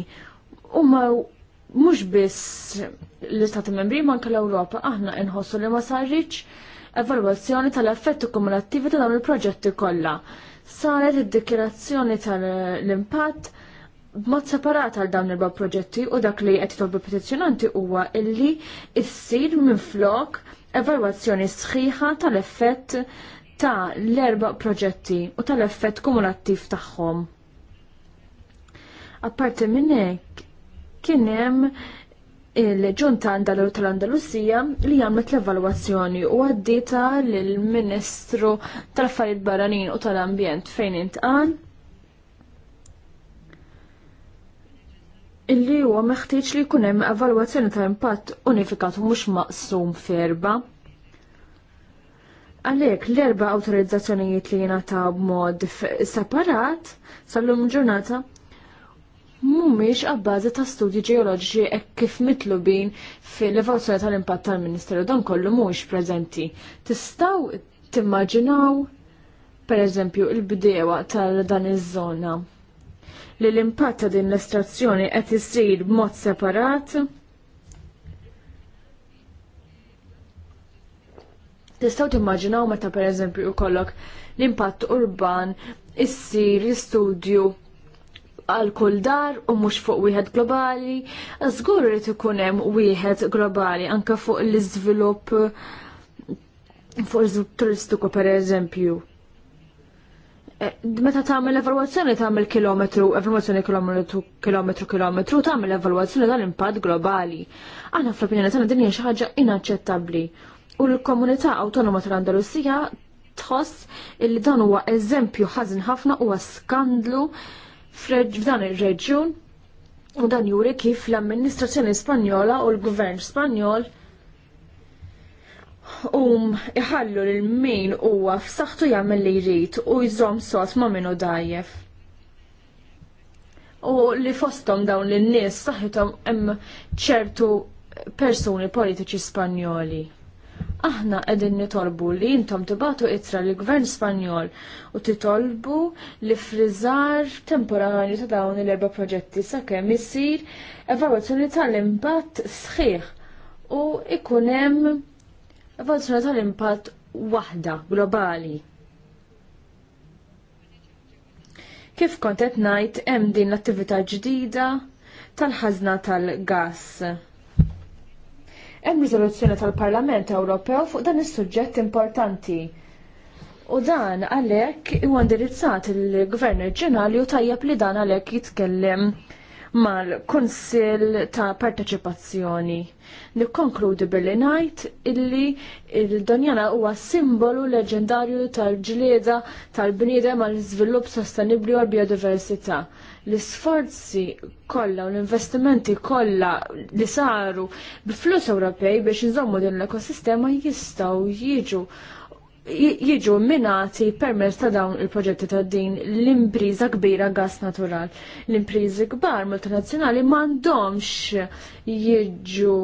Uma mhux biss l-Istati Membri ma manka l europa aħna nħossu li ma sarriċ evalwazzjoni tal-effetti kumulattivi ta' dawn il-proġetti kollha. Saret id-dikjerazzjoni tal-impatt b'mod separat għal dawn il proġetti u dak li qed jitolbu petizzjonanti huwa illi issir minflok evalwazzjoni sħiħa tal-effett ta' l-erba' proġetti u tal-effett kumulattiv tagħhom. Apparti minn hekk, kien hemm il-ġunta tal-Andalusija li għamlet l-evalwazzjoni u għaddita l-Ministru tal-Affarijiet Barranin u tal-Ambjent fejn intqal illi huwa meħtieġ li jkun hemm evalwazzjoni ta' impatt unifikat u mhux maqsum f'erba. Għalhekk l-erba' awtorizzazzjonijiet li ta' b'mod separat sal-lum ġurnata mhumiex għabbażi ta' studji ġeoloġiċi hekk kif mitlubin fil-evaluazzjoni tal-impatt tal-Ministeru dan kollu mhuwiex preżenti. Tistgħu timmaġinaw pereżempju il-bdewa tal dan iż-żona li l-impatt ta' din l-estrazzjoni qed isir b'mod separat Tistaw timmaġinaw meta pereżempju kollok l-impatt urban issir l-istudju għal kull dar u mhux fuq wieħed globali, żgur irid ikun hemm wieħed globali anke fuq l-iżvilupp fuq iżvilupp turistiku pereżempju. E, meta tagħmel evalwazzjoni tagħmel kilometru, evalwazzjoni kilometru kilometru kilometru tagħmel evalwazzjoni tal-impatt globali. Aħna fl-opinjoni tagħna din hija xi ħaġa inaċċettabbli. U l-Komunità Awtonoma tal-Andalusija tħoss li dan huwa eżempju ħażin ħafna huwa skandlu f'dan ir-reġjun u dan juri kif l-amministrazzjoni Spanjola u l-Gvern Spanjol um iħallu l min huwa f'saħħtu jagħmel li jrid u jżomm sot ma' minnu dajjef. U li fosthom dawn lin nies saħħithom hemm ċertu persuni politiċi Spanjoli. Aħna qegħdin nitolbu li intom tibatu itra li gvern Spanjol u titolbu li friżar temporani ta' dawn l-erba' proġetti sakemm isir evalwazzjoni tal-impatt sħiħ u ikun hemm evalwazzjoni tal-impatt waħda globali. Kif kont qed ngħid hemm din l-attività ġdida tal-ħażna tal-gass Hemm riżoluzzjoni tal-Parlament Ewropew fuq dan is-suġġett importanti. U dan għalhekk huwa indirizzat il-Gvern Reġjonali u tajjeb li dan għalhekk jitkellem mal-Kunsill ta' Parteċipazzjoni. Nikkonkludi billi ngħid illi il-Donjana huwa simbolu leġendarju tal-ġlieda tal-bniedem għall-iżvilupp sostenibbli u l-biodiversità l-isforzi kollha u l-investimenti kollha li saru bil-flus Ewropej biex nżommu din l-ekosistema jistgħu jiġu jiġu minati permezz ta' dawn il-proġetti ta' din l-impriża kbira gas natural. L-impriżi kbar multinazzjonali m'għandhomx jiġu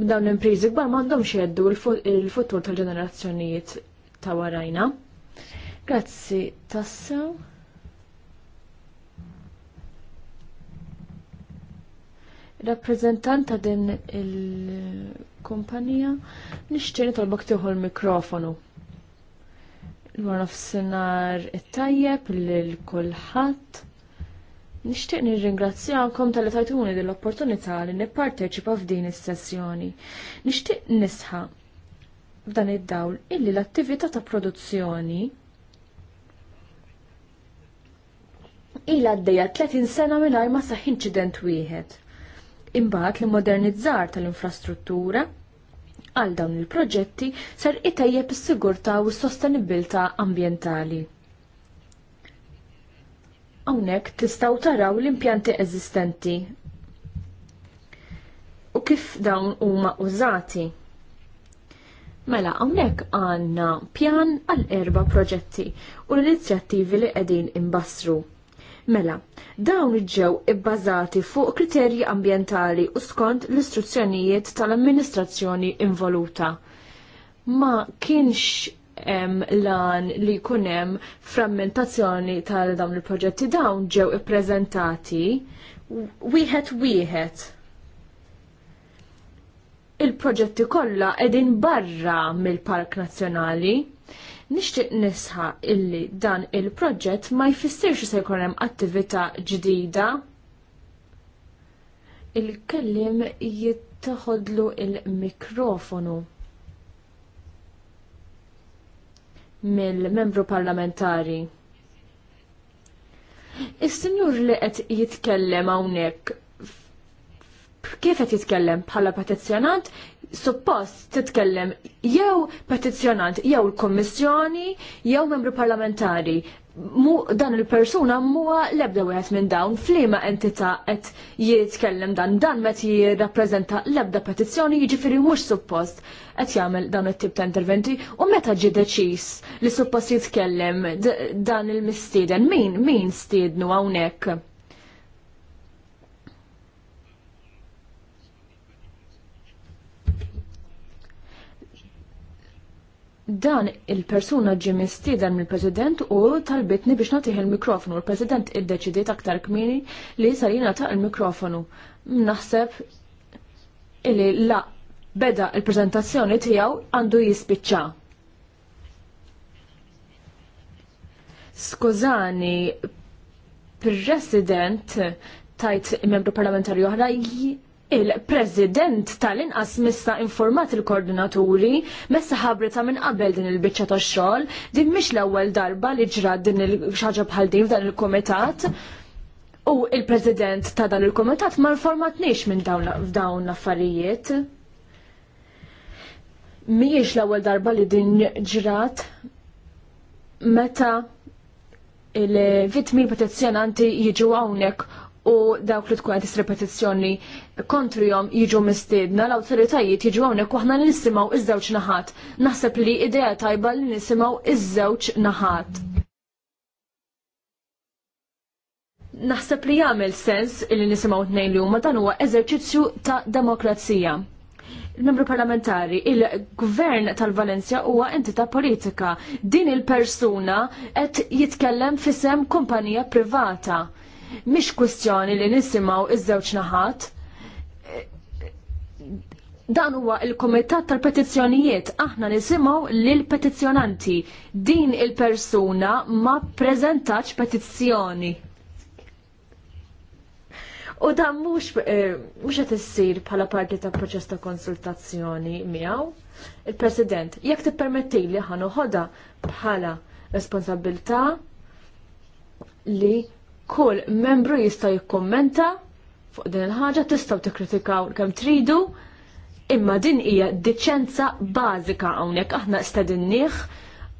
dawn l-impriżi kbar m'għandhomx jeddu il-futur tal-ġenerazzjonijiet ta' warajna. Grazzi, tassew. rappresentanta ta' din il-kumpanija nixtieni talbok tieħu l-mikrofonu. f nofsinhar it-tajjeb lil kulħadd. Nixtieq nirringrazzjakom tal tajtuni din l-opportunità li nipparteċipa f'din is-sessjoni. Nixtieq nisħa f'dan id-dawl illi l-attività ta' produzzjoni ila għaddejja 30 sena mingħajr ma saħ inċident wieħed Imbagħad li modernizzar tal-infrastruttura għal dawn il-proġetti ser itejjeb is-sigurtà u s-sostenibilità ambjentali. Hawnhekk tistgħu taraw l-impjanti eżistenti u kif dawn huma użati. Mela hawnhekk għandna pjan għal erba' proġetti u l-inizjattivi li qegħdin imbassru. Mela, dawn ġew ibbażati fuq kriterji ambjentali u skont l-istruzzjonijiet tal-amministrazzjoni involuta. Ma kienx hemm lan li jkun hemm frammentazzjoni tal dawn il-proġetti dawn ġew ippreżentati wieħed wieħed. Il-proġetti kollha qegħdin barra mill-Park Nazzjonali Nixtieq nisħa illi dan il-proġett ma jfissirx se jkun hemm attività ġdida. Il-kellim jittaħodlu il-mikrofonu mill-membru parlamentari. Is-sinjur li qed jitkellem hawnhekk kif qed jitkellem bħala petizzjonant suppost titkellem jew petizzjonant, jew il-kommissjoni, jew membru parlamentari. Mu, dan il-persuna muwa lebda wieħed minn dawn flima entità qed jitkellem dan dan meta jirrappreżenta lebda petizzjoni jiġifieri mhux suppost qed jagħmel dawn it-tip ta' interventi u meta ġie deċiż li suppost jitkellem dan il-mistieden min min stiednu hawnhekk. dan il-persuna ġi mistieden mill-President u talbitni biex nagħtih il-mikrofonu. Il-President iddeċidiet aktar kmini li sar jingħata il-mikrofonu. Naħseb illi la beda il-preżentazzjoni tiegħu għandu jispiċċa. Skużani, President tajt membru parlamentari oħra il-president tal-inqas mista informat il-koordinaturi messa ħabrita minn qabel din il-bicċa ta' xogħol din mhix l-ewwel darba li ġrad din il-xaġa bħal din f'dan il-kumitat u il-president ta' dan il-kumitat ma informatniex minn dawn l-affarijiet. Mhijiex l-ewwel darba li din ġrat meta il-vitmi petizzjonanti jiġu hawnhekk u dawk li tkun għandis repetizzjoni kontrijom jiġu mistiedna l-awtoritajiet jiġu hawnhekk waħna li nisimgħu iż-żewġ naħat. Naħseb li idea tajba li nisimgħu iż-żewġ naħat. Naħseb li jagħmel sens li nisimgħu tnejn li huma dan huwa eżerċizzju ta' demokrazija. Il-membru parlamentari, il-gvern tal-Valencia huwa entità politika. Din il-persuna qed jitkellem fisem kumpanija privata. Mhix kwistjoni li nisimgħu iż-żewġ naħat Dan huwa il-Kumitat tal-Petizzjonijiet. Aħna nisimgħu lil petizzjonanti. Din il-persuna ma preżentax petizzjoni. U dan mhux eh, mhux qed issir bħala parti ta' proċess ta' konsultazzjoni miegħu. Il-President, jekk tippermetti li ħanu ħoda bħala responsabilità li kull membru jista' jikkummenta fuq din il-ħaġa tistgħu tikkritikaw kemm tridu Imma din hija diċenza bażika hawnhekk aħna stedinnieh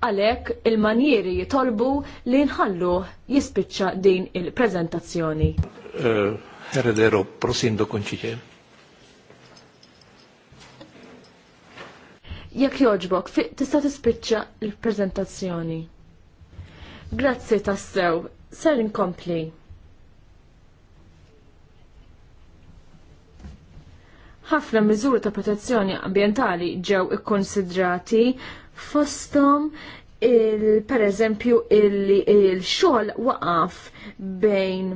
għalhekk il-manjeri jitolbu li nħallu jispiċċa din il preżentazzjoni eh, Heredero, prosindo Jekk Jek joġbok, tista tispiċċa il-prezentazzjoni. Grazzi tassew, ser inkompli. ħafna miżuri ta' protezzjoni ambjentali ġew ikkonsidrati fosthom il per eżempju il-xogħol il waqaf bejn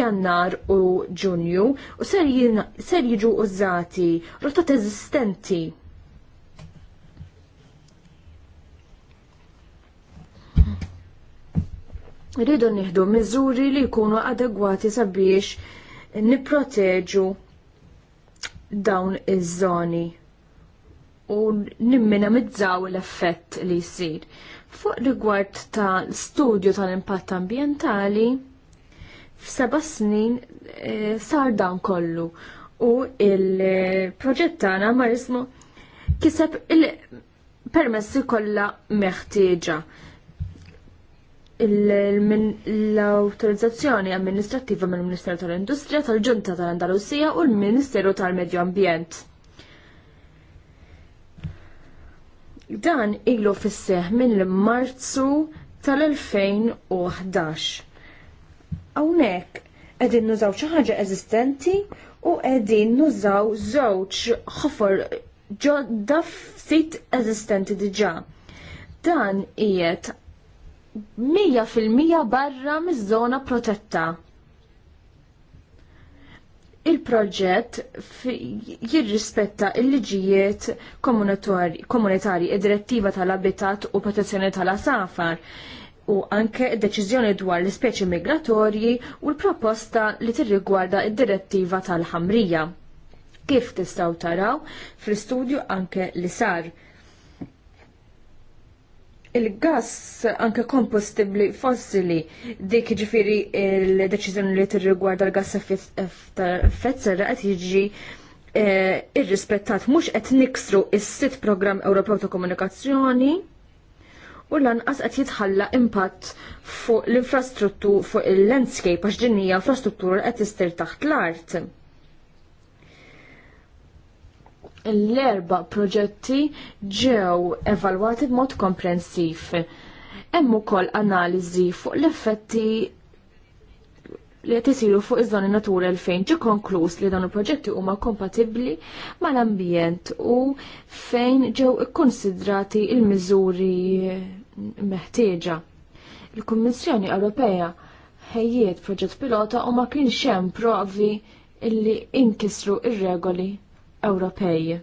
jannar u ġunju u ser jiġu użati rotot eżistenti. Rridu nieħdu miżuri li jkunu adegwati sabiex nipproteġu dawn iż-żoni u nimminamizzaw l-effett li jsir. Fuq rigward ta' studju tal-impatt ambjentali, f'seba' snin e, sar dan kollu u il-proġett tagħna marismu kiseb il-permessi kollha meħtieġa l-autorizzazzjoni amministrattiva mill ministeru tal-Industrija tal-Ġunta tal-Andalusija u l-Ministeru tal-Medju Ambjent. Dan ilu fisseħ minn marzu tal-2011. Hawnhekk qegħdin nużaw xi ħaġa eżistenti u qegħdin nużaw żewġ ħofor ġodda sit eżistenti diġà. Dan qiegħed 100% barra miż-żona protetta. Il-proġett jirrispetta il-liġijiet komunitarji id-direttiva tal-abitat u protezzjoni tal-asafar u anke deċiżjoni dwar l-ispeċi migratorji u l-proposta li tirrigwarda id-direttiva tal-ħamrija. Kif tistaw taraw fl-istudju anke li sar il-gass anke kompostibli fossili dik ġifiri il-deċizjoni li tirrigwarda l-gass effett serra qed jiġi eh, irrispettat mhux qed niksru s-sit programm Ewropew ta' komunikazzjoni u lanqas qed jitħalla impatt fuq l-infrastruttur fuq il-landscape għax din hija infrastruttura qed istir taħt l-art l-erba proġetti ġew evalwati b'mod komprensiv. Hemm ukoll analiżi fuq l-effetti li qed isiru fuq iż-żoni natura l fejn ġi konkluż li dawn il-proġetti huma kompatibbli mal-ambjent u fejn ġew ikkonsidrati l miżuri meħtieġa. Il-Kummissjoni Ewropea ħejjiet proġett pilota u ma kienx hemm provi illi inkisru ir-regoli il Ewropej.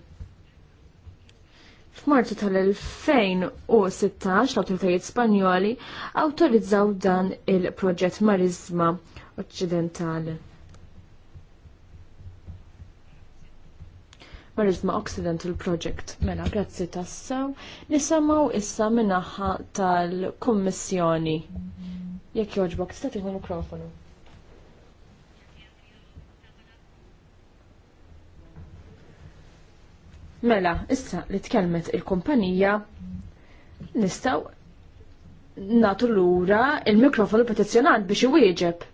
F'Marzu tal-2016 l-autoritajiet Spanjoli awtorizzaw dan il-proġett Marizma Occidentali. Marizma Occidental Project. Mela, grazzi tassaw. Nisamaw issa minnaħa tal-Kommissjoni. Jekk joġbok, stati mikrofonu. Mela, issa li tkellmet il-kumpanija nistaw natu l-ura il-mikrofon il-petizjonant biex iwieġeb.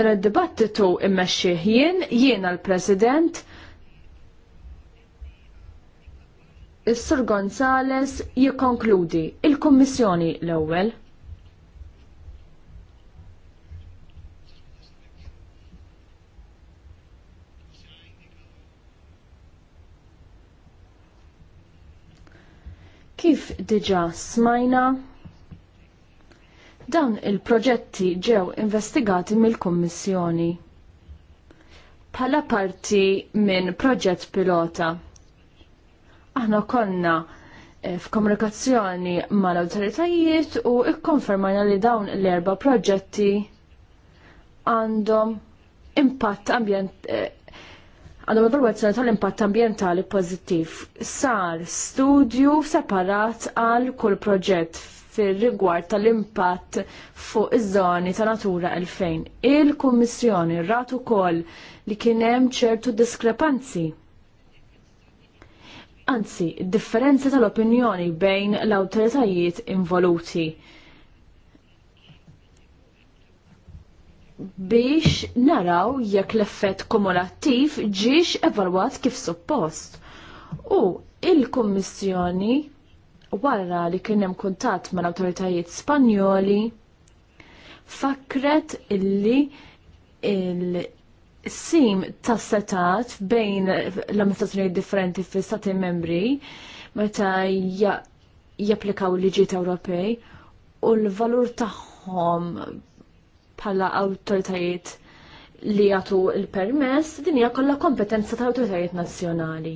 Dan id-dibattitu immexxih jien, jiena l-President, Is-Sur Gonzales jikkonkludi il-Kummissjoni l-ewwel. Kif diġa smajna, dawn il-proġetti ġew investigati mill-Kummissjoni bħala parti minn proġett pilota. Aħna konna eh, f'komunikazzjoni mal-awtoritajiet u ikkonfermajna li dawn l-erba proġetti għandhom impatt ambjent eh, għandhom evalwazzjoni tal-impatt ambjentali pożittiv. Sar studju separat għal kull proġett fir rigward tal-impatt fuq iż-żoni ta' Natura 2000. Il-Kummissjoni rat ukoll li kien hemm ċertu diskrepanzi. Anzi, differenza tal-opinjoni bejn l-awtoritajiet involuti biex naraw jekk l-effett kumulattiv ġiex evalwat kif suppost. U il-Kommissjoni wara li kien hemm kuntatt mal-awtoritajiet Spanjoli fakret illi il-sim ta' setat bejn l-amministrazzjoni differenti fi stati membri meta japplikaw liġiet Ewropej u l-valur tagħhom bħala awtoritajiet li jagħtu l-permess, din hija kollha kompetenza tal-awtoritajiet nazzjonali.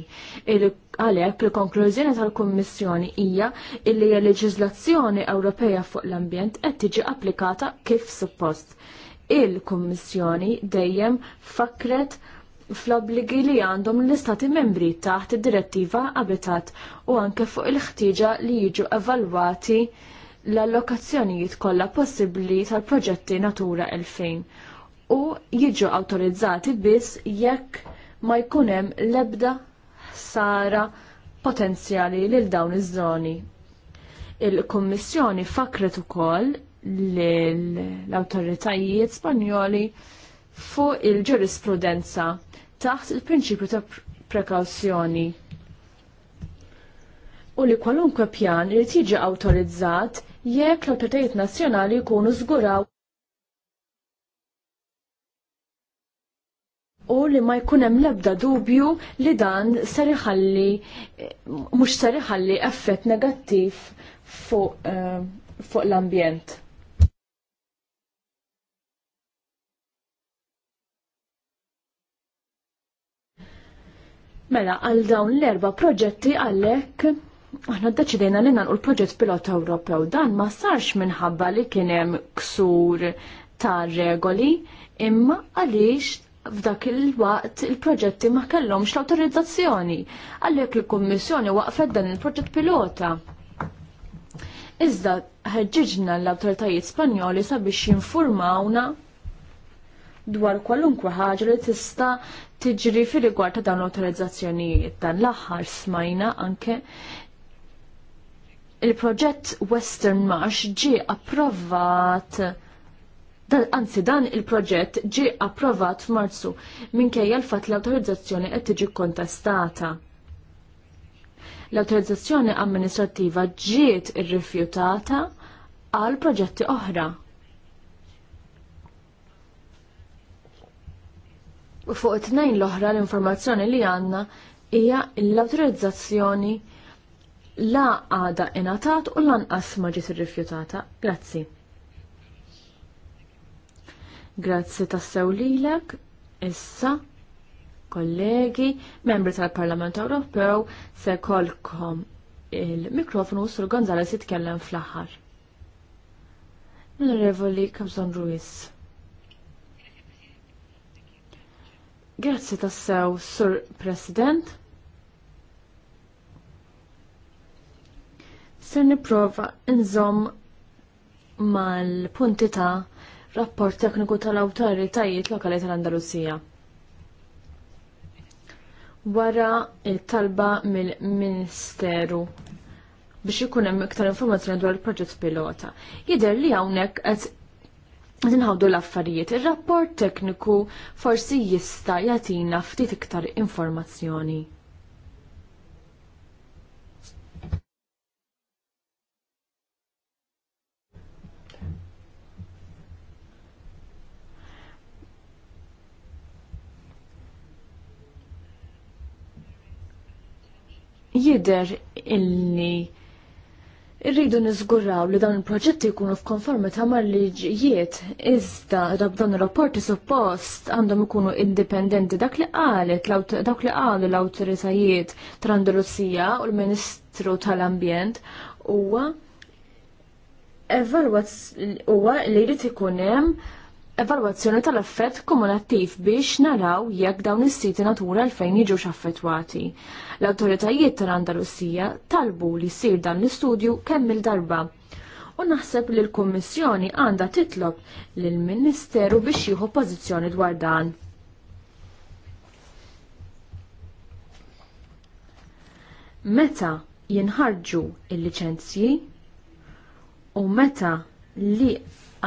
Għalhekk il-konklużjoni tal-Kummissjoni hija li l-leġiżlazzjoni Ewropea fuq l-ambjent qed tiġi applikata kif suppost. Il-Kummissjoni dejjem fakret fl-obbligi li għandhom l-istati membri taħt id-direttiva Habitat u anke fuq il-ħtieġa li jiġu evalwati l-allokazzjonijiet kollha possibbli tal-proġetti Natura 2000 u jiġu awtorizzati biss jekk ma jkun hemm l-ebda ħsara potenzjali lil dawn iż-żoni. Il-Kummissjoni fakret ukoll l-awtoritajiet Spanjoli fuq il-ġurisprudenza taħt il-prinċipju ta' prekawzjoni. U li kwalunkwe pjan li tiġi awtorizzat jekk l-autoritajiet nazzjonali jkunu żguraw u li ma jkun hemm l-ebda dubju li dan ser iħalli mhux ser iħalli effett negattiv fuq eh, fuq l-ambjent. Mela, għal dawn l-erba proġetti għallek aħna ddeċidejna li nanqu l-proġett pilota Ewropew dan ma sarx minħabba li kien hemm ksur ta' regoli imma għaliex f'dak il-waqt il-proġetti ma kellhomx l-awtorizzazzjoni għalhekk il-Kummissjoni waqfet dan il-proġett pilota. Iżda ħeġġiġna l-awtoritajiet Spanjoli sabiex jinfurmawna dwar kwalunkwe ħaġa li tista' tiġri fir rigward ta' dawn l awtorizzazzjonijiet dan l-aħħar smajna anke il-proġett Western Marsh ġie approvat anzi dan il-proġett ġie approvat f'Marzu minkejja l-fatt l-awtorizzazzjoni qed tiġi kontestata. L-awtorizzazzjoni amministrattiva ġiet irrifjutata għal proġetti oħra. U fuq it-tnejn l-oħra l-informazzjoni li għandna hija l-awtorizzazzjoni la għada inatat u lanqas ma ġiet irrifjutata. Grazzi. Grazzi tassew lilek, issa, kollegi, membri tal-Parlament Ewropew, se kolkom il-mikrofonu sur Gonzales jitkellem fl-aħħar. Onorevoli Kamson Ruiz. Grazzi tassew, Sur President. Ser niprofa nżomm mal-punti ta' rapport tekniku tal-awtoritajiet lokali tal-Andalusija. Wara il-talba mill-Ministeru biex ikun hemm iktar informazzjoni dwar il-proġett pilota. Jidher li hawnhekk qed nħawdu l-affarijiet. Ir-rapport tekniku forsi jista' jagħtina ftit iktar informazzjoni. jider illi irridu niżguraw li dawn il-proġetti jkunu f'konformità mal-liġijiet iżda dak dawn ir-rapporti suppost għandhom ikunu indipendenti dak li qalet dak li qalu l-awtoritajiet tal-Andalusija u l-Ministru tal-Ambjent huwa huwa li jrid ikun hemm evalwazzjoni tal-effett kumulattiv biex naraw jekk dawn is-siti natura l fejn jiġux affettwati. L-awtoritajiet tal-Andalusija talbu li jsir dan l-istudju kemm il-darba. U naħseb li l-Kummissjoni għandha titlob lill ministeru biex jieħu pożizzjoni dwar dan. Meta jinħarġu il-liċenzji u meta li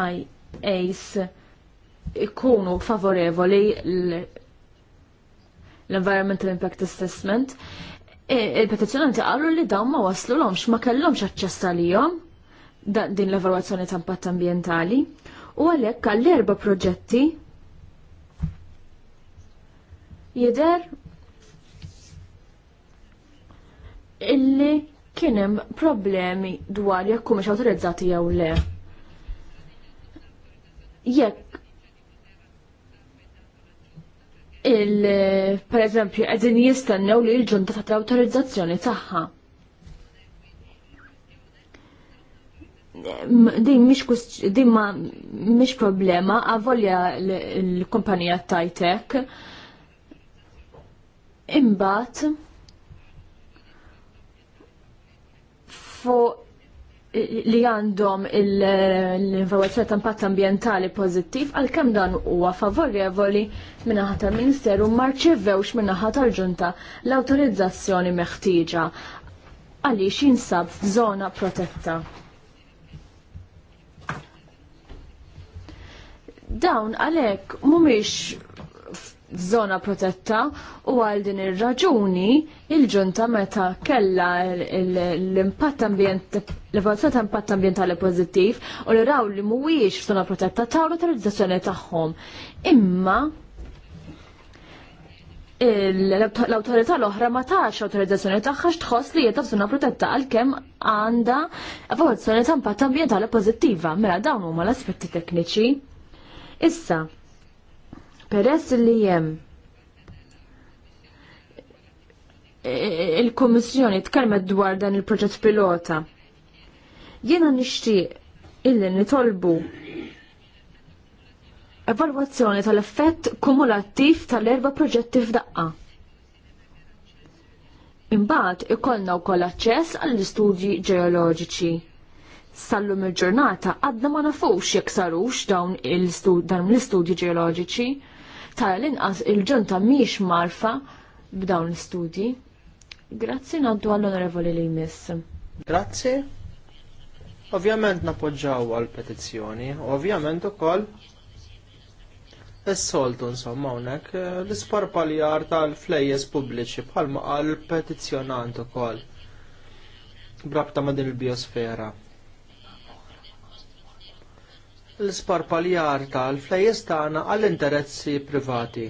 IAs ikunu favorevoli l-Environmental Impact Assessment, e, il-petizjonanti għallu li dawn ma waslu l-omx, ma kellomx aċċessa li jom din l-evaluazzjoni ta' impatt ambientali u għalhekk għall-erba' proġetti Jider illi kien hemm problemi dwar jekk mhux awtorizzati jew le. Jekk per eżempju qegħdin jistennew li l-ġunta ta' l-awtorizzazzjoni tagħha. Din mhix mhix problema avolja l-kumpanija tajtek. Imbagħad fuq li għandhom l-informazzjoni ta' impatt ambjentali pożittiv għal kem dan huwa favorevoli minnaħa tal-Ministeru marċevewx minnaħa tal-Ġunta l-awtorizzazzjoni meħtieġa għaliex jinsab f'żona protetta. Dawn għalhekk mhumiex zona protetta u għal din ir-raġuni il-ġunta meta kella l-impatt ambient l-evaluazzjoni ta' impatt ambjentali pożittiv u li raw li mhuwiex f'żona protetta ta' l-autorizzazzjoni tagħhom. Imma l-autorità l-oħra ma tax autorizzazzjoni tagħha x'tħoss li jieta f'żona protetta għalkemm għandha evaluazzjoni ta' impatt ambjentali pożittiva. Mela dawn huma l-aspetti tekniċi. Issa, Peress li jem e, il-Kommissjoni tkellmet dwar dan il-proġett pilota. Jiena nixtieq illi nitolbu evalwazzjoni tal-effett kumulattiv tal-erba proġetti f'daqqa. Imbagħad ikollna wkoll aċċess għall-istudji ġeoloġiċi. Sallum il-ġurnata għadna ma nafux jekk sarux dawn l-istudji ġeoloġiċi tara l-inqas il-ġunta miex marfa b'dawn l-istudji. Grazzi naddu għall-onorevoli li jmiss. Grazzi. Ovvjament napoġġaw għal-petizzjoni, ovvjament ukoll Is-soltu insomma hawnhekk eh, l-isparpaljar tal-flejjes pubbliċi bħalma qal petizzjonant ukoll. Brabta ma' din il-biosfera l-sparpaljar tal-flejes tagħna għall-interessi privati.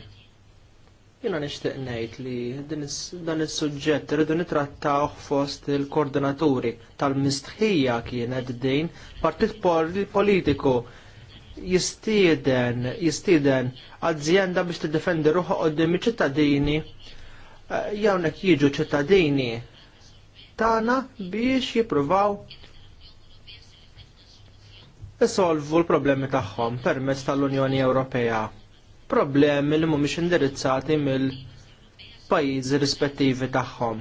Jiena nixtieq ngħid li dan is-suġġett irridu nitrattaw fost il-koordinaturi tal-mistħija kienet din partit politiku jistieden jistieden azzjenda biex tiddefendi ruħu qudiem iċ-ċittadini eh, jawnek jiġu ċittadini tagħna biex jippruvaw isolvu l-problemi tagħhom permezz tal-Unjoni Ewropea. Problemi li mhumiex indirizzati mill-pajjiżi rispettivi tagħhom.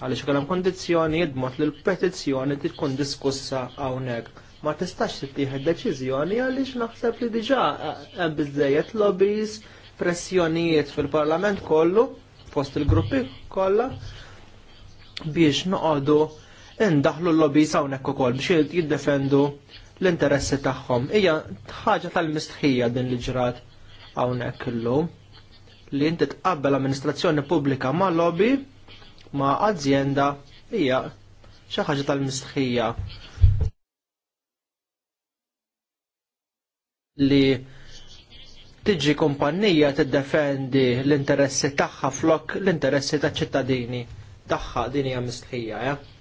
Għaliex kellhom kondizzjoni jidmot li l-petizzjoni tkun diskussa hawnhekk. Ma tistax tittieħed deċiżjoni għaliex naħseb li diġà hemm biżejjed lobbies, pressjonijiet fil-Parlament kollu fost il-gruppi kollha biex noqogħdu indaħlu l lobbies hawnhekk ukoll biex jiddefendu l-interessi tagħhom. Hija ħaġa tal-mistħija din li ġrat hawnhekk illum li inti tqabbel amministrazzjoni pubblika ma' lobby ma' azienda hija xi ħaġa tal-mistħija. Li tiġi kumpanija tiddefendi l-interessi tagħha flok l-interessi taċ-ċittadini tagħha din hija mistħija, eh?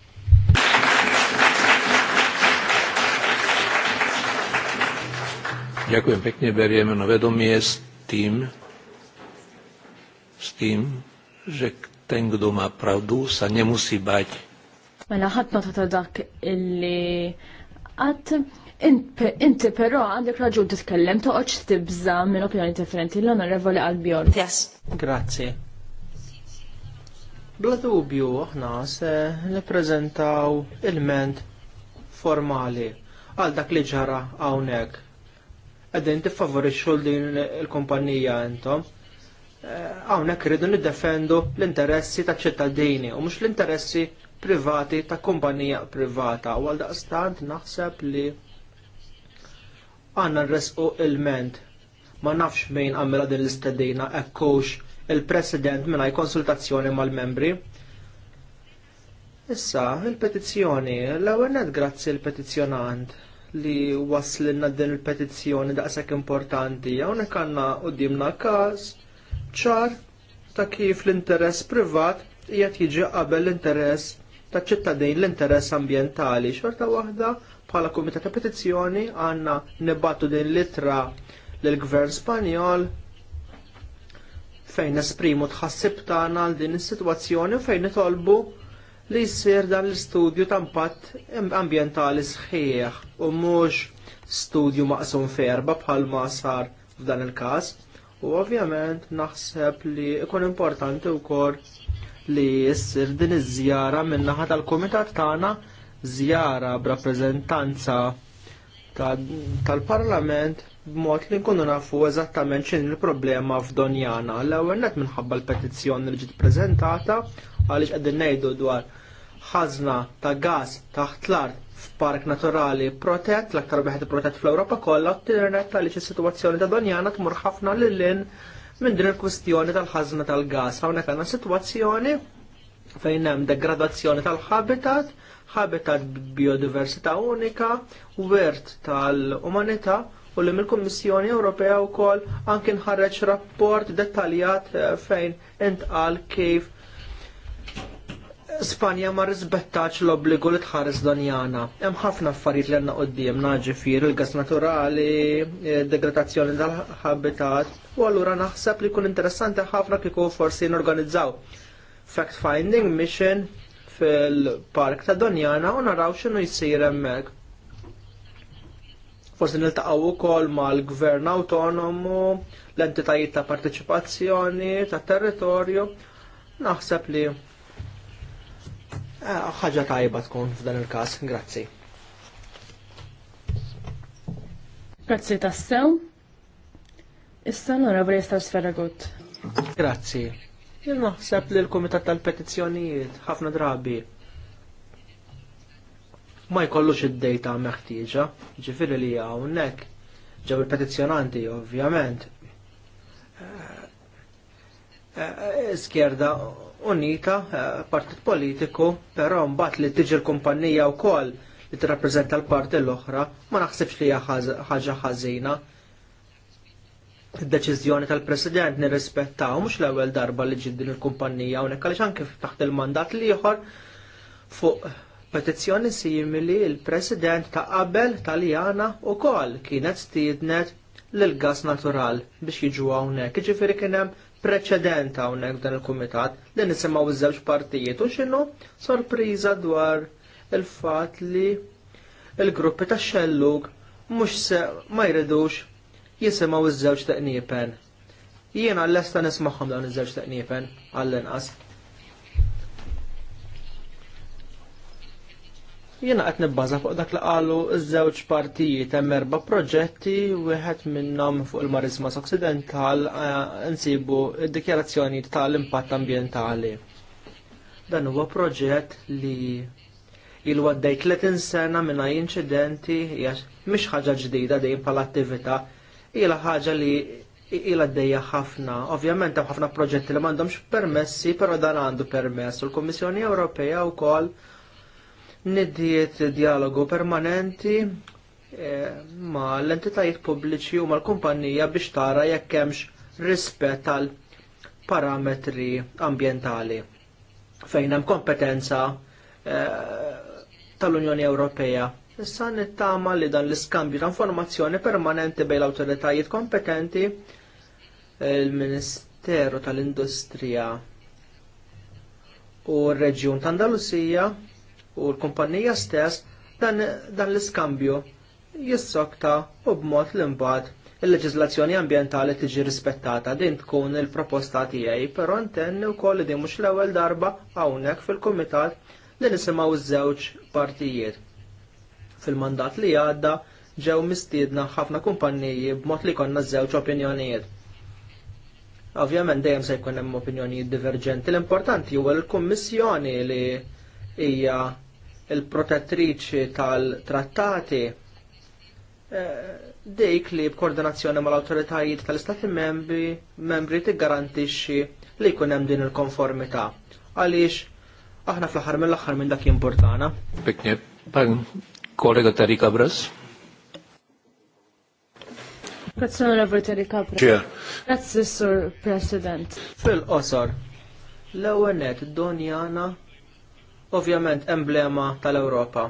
Ďakujem pekne, berieme na vedomie s tým, s tým, že ten, kdo má pravdu, sa nemusí bať. Mela ħatna ta' dak illi għat inti però għandek raġun titkellem toqgħodx tibża minn opinjoni differenti l-onorevoli għal-bjor. Yes. Grazzi. Bla dubju aħna se nippreżentaw il-ment formali għal dak li ġara hawnhekk għedin tiffavorixxu din il-kumpanija intom. Eh, hawnhekk irridu niddefendu l-interessi ta' ċittadini u mhux l-interessi privati ta' kumpanija privata. U għal daqstant naħseb li għanna nresqu il-ment. Ma nafx min għamela din l istadina ekkux il-president minna konsultazzjoni mal-membri. Issa, il-petizjoni, l-għennet grazzi il-petizjonant li waslinna din il-petizzjoni daqshekk importanti. Hawnhekk għandna qudiemna każ ċar ta' kif l-interess privat qiegħed jiġi qabel l-interess taċ ċittadin l-interess ambjentali. Xorta waħda bħala kumitat ta' petizzjoni għandna nibattu din litra lill-Gvern Spanjol fejn esprimu tħassib tagħna għal din is-sitwazzjoni fejn nitolbu li jsir dan l studju ta' impatt ambjentali sħiħ u mhux studju maqsum ferba bħal sar f'dan il-każ. U ovvjament naħseb li ikun importanti wkoll li jissir din iż-żjara min-naħa tal-kumitat tagħna żjara b'rappreżentanza tal-Parlament b'mod li nkunu nafu eżattament x'in il-problema f'Donjana. L-ewwel net minħabba l-petizzjoni li ġiet preżentata għaliex qegħdin ngħidu dwar ħazna ta' gas taħt l-art f'park naturali protett, l-aktar biħed protett fl-Ewropa kollha, Internet, għaliex is-sitwazzjoni ta' Donjana tmur ħafna l lin minn din il-kwistjoni tal ħazna tal-gas. Hawnhekk għandna sitwazzjoni fejn hemm degradazzjoni tal-habitat, habitat biodiversità unika, wirt tal-umanità u li mill-Kummissjoni Ewropea wkoll anke nħarreġ rapport dettaljat eh, fejn intqal kif Spanja ma rizbettax l-obbligu li tħares donjana. Hemm ħafna affarijiet li għandna qudiemna fir il-gas naturali, eh, degradazzjoni tal-habitat, u allura naħseb li jkun interessanti ħafna kieku forsi norganizzaw fact-finding mission fil-park ta' Donjana u naraw x'inhu jsir hemmhekk Forsi niltaqgħu ukoll mal-gvern autonomu, l-entitajiet ta' partiċipazzjoni, ta' territorju. Naħseb li Eh, ħaġa tajba tkun f'dan il-każ. Grazzi. Grazzi tassew. Issa l-onorevoli Stas Ferragut. Grazzi. Jien naħseb li l-Kumitat tal-Petizzjonijiet ħafna drabi ma jkollux id-dejta meħtieġa, ġifiri li hawnhekk ġew il-petizzjonanti ovvjament eh, eh, skjerda unita eh, partit politiku, però mbagħad li tiġi l-kumpanija wkoll li tirrappreżenta l-parti l-oħra, ma naħsibx li hija ħaġa ħażina. Id-deċiżjoni tal-President nirrispettaw mhux l-ewwel darba li ġid din il-kumpanija hawnhekk għaliex anke taħt il-mandat li ieħor fuq petizzjoni simili il-President ta' qabel Taljana u kienet stiednet l-gas natural biex jiġu hawnhekk. Ġifieri kien hemm preċedenta hawnhekk dan il-kumitat li nisimgħu iż-żewġ partijiet u x'inhu sorpriża dwar il-fatt li il-gruppi tax xellug mhux se ma jridux jisimgħu iż-żewġ teqniepen. Jiena lesta nismagħhom dawn iż-żewġ teqniepen għall-inqas. Jena qed nibbaza fuq dak li qalu ż-żewġ partijiet hemm erba' proġetti wieħed minnhom fuq il-Marismas Occidental eh, insibu d-dikjarazzjoni tal-impatt ambjentali. Dan huwa proġett li il waddej 30 sena minna incidenti, mhix ħaġa ġdida dejjem bħall attività ila ħaġa li ila għaddejja ħafna. Ovvjament hemm ħafna proġetti li m'għandhomx permessi, però dan għandu permess. U l-Kummissjoni Ewropea wkoll niddiet dialogu permanenti eh, ma l-entitajiet pubbliċi u mal kumpanija biex tara jekk hemmx rispett għal parametri ambjentali fejn hemm kompetenza eh, tal-Unjoni Ewropea. Issa nittama li dan l-iskambju ta' informazzjoni permanenti bejn l-awtoritajiet kompetenti il-Ministeru tal-Industrija u r-Reġjun ta' Andalusija u l-kumpanija stess dan, dan l-iskambju jissokta u b'mod l imbagħad il leġizlazzjoni ambjentali tiġi rispettata din tkun il-proposta tiegħi, però ntenni wkoll li mhux l-ewwel darba hawnhekk fil-kumitat li nisimgħu ż-żewġ partijiet. Fil-mandat li għadda ġew mistiedna ħafna kumpanniji b'mod li konna żewġ opinjonijiet. Ovvjament dejjem se jkun hemm opinjonijiet diverġenti. L-importanti huwa l-Kummissjoni li hija il-protettriċi tal-trattati eh, dik li b'koordinazzjoni mal awtoritajiet tal-Istati membri, membri tiggarantixxi li jkun hemm din il-konformità. Għaliex aħna fl-aħħar mill-aħħar minn dak importana. pan kollega Tari Abras. Grazie onorevole Grazie President. Fil-qosor, l-ewwel net Donjana ovvjament emblema tal-Ewropa.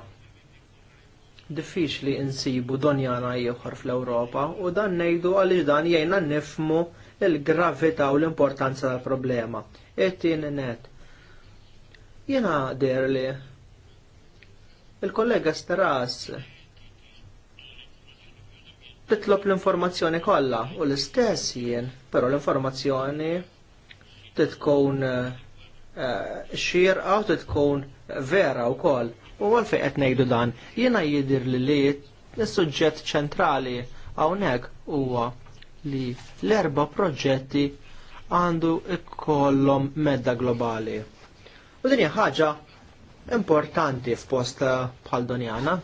Diffiċli insibu donjana ieħor fl-Ewropa u dan ngħidu għaliex dan jgħajna nifmu il-gravità u l-importanza tal-problema. Ettin net. Jena derli il-kollega staras titlob l-informazzjoni kollha u l-istess jien, però l-informazzjoni titkun eh, Eh, xirqa u tkun vera u kol. U għal qed ngħidu dan, jiena jidir li li l-suġġett ċentrali hawnhekk huwa li l-erba proġetti għandu ikollhom medda globali. U din ħaġa importanti f'post eh, bħal Donjana.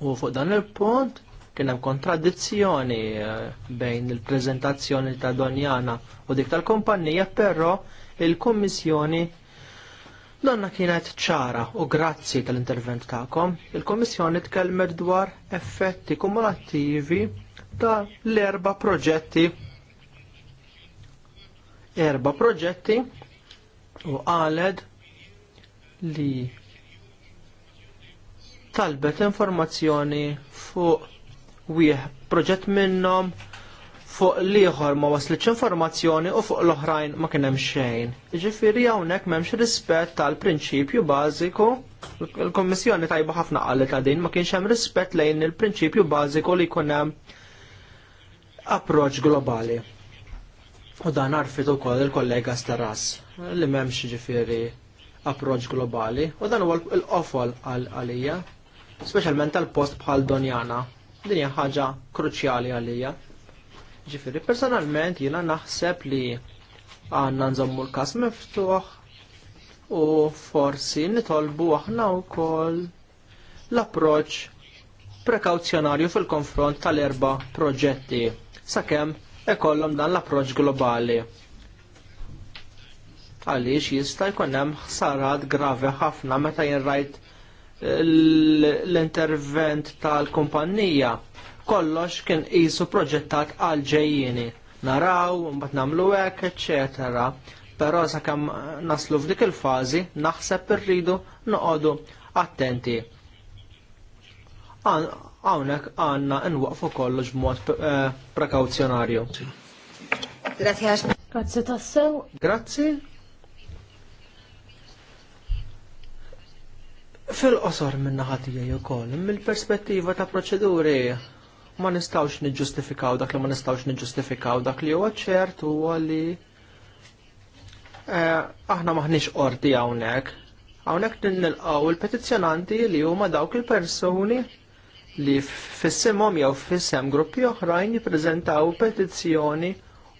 U fuq dan il-punt kien hemm kontradizzjoni eh, bejn il-preżentazzjoni ta' Donjana u dik tal-kumpanija, però il-Kommissjoni donna kienet ċara u grazzi tal-intervent tagħkom. Il-Kommissjoni tkellmet dwar effetti kumulattivi ta' l-erba proġetti. Erba proġetti u għaled li talbet informazzjoni fuq wieħed proġett minnhom fuq liħor ma waslitx informazzjoni u fuq l-oħrajn ma kien hemm xejn. Ġifieri hawnhekk m'hemmx rispett tal-prinċipju bażiku. Il-Kommissjoni tajba ħafna qalet ta' din ma kienx hemm rispett lejn il-prinċipju bażiku li jkun hemm approċ globali. U dan arfit ukoll il-kollega Staras li m'hemmx ġifieri approċ globali u dan huwa l-qofol għalija, speċjalment tal-post bħal Donjana. Din hija ħaġa kruċjali għalija. Ġifiri, personalment jina naħseb li għanna nżommu l-kas miftuħ u forsi nitolbu aħna u koll l-approċ prekawzjonarju fil-konfront tal-erba proġetti sakemm ikollhom dan l-approċ globali għaliex jista' jkun hemm ħsarat gravi ħafna meta jinrajt l-intervent tal-kumpanija kollox kien qisu proġettat għal ġejjieni. Naraw, mbagħad nagħmlu hekk, eċetera. Però sakemm naslu f'dik il-fażi naħseb irridu noqogħdu attenti. Hawnhekk għandna nwaqfu kollox b'mod eh, prekawzjonarju. Grazie. Grazie tassew. Grazie. Fil-qosor minna ħatija jokoll, mill-perspettiva ta' proċeduri, ma nistawx niġġustifikaw dak li ma nistawx niġġustifikaw dak li huwa ċert huwa li eh, aħna maħniex qorti hawnhekk. Hawnhekk nilqgħu il-petizzjonanti li huma dawk il-persuni li fissimhom jew fissem gruppi oħrajn jippreżentaw petizzjoni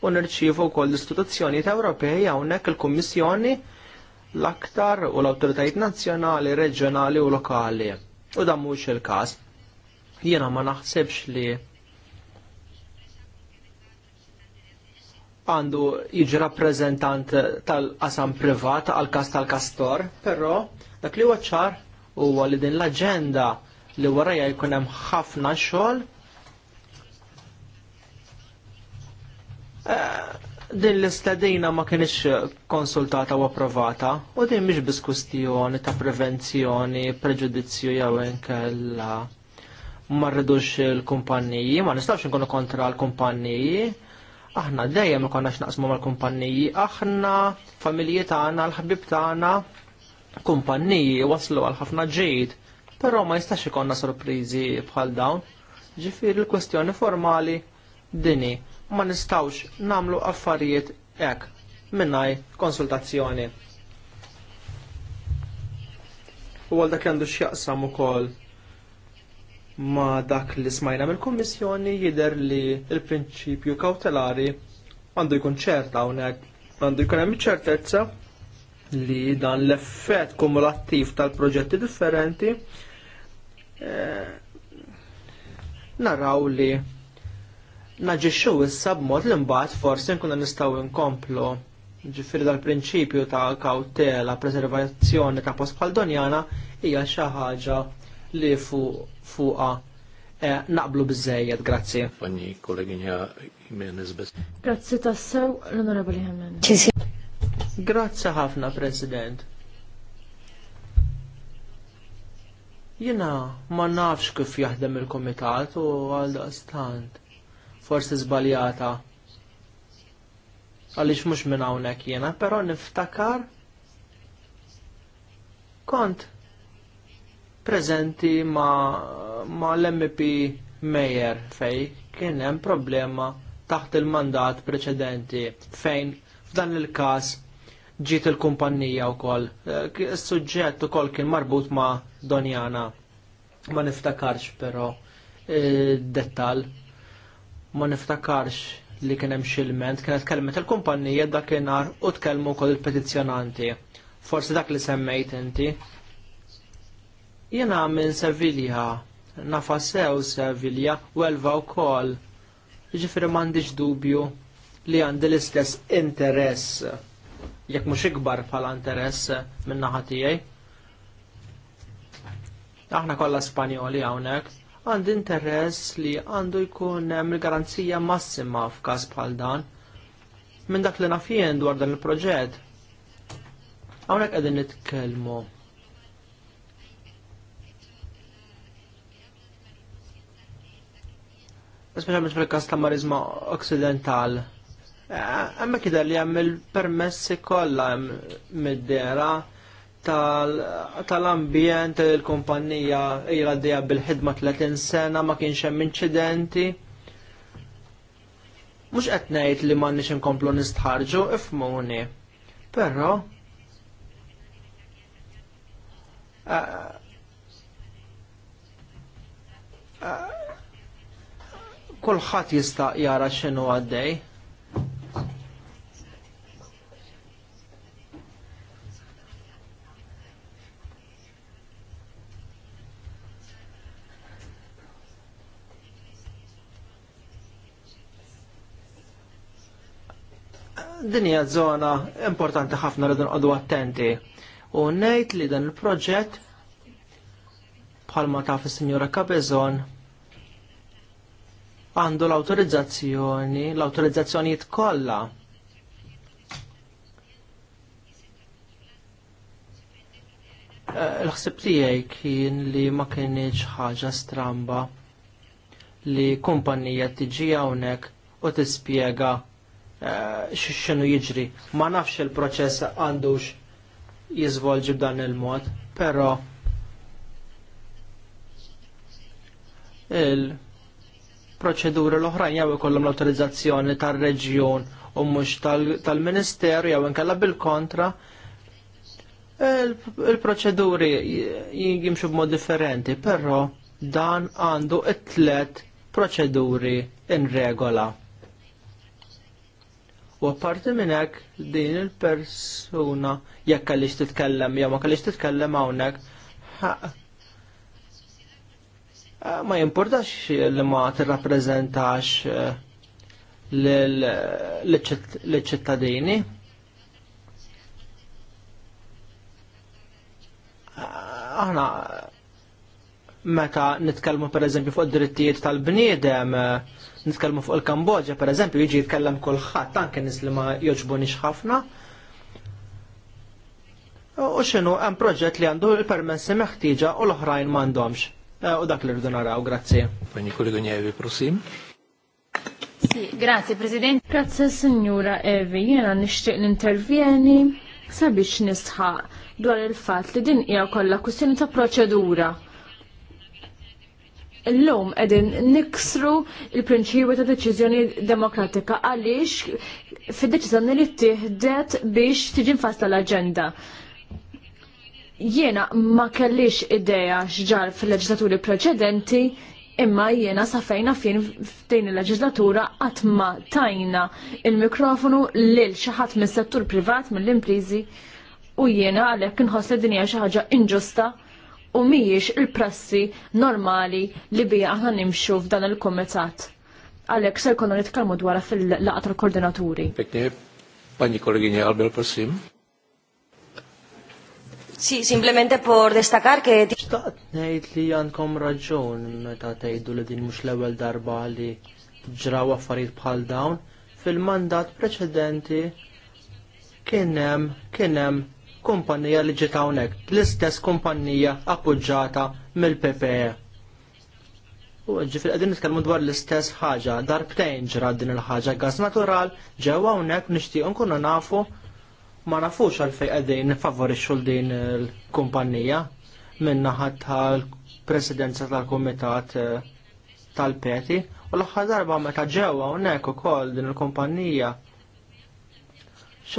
u nirċievu wkoll l-istituzzjoni Ewropej hawnhekk il-Kummissjoni l-aktar u l-awtoritajiet nazzjonali, reġjonali u lokali. U dan mhux il-każ Jiena ma naħsebx li għandu jiġi rappreżentant tal-qasam privat għal kas tal-kastor, però dak li huwa ċar huwa li din l-aġenda li warajja jkun hemm ħafna xogħol eh, din l-istadina ma kienx konsultata u approvata u din mhix biss kwestjoni ta' prevenzjoni, preġudizzju jew inkella ma rridux il kumpanniji ma nistawx nkunu kontra l-kumpanniji. Aħna dejjem ma konnax naqsmu mal-kumpanniji, aħna familji tagħna, l-ħbib tagħna, kumpanniji waslu għal ħafna ġid, però ma jistax ikonna sorpriżi bħal dawn. Ġifieri l-kwestjoni formali dini ma nistawx namlu affarijiet hekk minnaj konsultazzjoni. U għal dak għandu x'jaqsam ukoll ma dak li smajna mill kummissjoni jidher li l prinċipju kawtelari għandu jkun ċerta hawnhekk għandu jkun hemm ċertezza li dan l-effett kumulattiv tal-proġetti differenti eh, naraw li naġixxu issa b'mod li mbagħad forsi nkunu nistgħu nkomplu ġifiri dal-prinċipju ta' kawtela, preservazzjoni ta' post donjana hija xi ħaġa li fuqa eh, naqblu bizzejed, grazzi. Fanni kolleginja Jimenez bez. Grazzi tassew l onorabli Jimenez. Grazzi ħafna, President. Jina, ma nafx kif jaħdem il-komitat u għal stant. Forsi zbaljata. Għalix mux minn hawnhekk jena, però niftakar kont preżenti ma, ma l-MP Mayer fej kien hemm problema taħt il-mandat preċedenti fejn f'dan il-każ ġiet il-kumpanija wkoll. Is-suġġett eh, ukoll kien marbut ma' Donjana. Ma niftakarx però eh, dettal. Ma niftakarx li kien hemm xilment, kienet kelmet il-kumpanija dakinhar u tkellmu wkoll il-petizzjonanti. Forsi dak li semmejt inti Jena minn Sevilja, nafa sew Sevilja u elva u kol. ġifri mandiġ dubju li għandi l-istess interess, jekk mux ikbar bħala interess minn naħatijaj. Aħna kolla Spanjoli għawnek, għandi interess li għandu jkun hemm il-garanzija massima f'każ bħal dan minn dak li nafjen dwar dan il-proġett. Hawnhekk qegħdin nitkellmu specialment fil-kas ta' marizma okcidental. Għemmek eh, id li għem il-permessi kolla mid-dera tal-ambjent il-kumpanija ila d bil-ħidma 30 sena ma kienx hemm incidenti. Mhux qed ngħid li m'għandniex inkomplu nistħarġu ifmuni. Però eh, kulħadd jista' jara x'inhu għaddej. din hija żona importanti ħafna li nqogħdu attenti. U ngħid li dan il-proġett bħalma taf fis sinjura Cabezon għandu l-autorizzazzjoni, l autorizzazzjoni kollha. Eh, l-ħsib tiegħi kien li ma kienx ħaġa stramba li kumpanija tiġi hawnhekk u tispjega eh, xinu jiġri. Ma nafx il-proċess għandux jizvolġi b'dan il-mod, però il- proċeduri l-oħrajn jew ikollhom l-awtorizzazzjoni tar-reġjun u mhux tal-Ministeru jew inkella bil-kontra il-proċeduri jimxu b'mod differenti, però dan għandu it-tlet proċeduri in regola. U apparti minn hekk din il-persuna jekk kellix titkellem jew ma kellix titkellem hawnhekk Eh, ma jimportax li ma tirrappreżentax eh, l-ċittadini. Eh, aħna meta nitkellmu pereżempju fuq id-drittijiet tal-bniedem, nitkellmu fuq il-Kambodġa pereżempju jiġi jitkellem kulħadd anke nies li ma jogħġbunix ħafna. U x'inhu hemm proġett li għandu l-permessi meħtieġa u l-oħrajn m'għandhomx Eh, u dak li rridu naraw, grazzi. Pani kollegu Njevi, prosim. Si, grazie President. Grazie Signora Evi, jena nishtiq l-intervjeni sabiex nisħaq dwar il-fat li din hija kollha kwistjoni ta' proċedura. Illum qegħdin niksru il-prinċipju ta' deċiżjoni demokratika għaliex fid-deċiżjoni li tieħdet biex tiġi nfasta l-aġenda. Jiena ma kellix ideja xġar fil-leġislaturi preċedenti imma jiena safejna fin f'din il-leġislatura qatt ma tajna il-mikrofonu lil xi ħadd mis-settur privat mill-imprizi u jiena għalhekk inħoss li din hija xi ħaġa inġusta u mhijiex il-prassi normali li bija aħna nimxu f'dan il-kumitat. Għalhekk se jkollna nitkellmu dwar fil-laqgħa tal-koordinaturi. Pani kollegini Albert Persim. Sì, simplemente por destacar que... Xtaqt nejt li għandkom raġun meta tgħidu li din mhux l-ewwel darba li ġraw affarijiet bħal dawn. Fil-mandat preċedenti kien hemm kumpanija li ġiet hawnhekk, l-istess kumpanija appoġġjata mill-PPE. U ġifir qegħdin nitkellmu dwar l-istess ħaġa, darbtejn ġrad din il-ħaġa gas natural ġewwa hawnhekk nixtieq nkunu nafu ma nafux għal għalfej għedin favorixxu din l-kumpanija minnaħa tal-presidenza tal-komitat eh, tal-peti u l-axħar darba meta ġewwa hawnhekk ukoll din il-kumpanija.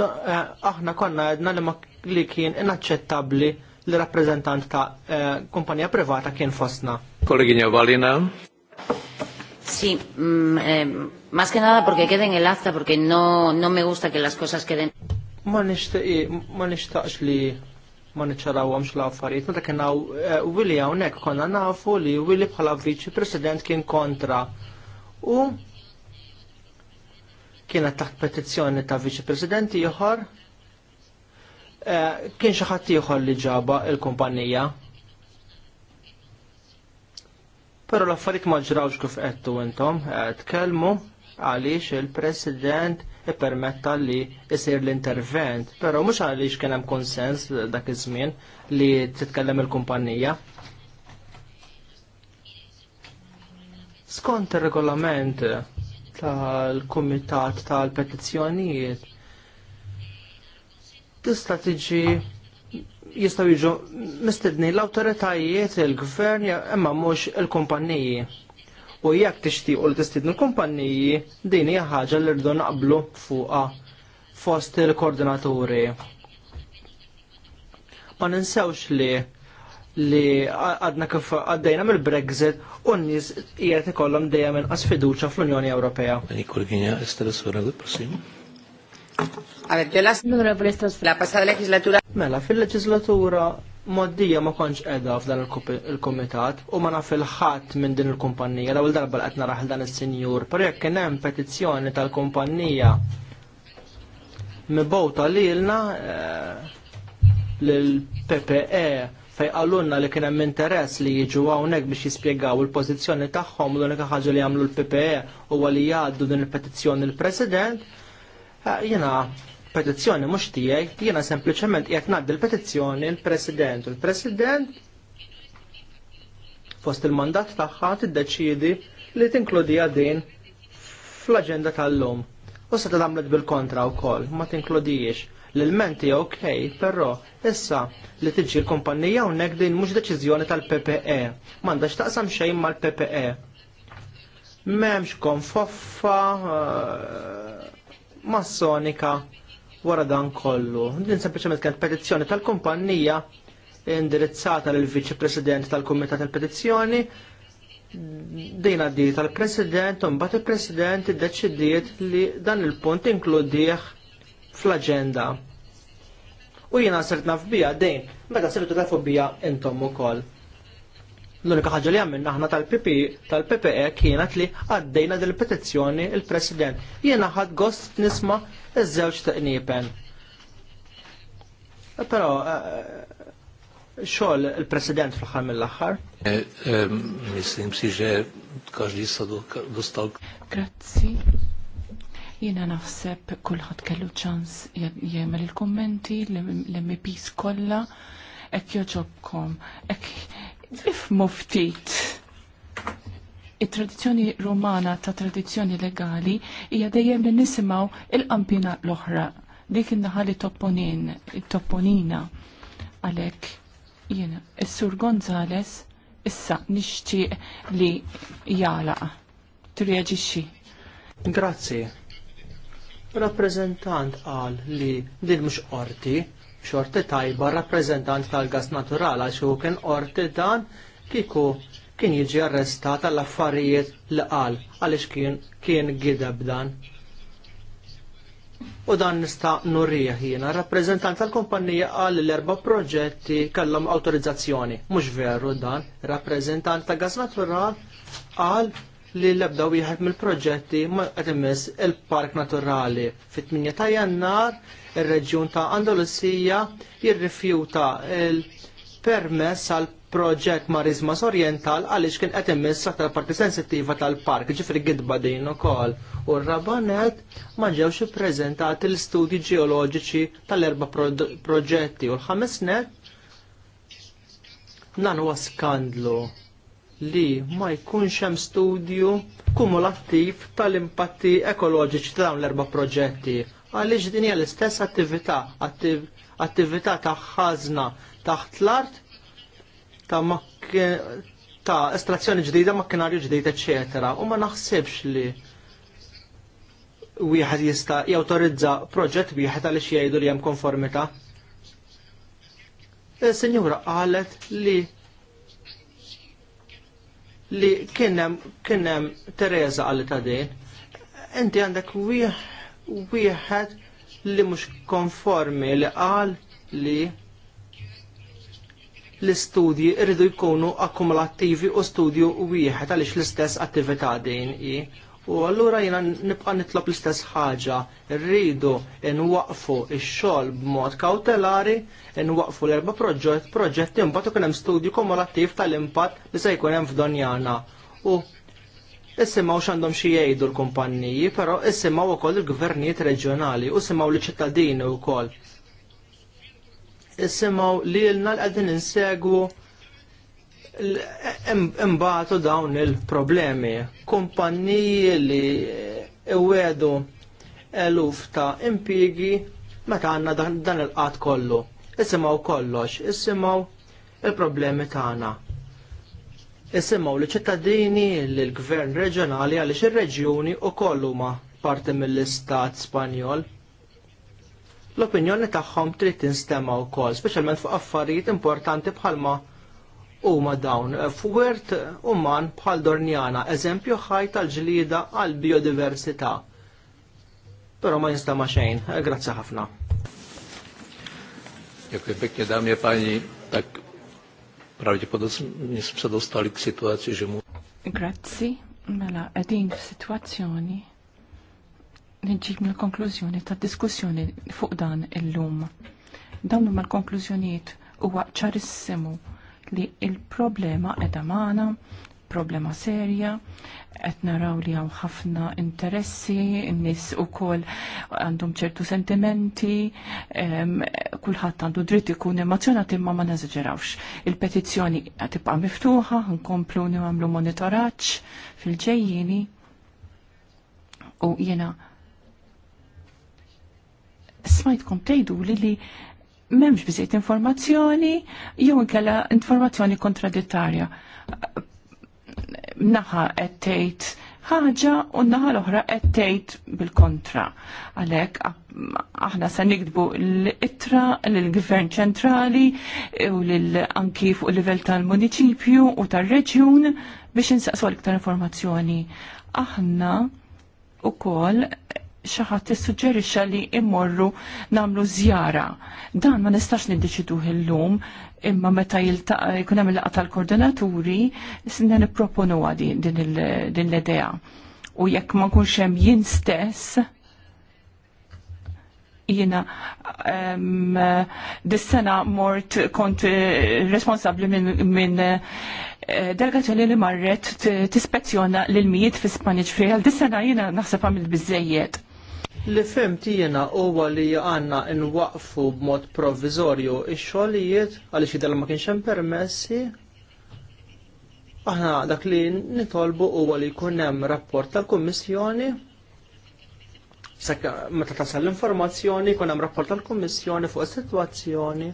Eh, aħna konna għedna li ma li kien inaċċettabli li rappresentant ta' eh, kumpanija privata kien fostna. Kolleginja Valina. Sì, mm, eh, más que nada porque queden el acta, porque no, no me gusta que las cosas queden ma nishtaqx li ma għamx l-affarijiet. dakken għaw eh, Willi għaw hawnhekk konna nafu li Willi bħala viċi president kien kontra. U kien taħt petizzjoni ta' viċi president ieħor eh, kien xi ħadd li ġaba l-kumpanija. Però l-affarijiet ma ġrawx kif għettu intom, eh, tkellmu għaliex il-President ippermetta li jisir l-intervent, però mhux għaliex kien hemm konsens dak iż-żmien li titkellem il-kumpanija. Skont ir-regolament tal-Kumitat tal-Petizzjonijiet tista' tiġi jistgħu jiġu mistedni l-awtoritajiet, il-gvern, imma mhux il-kumpaniji u jekk tixtiequ li tistidnu l-kumpanniji din hija ħaġa li rridu naqblu fuqha fost il-koordinaturi. Ma ninsewx li li għadna kif għaddejna mill-Brexit u n-nis jgħet ikollhom dejjem inqas fiduċa fl-Unjoni Ewropea. Mela fil-leġislatura moddija ma konċ edha f'dan il-komitat u ma naf il-ħat minn din il-kumpanija l-ewwel darba qed naraħ dan is-sinjur, per jekk kien hemm petizzjoni tal-kumpanija mibgħuta lilna eh, lill-PPE fej għallunna li kien hemm interess li jiġu hawnhekk biex jispjegaw il-pożizzjoni tagħhom l-unika ħaġa li jagħmlu l-PPE huwa li jgħaddu din il-petizzjoni l-President, eh, jiena petizzjoni mhux tiegħi, jiena sempliċement jek ngħaddi l-petizzjoni l-President. l-President fost il-mandat tagħha tiddeċiedi li tinkludija din fl-aġenda tal-lum. U se tagħmlet bil-kontra wkoll, ma tinkludijiex. L-elementi ok, però issa li tiġi l-kumpanija hawnhekk din mhux deċiżjoni tal-PPE. M'għandax taqsam xejn mal-PPE. M'hemmx konfoffa eh, massonika wara dan kollu. Din sempliċement kienet petizzjoni tal-kumpanija indirizzata lil viċi President tal-Kumitat tal-Petizzjoni din di tal-President u mbagħad il-President iddeċidiet li dan il-punt inkludih fl-aġenda. U jiena sirt naf bija dejn, meta sirtu tafu bija intom ukoll. L-unika ħaġa li għamilna aħna tal-PP, tal-PPE kienet li għaddejna dil petizzjoni il-President. Jiena ħadd gost nisma' iż-żewġ taqniben. Però eh, xogħol il-President fl-aħħar mill-aħħar. Eh, Mislim ehm, si ġe każdy dostal. Grazzi. Jiena naħseb kulħadd kellu ċans jagħmel il-kummenti l-MPs kollha hekk joġobkom, Ek if muftit it-tradizzjoni romana ta' tradizzjoni legali hija dejjem li nisimgħu il-qampina l-oħra dik in-naħa li topponin, topponina għalhekk jiena is-Sur Gonzales issa nixtieq li jalaq Tirreaġixxi. Grazzi. Rappreżentant qal li din mhux qorti, xorti tajba rappreżentant tal-gas naturali għal xu kien qorti dan kiku kien jiġi arrestat għall affarijiet li qal għaliex kien kien gideb dan. U dan nista' nurrija jiena, rappreżentant tal-kumpanija qal li l-erba' proġetti kellhom awtorizzazzjoni. Mhux veru dan, rappreżentant ta' Gas Natural qal li l-ebda wieħed mill-proġetti ma qed il-Park Naturali. Fit-8 ta' Jannar, ir-Reġjun ta' Andalusija jirrifjuta il-permess għal proġett Marizmas Oriental għaliex kien qed immiss aktar parti sensittiva tal-park, ġifri gidba din ukoll. U r-rabanet ma ġewx ippreżentati l-istudji ġeoloġiċi tal-erba proġetti u l-ħames net dan huwa skandlu li ma jkunx hemm studju kumulattiv tal-impatti ekoloġiċi ta' dawn l-erba proġetti. Għaliex din hija l-istess attività, attività ta' ħażna taħt l-art ta' ta' estrazzjoni ġdida, makkinarju ġdida, eċetera. U ma naħsibx li wieħed jista' jawtorizza proġett wieħed għaliex jgħidu li hemm konformità. E, Sinjura qalet li li kienem kienem Tereza għalli ta' din, inti għandek wieħed li mhux konformi li qal li l-istudji irridu jkunu akkumulattivi u studju wieħed għaliex l-istess attività din i. U allura jina nibqa' nitlob l-istess ħaġa, rridu nwaqfu x-xogħol b'mod kawtelari, nwaqfu l-erba' proġett proġett imbagħad ukoll hemm studju kumulattiv tal-impatt li se jkun hemm f'Donjana. U issimgħu x'għandhom xi jgħidu l-kumpanniji, però issimgħu wkoll il-gvernijiet reġjonali u simgħu l-ċittadini wkoll isimaw li l-na l-għadin insegwu imbatu dawn il-problemi. Kumpanniji li iwedu eluf ta' impigi meta għanna dan il-qat kollu. Isimaw kollox, isimaw il-problemi tagħna. Isimaw li ċittadini li l-gvern reġjonali għaliex ir-reġjuni u kollu ma parti mill-istat Spanjol l-opinjoni tagħhom trid tinstema' wkoll, speċjalment fuq affarijiet importanti bħalma huma dawn. Fwert umman bħal Dorniana eżempju ħaj tal-ġlida għal biodiversità. Però ma jinstema' xejn. Grazzi ħafna. Jekk dam je pani tak prawdopodobnie przedostali k sytuacji, że mu. Grazzi, mela qegħdin f'sitwazzjoni nġib mill konklużjoni ta' diskussjoni fuq dan il-lum. Dawn huma l-konklużjonijiet huwa ċarissimu li il-problema edha magħna, problema serja, qed naraw li hawn ħafna interessi, n-nies ukoll għandhom ċertu sentimenti, kulħadd għandu dritt ikun emozjonat imma ma neżaġerawx. Il-petizzjoni qed tibqa' miftuħa, nkomplu nagħmlu monitoraġġ fil-ġejjieni u jiena smajtkom tgħidu li li memx biżejt informazzjoni jew inkella informazzjoni kontradittarja. Naħa qed tgħid ħaġa u naħa l-oħra qed tgħid bil-kontra. Għalhekk aħna se nikdbu l-ittra lill-Gvern ċentrali u lil anki fuq livell tal-Muniċipju u tar-Reġjun biex insaqsu l-iktar informazzjoni. Aħna kol xaħat tissuġġerixxa li immorru namlu zjara. Dan ma nistax niddeċidu illum, imma meta jiltaqa' jkun hemm il-laqgħa tal-koordinaturi, sinna niproponu għadi din l-idea. U jekk ma nkunx hemm jien stess, jina dis-sena mort kont eh, responsabli minn min, eh, delegazzjoni li marret tispezzjona l-mijiet fi Spanish Free. Dis-sena jina naħseb għamil bizzejiet. Li fimt jiena huwa li għandna nwaqfu b'mod provviżorju x-xogħlijiet għaliex idel ma kienx hemm permessi. Aħna dak li nitolbu huwa li jkun hemm rapport tal-Kummissjoni meta tasal l-informazzjoni jkun hemm rapport tal-Kummissjoni fuq is-sitwazzjoni.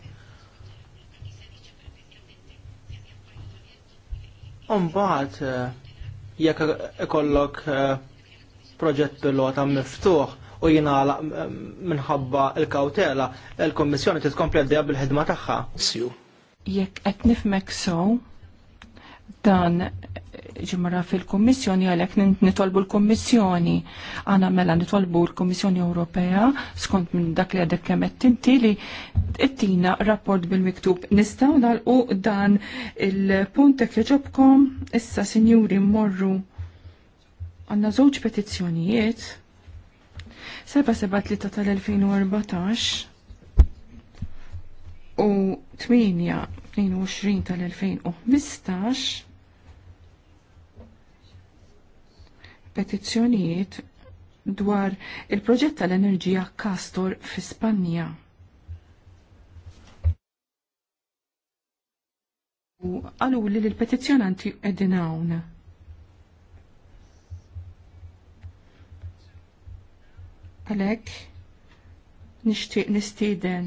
Umbaħt, eh, jekk ikollok eh, proġett pilota miftuħ, u jinala minħabba l-kawtela, il-Kommissjoni titkompli għaddejja bil-ħidma tagħha. Jekk qed nifmek so, dan ġimara fil-Kommissjoni għalhekk nitolbu l-Kommissjoni. Għana mela nitolbu l-Kommissjoni Ewropea skont minn dak li għadek kemmet inti li ittina rapport bil-miktub nistgħu nagħlqu dan il-punt tek li issa sinjuri morru għandna żewġ petizzjonijiet seba seba tlita tal-2014 u 8-22 tal-2015 petizzjonijiet dwar il-proġett tal-enerġija Castor fi Spanja. U għalu li l-petizjonanti edin hawn. Għalek, nishtiq nistiden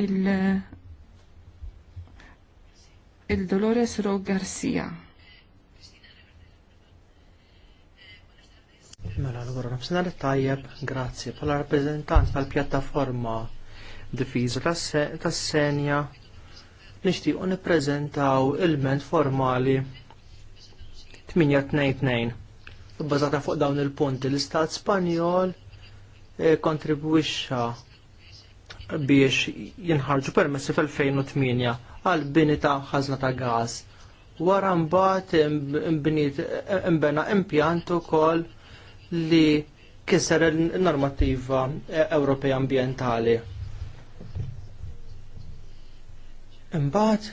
il- il-Dolores Ro Garcia. Mela l-għura nafsina li tajjeb, grazie, pala rappresentant tal-pjattaforma difiżu tas-senja, nishtiqu niprezentaw il-ment formali 822. Bazzata fuq dawn il-punti l-Istat Spanjol Eh, kontribwixxa biex jinħarġu permessi fil 2008 għal bini ta' ħazna ta' gaz. Wara mbagħad imbena impjant ukoll li kisser il-normattiva eh, Ewropea ambjentali. Imbagħad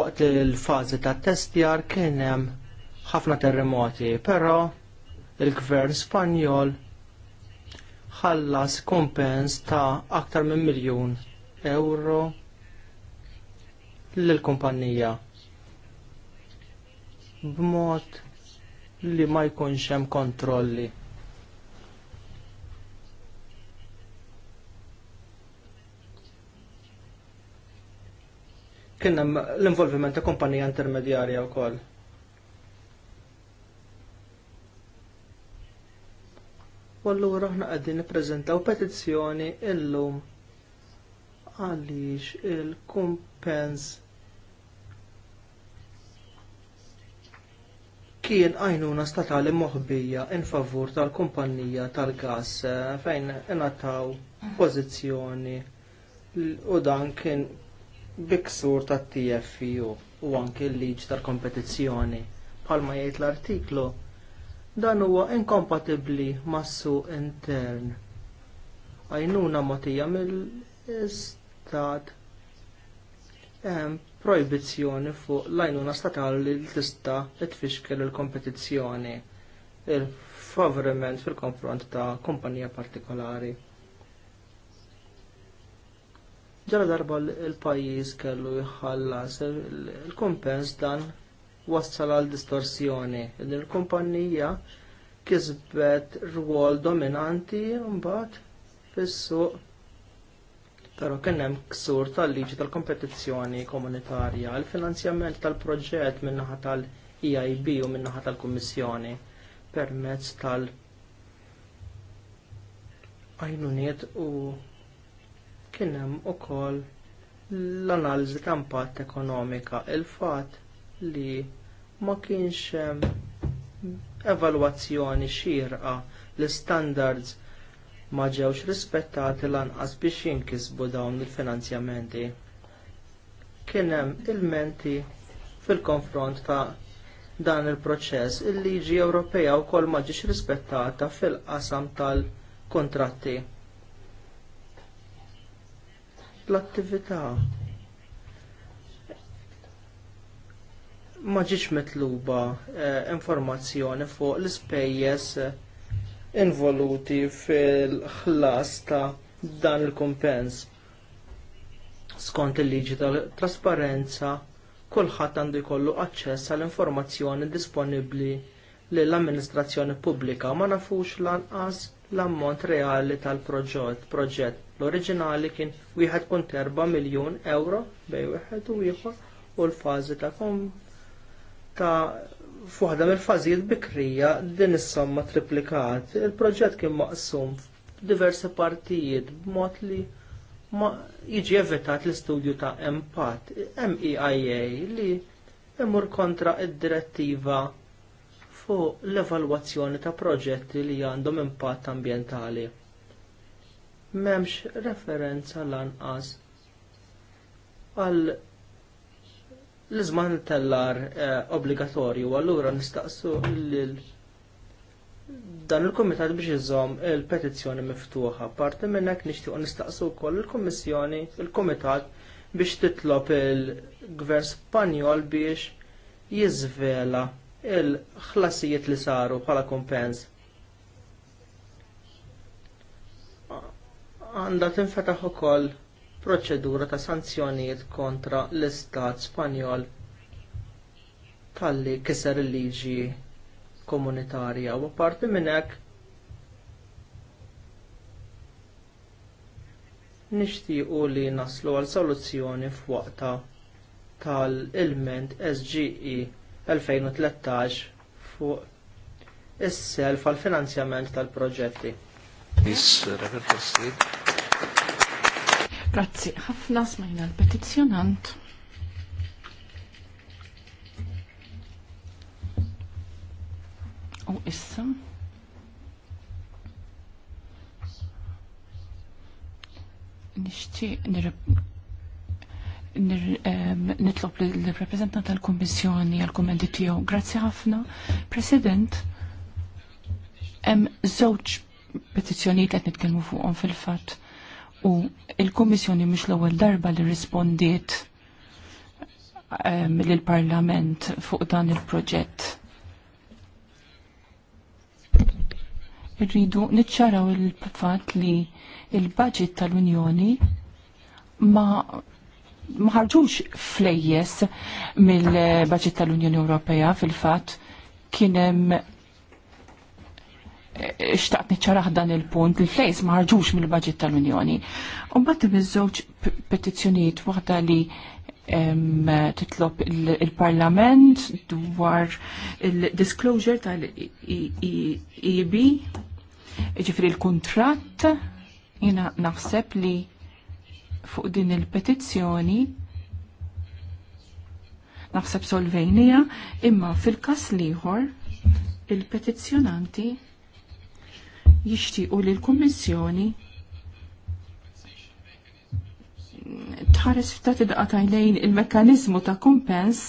waqt li fażi ta' testjar kien hemm ħafna terremoti, però il-Gvern Spanjol ħallas kompens ta' aktar minn miljun euro lill-kumpanija b'mod li ma jkunx hemm kontrolli. Kien hemm l-involviment ta' kumpanija intermedjarja wkoll. U allura aħna qegħdin nippreżentaw petizzjoni illum għaliex il-kumpens kien għajnuna statali moħbija in favur tal-kumpanija tal-gas eh, fejn inataw pożizzjoni u dan kien biksur tat tfu u anke l-liġ tal-kompetizzjoni. Palma jgħid l-artiklu dan huwa inkompatibbli massu intern. Għajnuna matija mill-istat projbizzjoni fuq l-għajnuna statali li tista t-fiskel il-kompetizzjoni il-favoriment fil-konfront ta' kumpanija partikolari. Ġara darba l-pajis kellu jħallas il-kompens dan wassal għal distorsjoni. Din il-kumpanija kisbet rwol dominanti mbagħad fis-suq però kien hemm ksur tal-liġi tal-kompetizzjoni komunitarja, il-finanzjament tal-proġett min-naħa tal-EIB u min-naħa tal-Kummissjoni permezz tal- għajnuniet u kien hemm ukoll l-analiżi ta' impatt ekonomika, il-fatt li ma kienx ehm, evalwazzjoni xierqa l istandards ma ġewx rispettati lanqas biex jinkisbu dawn il-finanzjamenti. Kien hemm ilmenti fil-konfront ta' dan il-proċess, il-liġi Ewropea wkoll ma ġiex rispettata fil-qasam tal kuntratti l-attività ma ġietx mitluba eh, informazzjoni fuq l-ispejjeż eh, involuti fil-ħlas ta' dan il-kumpens. Skont il-liġi tal-trasparenza, kulħadd għandu jkollu aċċess għall informazzjoni disponibbli l amministrazzjoni pubblika ma nafux lanqas l-ammont reali tal-proġett. Proġett l-oriġinali kien 1.4 miljun euro bej wieħed u ieħor u l-fażi ta' ta' fuħda mill fażijiet bikrija din is-somma triplikat. Il-proġett kien maqsum f'diversi partijiet b'mod li ma jiġi evitat l-istudju ta' impatt MEIA li imur kontra id-direttiva fuq l-evalwazzjoni ta' proġetti li għandhom impatt ambjentali. M'hemmx referenza lanqas għal l-izman tellar eh, obbligatorju, allura nistaqsu dan il-komitat biex jizzom il-petizzjoni miftuħa. Parti minnek nishtiq nistaqsu wkoll il-komissjoni, il-komitat biex titlob il-gvern Spanjol biex jizvela il-ħlasijiet li saru bħala kompens. Għanda tinfetaħ ukoll proċedura ta' sanzjonijiet kontra l-Istat Spanjol talli kiser il-liġi komunitarja u apparti minn hekk nixtiequ li naslu għal soluzzjoni f'waqta tal-ilment SGE 2013 fuq is-self għal finanzjament tal-proġetti. Grazzi, ħafna smajna l-petizjonant. U issa. Nishti nitlob l-reprezentant tal-Kommissjoni għal-kommenti tiegħu. Grazzi ħafna. President, hemm żewġ petizzjonijiet qed nitkellmu fuqhom fil-fatt u il-Komissjoni mhux l-ewwel darba li rispondiet ehm, lill-Parlament fuq dan il-proġett. Irridu niċċaraw il-fatt li il-budget tal-Unjoni ma ma ħarġux flejjes mill-budget tal-Unjoni Ewropea fil-fatt kien hemm xtaqt niċċaraħ dan il-punt li flejs ma ħarġux mill-budget tal-Unjoni. Umbat miż-żewġ petizzjonijiet waħda li titlob il-Parlament dwar il-disclosure tal-EB, e e ġifri il-kontrat, jina naħseb li fuq din il-petizzjoni naħseb solvejnija, imma fil-kas liħor il-petizzjonanti jixtiequ li l-Kummissjoni tħares ftit id tajlejn il-mekkanizmu ta' kumpens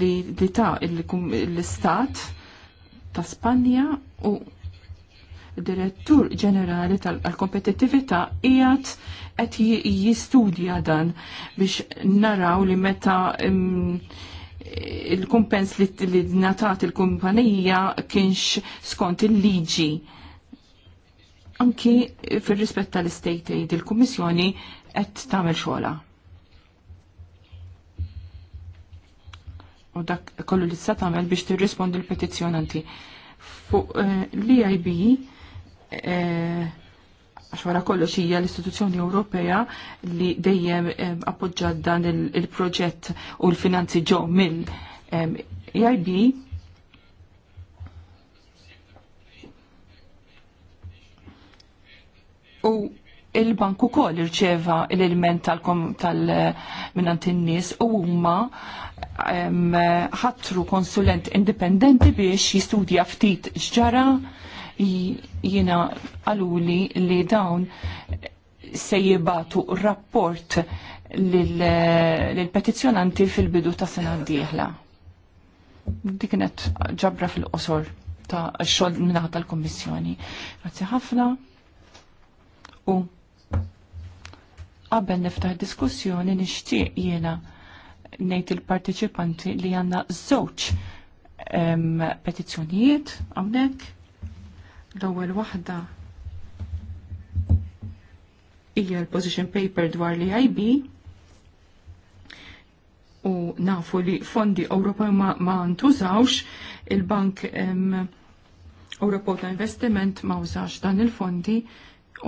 li, li ta' l-istat ta' Spanja u direttur ġenerali tal-kompetittività qiegħed qed jistudja dan biex naraw li meta il-kumpens li natat il-kumpanija kienx skont il-liġi. Anki fil-rispett tal-estate aid il-Kummissjoni qed tagħmel xogħla. U dak kollu li tista' tagħmel biex tirrispondi l-petizzjonanti. Fuq eh, l-IIB għax wara kollox hija l-istituzzjoni Ewropea li dejjem appoġġa dan il-proġett u l-finanzi ġo mill EIB e u il-banku koll irċeva l-element tal-minant in-nies u huma ħattru konsulent indipendenti biex jistudja ftit x'ġara jina għaluli li dawn se jibatu rapport lil petizjonanti fil-bidu ta' sena d-dieħla. Dik kienet ġabra fil-qosor ta' xogħol minnaħa tal-Kommissjoni. Grazzi ħafna u qabel niftaħ diskussjoni nixtieq jiena ngħid il-partiċipanti li għandna żewġ petizzjonijiet hawnhekk L-ewwel waħda hija l-position paper dwar li IB u nafu li fondi Ewropew ma, ma ntużawx il-Bank Ewropew ta' Investiment ma użax dan il-fondi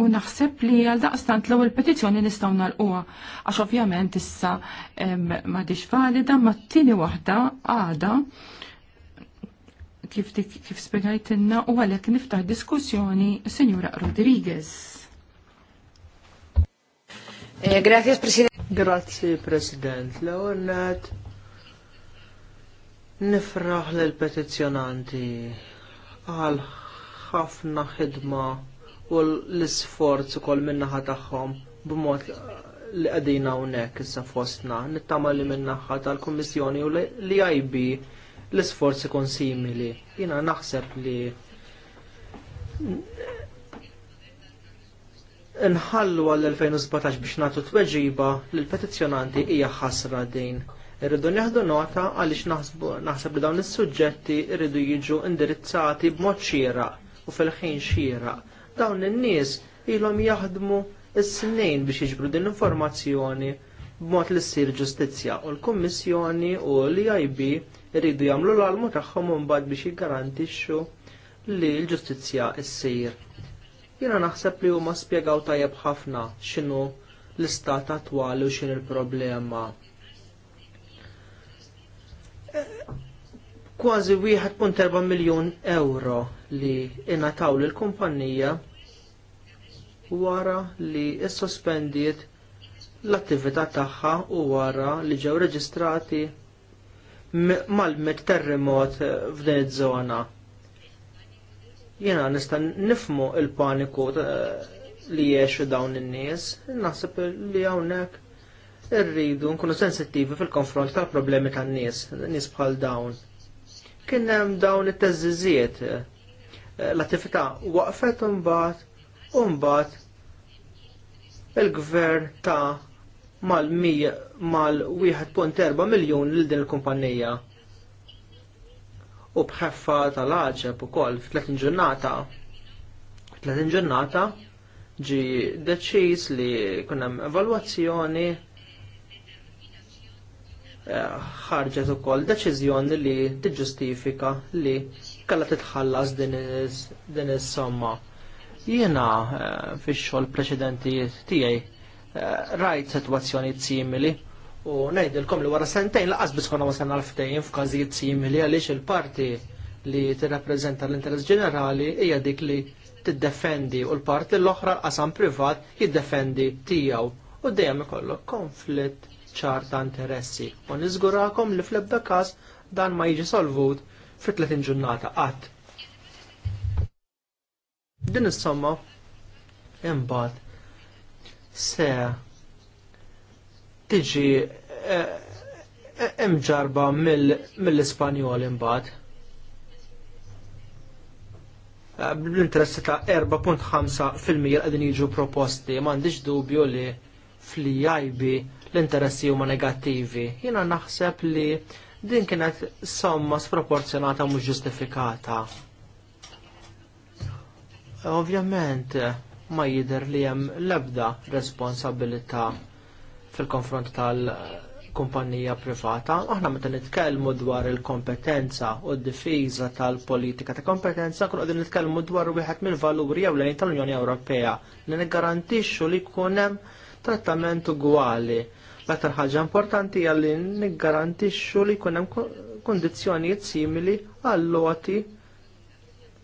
u naħseb li għal daqstant l-ewwel petizzjoni nistgħu nagħlquha għax ovvjament issa m'għadix valida ma tieni waħda għada kif, kif inna u għalek niftaħ diskussjoni Senjura Rodriguez. Eh, grazie President. Grazie President. Leonet, nifraħ l-petizjonanti għal ħafna ħidma u l-sforz ukoll minnaħa tagħhom b'mod li għadina unek issa fostna, nittama li minnaħħa tal kummissjoni u li IB l-isforz ikun simili. Jiena naħseb li nħallu għall-2017 biex nagħtu tweġiba l petizzjonanti hija ħasra din. Irridu neħdu nota għaliex naħseb li dawn is-suġġetti irridu jiġu indirizzati b'mod xieraq u fil-ħin xieraq. Dawn in-nies ilhom jaħdmu s-snejn biex jiġbru din l-informazzjoni b'mod li ssir ġustizzja u l-Kummissjoni u l-IB irridu jagħmlu l-almu tagħhom imbagħad biex jiggarantixxu li l-ġustizzja ssir. Jiena naħseb li huma spjegaw tajjeb ħafna x'inhu l-istat attwali u x'in il-problema. kważi 1.4 miljon euro li inataw lill kumpanija wara li s-sospendiet l-attività tagħha u wara li ġew reġistrati mal-mit terremot f'din iż-żona. Jena nista' nifmu il-paniku eh, li jiexu dawn in-nies, naħseb li hawnhekk irridu nkunu sensittivi fil-konfront tal-problemi tan-nies, nies bħal dawn. Kien hemm dawn it-teżżiżiet eh, l-attività waqfet u mbagħad u mbagħad il-gvern ta' mal-1.4 mal miljon lil din il-kumpanija. U bħeffa tal-ħġeb u koll f-30 ġurnata. 30 ġurnata ġi deċis li kunem evalwazzjoni eh, ħarġet u koll deċizjoni li t-ġustifika li kalla titħallas din is-somma. Jiena eh, fi xogħol preċedenti tiegħi Eh, rajt situazzjoni simili. U ngħidilkom li wara sentejn laqas biss konna wasalna l-ftejn f'każijiet simili għaliex il-parti li tirrappreżenta l-interess ġenerali hija dik li tiddefendi u l-parti l-oħra qasam privat jiddefendi tiegħu u dejjem ikollok konflitt ċar ta' interessi. U niżgurakom li fl-ebda każ dan ma jiġi solvut fi 30 ġurnata qatt. Din is-somma imbagħad se tiġi imġarba eh, eh, mill-Ispanjol imbagħad. Eh, Bl-interessi ta' 4.5 fil-mija qegħdin jiġu proposti, m'għandix dubju li fl-IB l-interessi huma negattivi. Jiena naħseb li din kienet somma sproporzjonata mhux ġustifikata. Ovvjament, ma jidher li hemm l-ebda responsabilità fil-konfront tal-kumpanija privata. Aħna meta nitkellmu dwar il-kompetenza u d-difiża tal-politika ta' kompetenza, kun qegħdin nitkellmu dwar wieħed mill-valuri lejn tal-Unjoni Ewropea li niggarantixxu li jkun hemm trattament ugwali. L-aktar ħaġa importanti hija li niggarantixxu li jkun hemm kondizzjonijiet simili għall-loti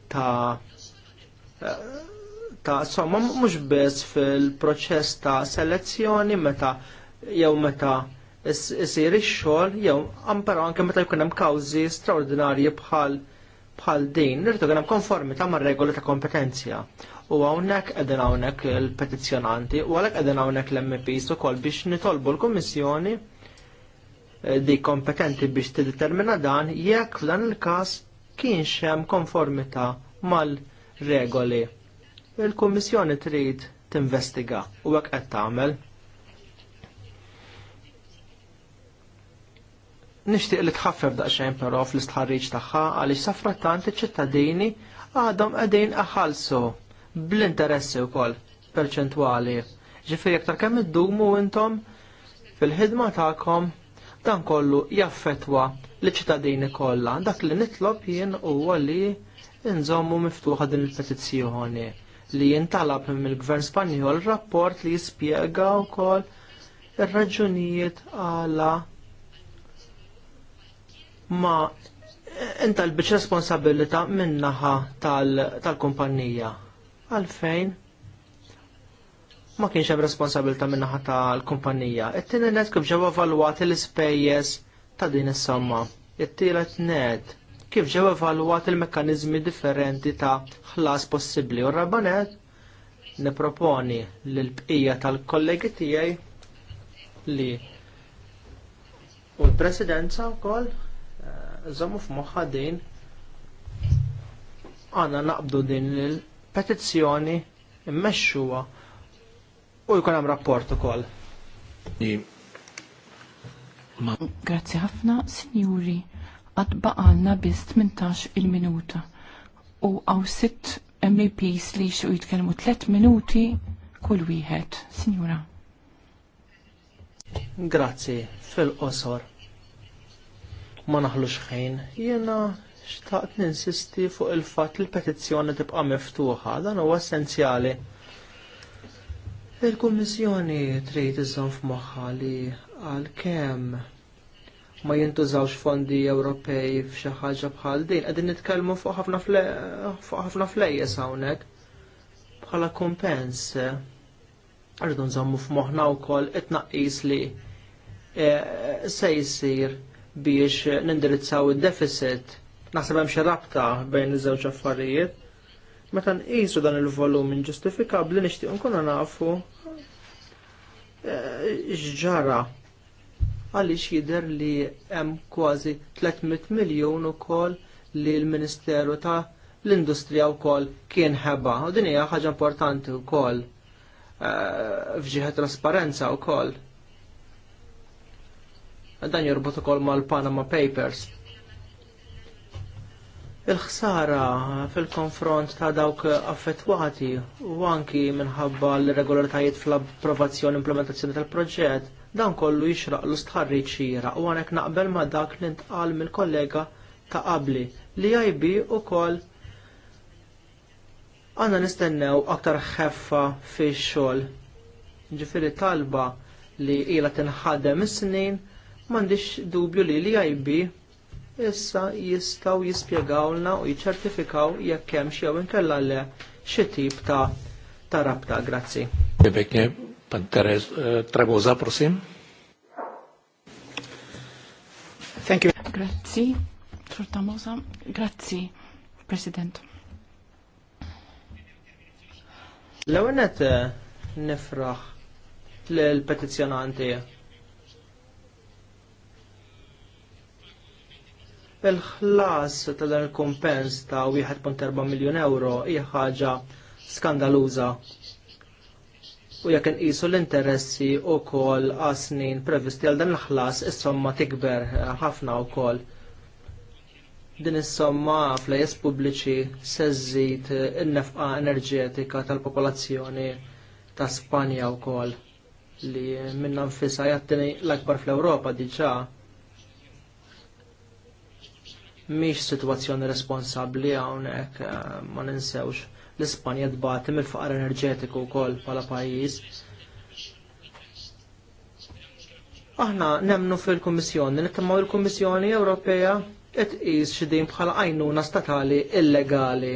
ta' meta, insomma, mhux biss fil-proċess ta' selezzjoni meta jew meta isir ix-xogħol jew ampero anke meta jkun hemm kawżi straordinarji bħal bħal din, nirtu hemm konformita ma' regoli ta' kompetenzja. U għawnek qegħdin għawnek il petizjonanti u għalek qegħdin għawnek l-MPs u kol biex nitolbu l-Kommissjoni eh, di kompetenti biex t-determina dan jekk f'dan il-kas kienx hemm konformita mal-regoli il-Kummissjoni trid tinvestiga u hekk qed tagħmel. Nixtieq li tħaffef daqsxejn però fl-istħarriġ tagħha għaliex safrattant iċ-ċittadini għadhom qegħdin aħalsu bl-interessi wkoll perċentwali. Ġifieri aktar kemm iddumu intom fil-ħidma tagħkom dan kollu jaffetwa li ċittadini kollha. Dak li nitlob jien huwa li nżommu miftuħa din il-petizzjoni li jintalab mill-Gvern Spanjol rapport li jispjega wkoll ir-raġunijiet għala ma inta l-biċ responsabilita minnaħa tal-kumpanija. Tal Għalfejn? Ma kienx hemm responsabilità minnaħa tal-kumpanija. It-tieni net kif ġew evalwati l-ispejjeż ta' din is-somma. It-tielet net kif ġew evalwat il-mekkaniżmi differenti ta' ħlas possibbli. U rabanet niproponi l-bqija tal-kollegi tiegħi li u l-presidenza wkoll eh, żommu f'moħħa din għandna naqbdu din il-petizzjoni immexxuha u jkun hemm rapport ukoll. Grazzi ħafna, signori għad baqalna biz 18 il-minuta u għaw 6 MEPs li xu jitkellmu 3 minuti kull wieħed. Signora. Grazzi, fil-qosor. Ma naħlux ħin, jena xtaqt ninsisti fuq il-fat li l-petizzjoni tibqa' miftuħa, dan huwa essenzjali. Il-Kummissjoni trid iżżomm f'moħħa li għalkemm ma jintużawx fondi Ewropej f'xi ħaġa bħal din, qegħdin nitkellmu fuq ħafna flejjes hawnhekk bħala kumpens. Eh, rridu nżommu f'moħħna wkoll it-tnaqqis li eh, se jsir biex nindirizzaw id-deficit. Naħseb hemm xi rabta bejn iż-żewġ affarijiet. Meta nqisu dan il-volum inġustifikabbli nixtieq nkunu nafu eh, x'ġara għaliex jidher li hemm kważi 300 miljun ukoll li l-Ministeru ta' l-Industrija wkoll kien ħeba. U din hija ħaġa importanti wkoll eh, f'ġieħa trasparenza wkoll. Dan jorbot ukoll mal-Panama Papers. Il-ħsara fil-konfront ta' dawk affettwati u anki minħabba l-irregolaritajiet fl-approvazzjoni implementazzjoni tal-proġett Dan kollu jixraq l-istħarriċ xira u għanek naqbel ma dak li ntqal mill-kollega ta' qabli li jajbi u koll għanna nistennew aktar xeffa fi xol. Ġifiri talba li ila tinħadem is-snin mandiċ dubju li li jajbi issa jistaw jispiegawlna u jċertifikaw jekk hemm xi jew inkella le xi tip ta' ta' rabta. Grazzi. E, Thank you. Grazzi, Trutamosa. Grazzi, President. l e, nifraħ l-petizjonanti. Il-ħlas ta' dan il-kompens ta' 1.4 miljon euro hija ħaġa skandaluża u jekk inqisu l-interessi wkoll għas snin previsti għal dan l-ħlas is-somma tikber eh, ħafna wkoll. Din is-somma flejes pubbliċi se żżid eh, in-nefqa enerġetika tal-popolazzjoni ta' Spanja wkoll li minna nfisa jattini l-akbar fl-Ewropa diġà mhix sitwazzjoni responsabbli hawnhekk eh, ma ninsewx l-Ispanja dbati mill-faqar enerġetiku wkoll bħala pajjiż. Aħna nemnu fil-Kummissjoni, nittamaw il-Kummissjoni Ewropea qed tqis xidim bħala għajnuna statali illegali.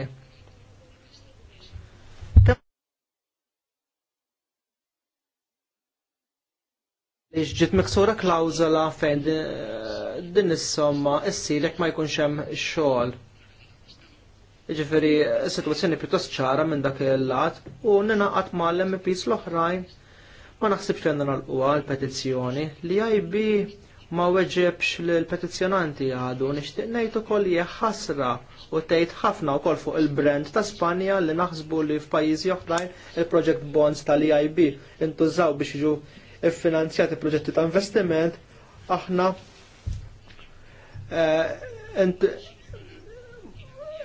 Iġġit miksura klawzola fejn din is-somma issir ma jkunx hemm xogħol. Ġifiri, situazzjoni pjuttost ċara minn dak il-lat u ninaqat mal-MPs l-oħrajn ma naħsibx li għandna l-qwa l-petizzjoni li e IB ma weġibx l-petizzjonanti għadu nixtieq ngħid ukoll jħasra u tgħid ħafna wkoll fuq il-brand ta' Spanja li naħsbu li f'pajjiżi oħrajn il-project bonds tal-EIB intużaw biex jiġu finanzjati proġetti ta' investiment aħna eh,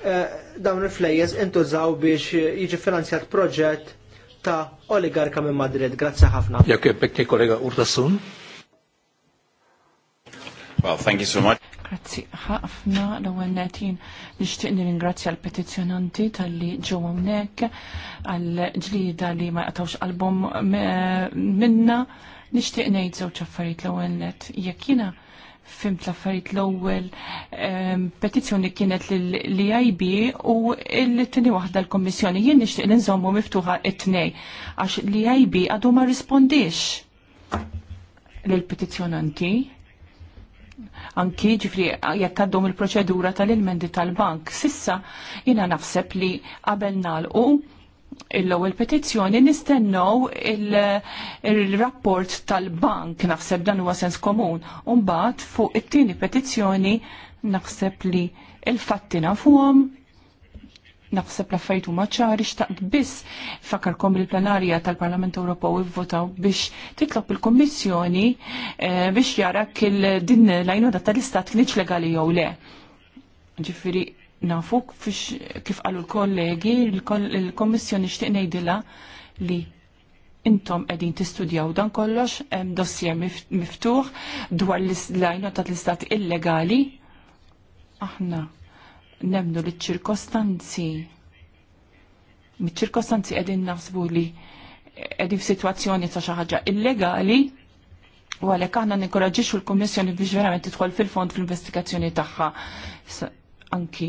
Eh, dawn il-flejjes intużaw biex jiġi finanzjat proġett ta' oligarka minn Madrid. Grazzi ħafna. Jekk bekki kollega Urtasun. Well, thank you so much. Grazzi ħafna l-ewwel netin nixtieq nirringrazzja l-petizzjonanti tal-li ġew hawnhekk għall-ġlida li ma jqatawx qalbhom eh, minna nixtieq ngħid żewġ affarijiet l-ewwel net jekk jiena fimt l-affarijiet l-ewwel ehm, petizzjoni kienet l-IB u l-tieni waħda l-Kommissjoni jien nixtieq ninżommu miftuħa it-tnej għax l-IB għadu ma rispondix lill-petizzjonanti anki ġifri jekk għaddhom il-proċedura tal-ilmendi tal-bank. Sissa jina naħseb li qabel nagħlqu il-lowel petizzjoni nistennow il-rapport il tal-bank naħseb dan huwa sens komun. Umbagħad fuq it-tieni petizzjoni naħseb li il-fatti nafuhom naħseb laffajt huma ċari xtaqt biss fakarkom il-plenarja tal-Parlament Ewropew ivvotaw biex titlob il-Kommissjoni eh, biex jara kil din l-għajnuda tal-istat kienx legali jew le. Ġifieri nafuk kif qalu l-kollegi, l-Kommissjoni xtieq ngħidilha li intom qegħdin tistudjaw dan kollox hemm dossier miftuħ dwar l-lajna ta' l-istat illegali. Aħna nemnu li ċirkostanzi mit-ċirkostanzi qegħdin naħsbu li qegħdin f'sitwazzjoni ta' xi ħaġa illegali u għalhekk aħna ninkoraġġixxu l-Kummissjoni biex verament tidħol fil-fond fl-investigazzjoni tagħha anki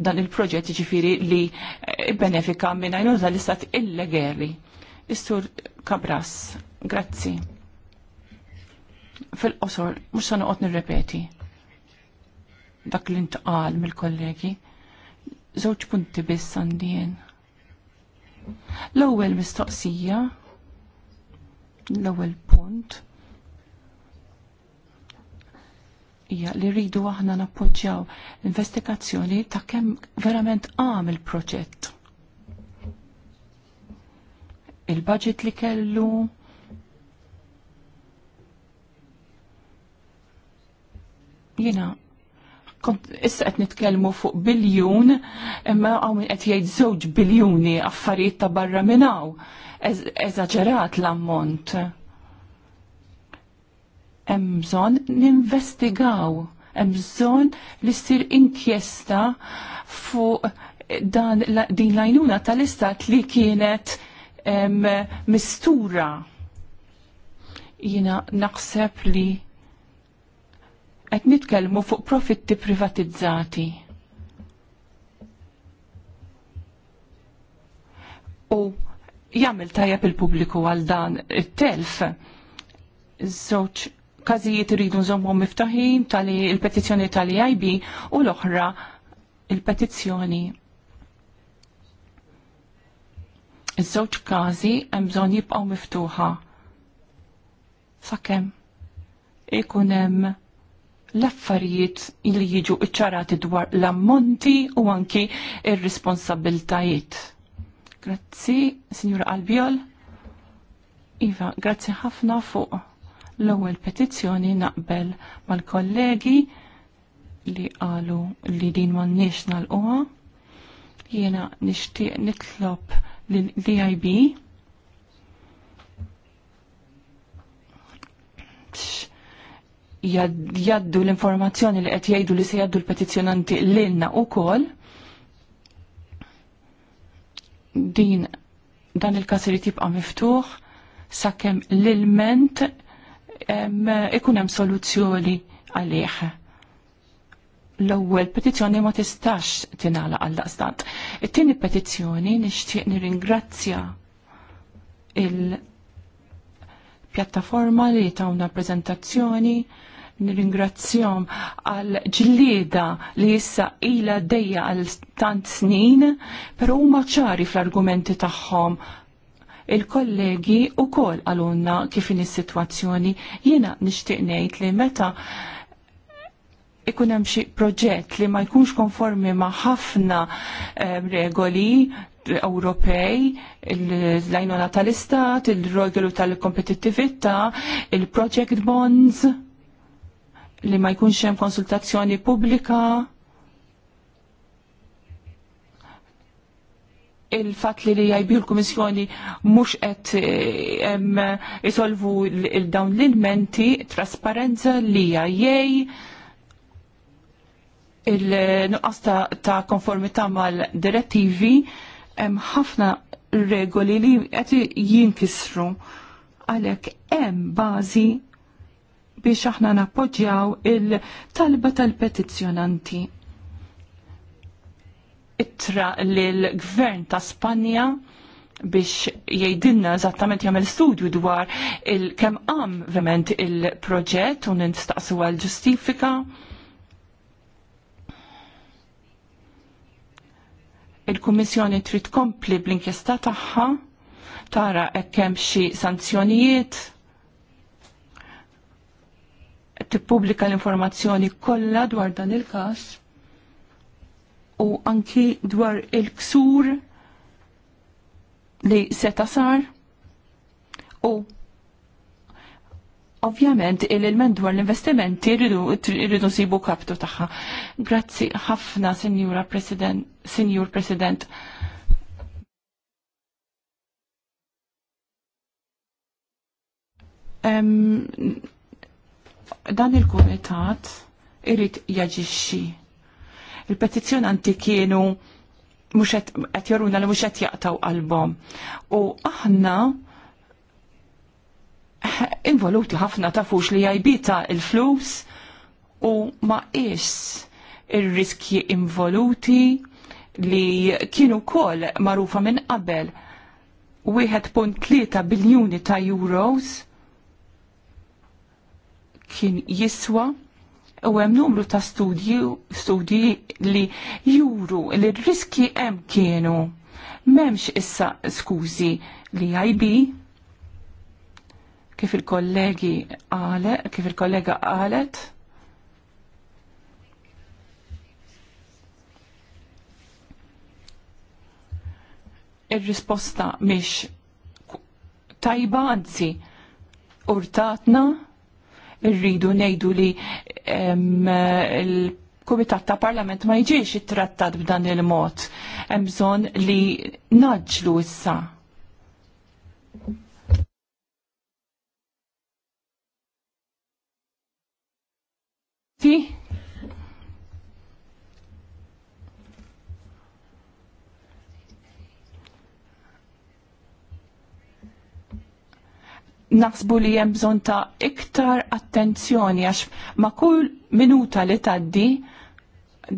dan il-proġett ġifiri li eh, benefika minn għajnuża l-istat illegali. Istur Kabras, grazzi. Fil-qosor, mux sanoqot nirrepeti dak li ntqal mill-kollegi. Żewġ punti biss għandien. L-ewwel mistoqsija, l-ewwel punt hija li rridu aħna nappoġġjaw l-investigazzjoni ta' kemm verament għam il-proġett. Il-budget li kellu, jina, kont issa qed nitkellmu fuq biljun, imma hawn qed jgħid żewġ biljuni affarijiet ta' barra minn hawn. Eżaġerat l-ammont hemm bżonn ninvestigaw, hemm bżonn li ssir inkjesta fuq dan din lajnuna tal-istat li kienet em, mistura. Jina naħseb li qed nitkellmu fuq profitti privatizzati. U jagħmel tajjeb il-pubbliku għal dan it-telf. Żewġ każijiet iridu nżommu miftaħin tali il-petizzjoni tal-IB u l-oħra il-petizzjoni. Iż-żewġ każi hemm bżonn jibqgħu miftuħa. Sakemm ikun hemm l-affarijiet li jiġu iċċarati dwar l-ammonti u anki ir-responsabiltajiet. Grazzi, Signora Albiol. Iva, grazzi ħafna fuq l-ewwel petizzjoni naqbel mal-kollegi li qalu li din m'għandniex nagħlquha. Jiena nixtieq nitlob lill vib jaddu l-informazzjoni li qed jgħidu li se jgħaddu l-petizzjonanti lilna wkoll din dan il każ irid jibqa' miftuħ sakemm l-ilment ikun hemm soluzzjoni għalih. L-ewwel petizzjoni ma tistax tingħalaq għal daqstant. It-tieni petizzjoni nixtieq nirringrazzja il-pjattaforma li tawna prezentazzjoni nirringrazzjom għal ġlieda li jissa ila dejja għal tant snin, pero huma ċari fl-argumenti tagħhom Il-kollegi u kol għalunna kifin is-sitwazzjoni jiena nixtieq ngħid li meta ikun hemm xi proġett li ma jkunx konformi ma' ħafna eh, regoli Ewropej, l-lajnuna tal-istat, il-regolu tal-kompetittività, il-project bonds, li ma jkunx hemm konsultazzjoni pubblika il-fat li li jajbi l-Komissjoni mux qed jisolvu eh, dawn l-ilmenti, trasparenza li jajjej il-nuqqas ta' konformità mal-direttivi ħafna regoli li qed jinkisru għalhekk hemm bażi biex aħna nappoġġjaw il-talba tal-petizzjonanti ittra lill-Gvern ta' Spanja biex jgħidilna eżattament jagħmel studju dwar il-kemm għam verament il-proġett u nistaqsu għal ġustifika. Il-Kummissjoni trid tkompli bl-inkjesta tagħha tara hekk hemm xi sanzjonijiet tippubblika l-informazzjoni kollha dwar dan il-każ u anki dwar il-ksur li seta sar u ovvjament il-ilment dwar l-investimenti irridu sibu kaptu taħħa. Grazzi ħafna, Signora President, Signor President. dan il-komitat irrit jaġixxi il-petizjonanti kienu mux qed joruna li mhux qed jaqtaw qalbhom. U aħna involuti ħafna tafux li jajbita il-flus u ma is ir-riskji involuti li kienu kol marufa minn qabel 1.3 biljuni ta' euros kien jiswa u hemm numru ta' studji studji li juru li r-riski hemm kienu. M'hemmx issa skużi li IB kif il-kollegi għalet, kif il-kollega qalet. Ir-risposta mhix tajba anzi urtatna rridu ngħidu li il-Kumitat ta' Parlament ma jiġix ittrattat b'dan il-mod. Hemm bżonn li naġġlu issa. naħsbu li hemm bżonn ta' iktar attenzjoni għax ma' kull minuta li tgħaddi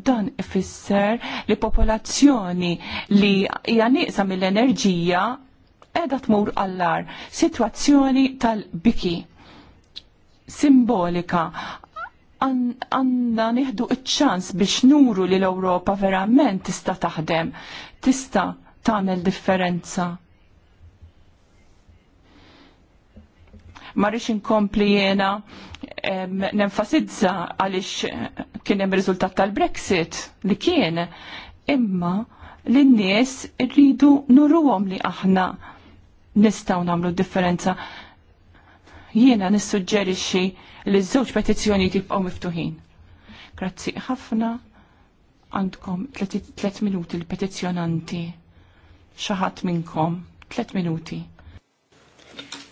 dan ifisser li popolazzjoni li hija nieqsa mill-enerġija qiegħda tmur għallar. Situazzjoni tal-biki simbolika għanna nieħdu iċ-ċans biex nuru li l-Ewropa verament tista' taħdem, tista' tagħmel differenza marriċ inkompli jena nenfasizza għalix kien hemm riżultat tal-Brexit li kien imma l nies irridu nurruhom li aħna nistgħu nagħmlu differenza. Jiena nissuġġerixxi li ż-żewġ petizzjoni tibqgħu miftuħin. Grazzi ħafna għandkom 3 minuti l-petizzjonanti. Xi ħadd minnkom 3 minuti.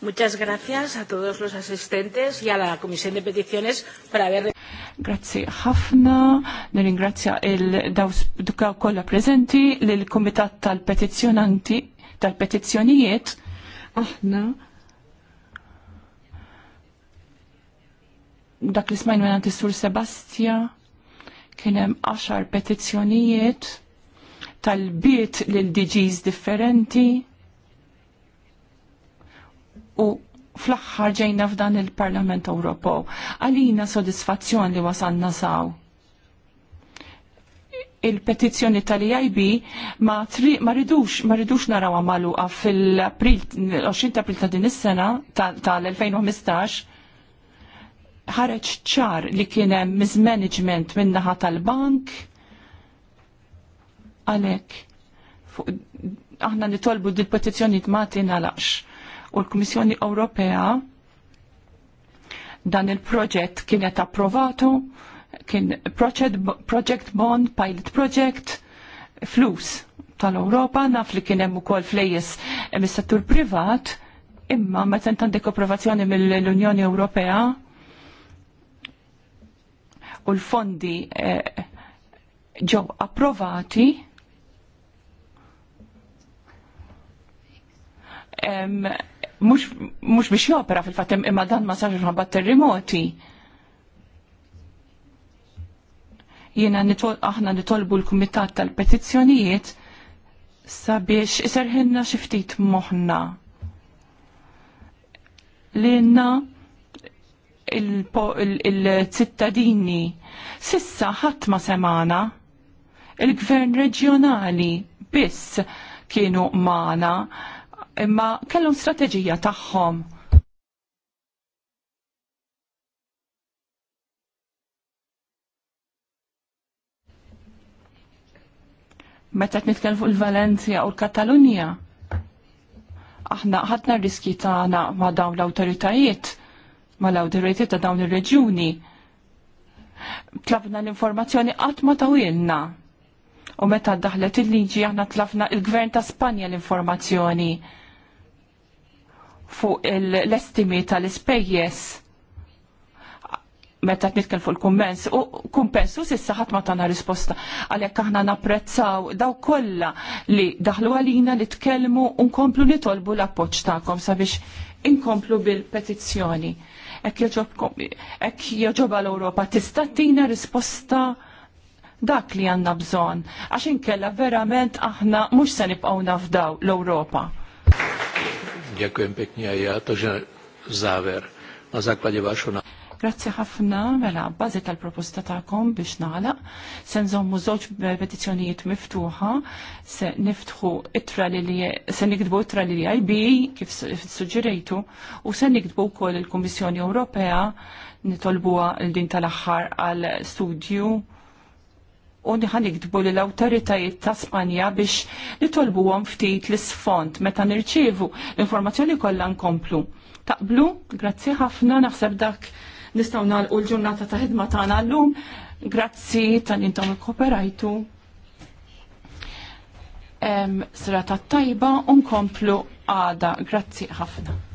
Muchas gracias a todos los asistentes y a la Comisión de Peticiones por haber... Grazie ħafna, nir-ingrazzja il-daw kolla prezenti l-Komitat tal-Petizjonanti tal petizjonijiet Aħna dak li smajn minn sur Sebastia kienem hemm 10 petizzjonijiet tal-biet l DGs differenti u fl-axħar ġejna f'dan il-Parlament Ewropew. Għalina sodisfazzjon li wasalna saw. Il-petizzjoni tal-IIB ma, ma ridux, ma ridux naraw għamalu fil-april, 20 april ta' din is-sena tal-2015 ħareġ ċar li kien hemm mismanagement min-naħa tal-bank għalhekk aħna nitolbu dil petizzjoni ma tingħalaqx u l-Kummissjoni Ewropea dan il-proġett kienet approvatu, kien project, project bond, pilot project, flus tal-Europa, naf li kien hemm ukoll flejjes mis-settur privat, imma meta intant għandek approvazzjoni mill-Unjoni Ewropea u l-fondi eh, ġew eh, approvati em, mhux biex jopera fil-fatem imma dan ma sarx ħabba terremoti. Jiena aħna nitolbu l-Kumitat tal-Petizzjonijiet sabiex iserħinna xi ftit moħħna. Lilna il-cittadini sissa ħadd ma semana il-gvern reġjonali biss kienu maħna imma kellhom strateġija tagħhom. Meta qed nitkellem fuq il-Valencia u l-Katalunja, aħna ħadna r-riski tagħna ma' dawn l-awtoritajiet, ma' l-awtoritajiet ta' dawn ir-reġjuni. Tlafna l-informazzjoni qatt ma tawilna u meta daħlet il-liġi aħna tlafna il-gvern ta' Spanja l-informazzjoni fuq l-estimi tal-ispejjes meta t fuq il-kummens u u sissa ħadd ma tagħna risposta għalhekk aħna napprezzaw daw kollha li daħlu għalina li tkellmu u nkomplu nitolbu l-appoġġ tagħkom sabiex inkomplu bil-petizzjoni. Hekk joġoba l-Ewropa tista' tina risposta dak li għandna bżonn għax inkella verament aħna mhux se nibqgħu nafdaw l-Ewropa. Ďakujem pekne aj ja. Takže záver. Na základe vašho Grazzi ħafna mela bbażi tal-proposta tagħkom biex nagħlaq. Se nżommu żewġ petizzjonijiet miftuħa, se niftħu ittra li se nikdbu ittra li IB kif suġġerejtu u se nikdbu wkoll il-Kummissjoni Ewropea nitolbuha l din tal-aħħar għal studju u ħaniktbu li l-autoritajiet ta' Spanja biex nitolbu għom ftit l-sfond meta nirċievu l-informazzjoni kollha nkomplu. Taqblu, grazzi ħafna naħseb dak nistgħu nagħlqu l-ġurnata ta' ħidma tagħna llum. Grazzi tal-intom ikkoperajtu. Serata tajba u nkomplu għada. Grazzi ħafna.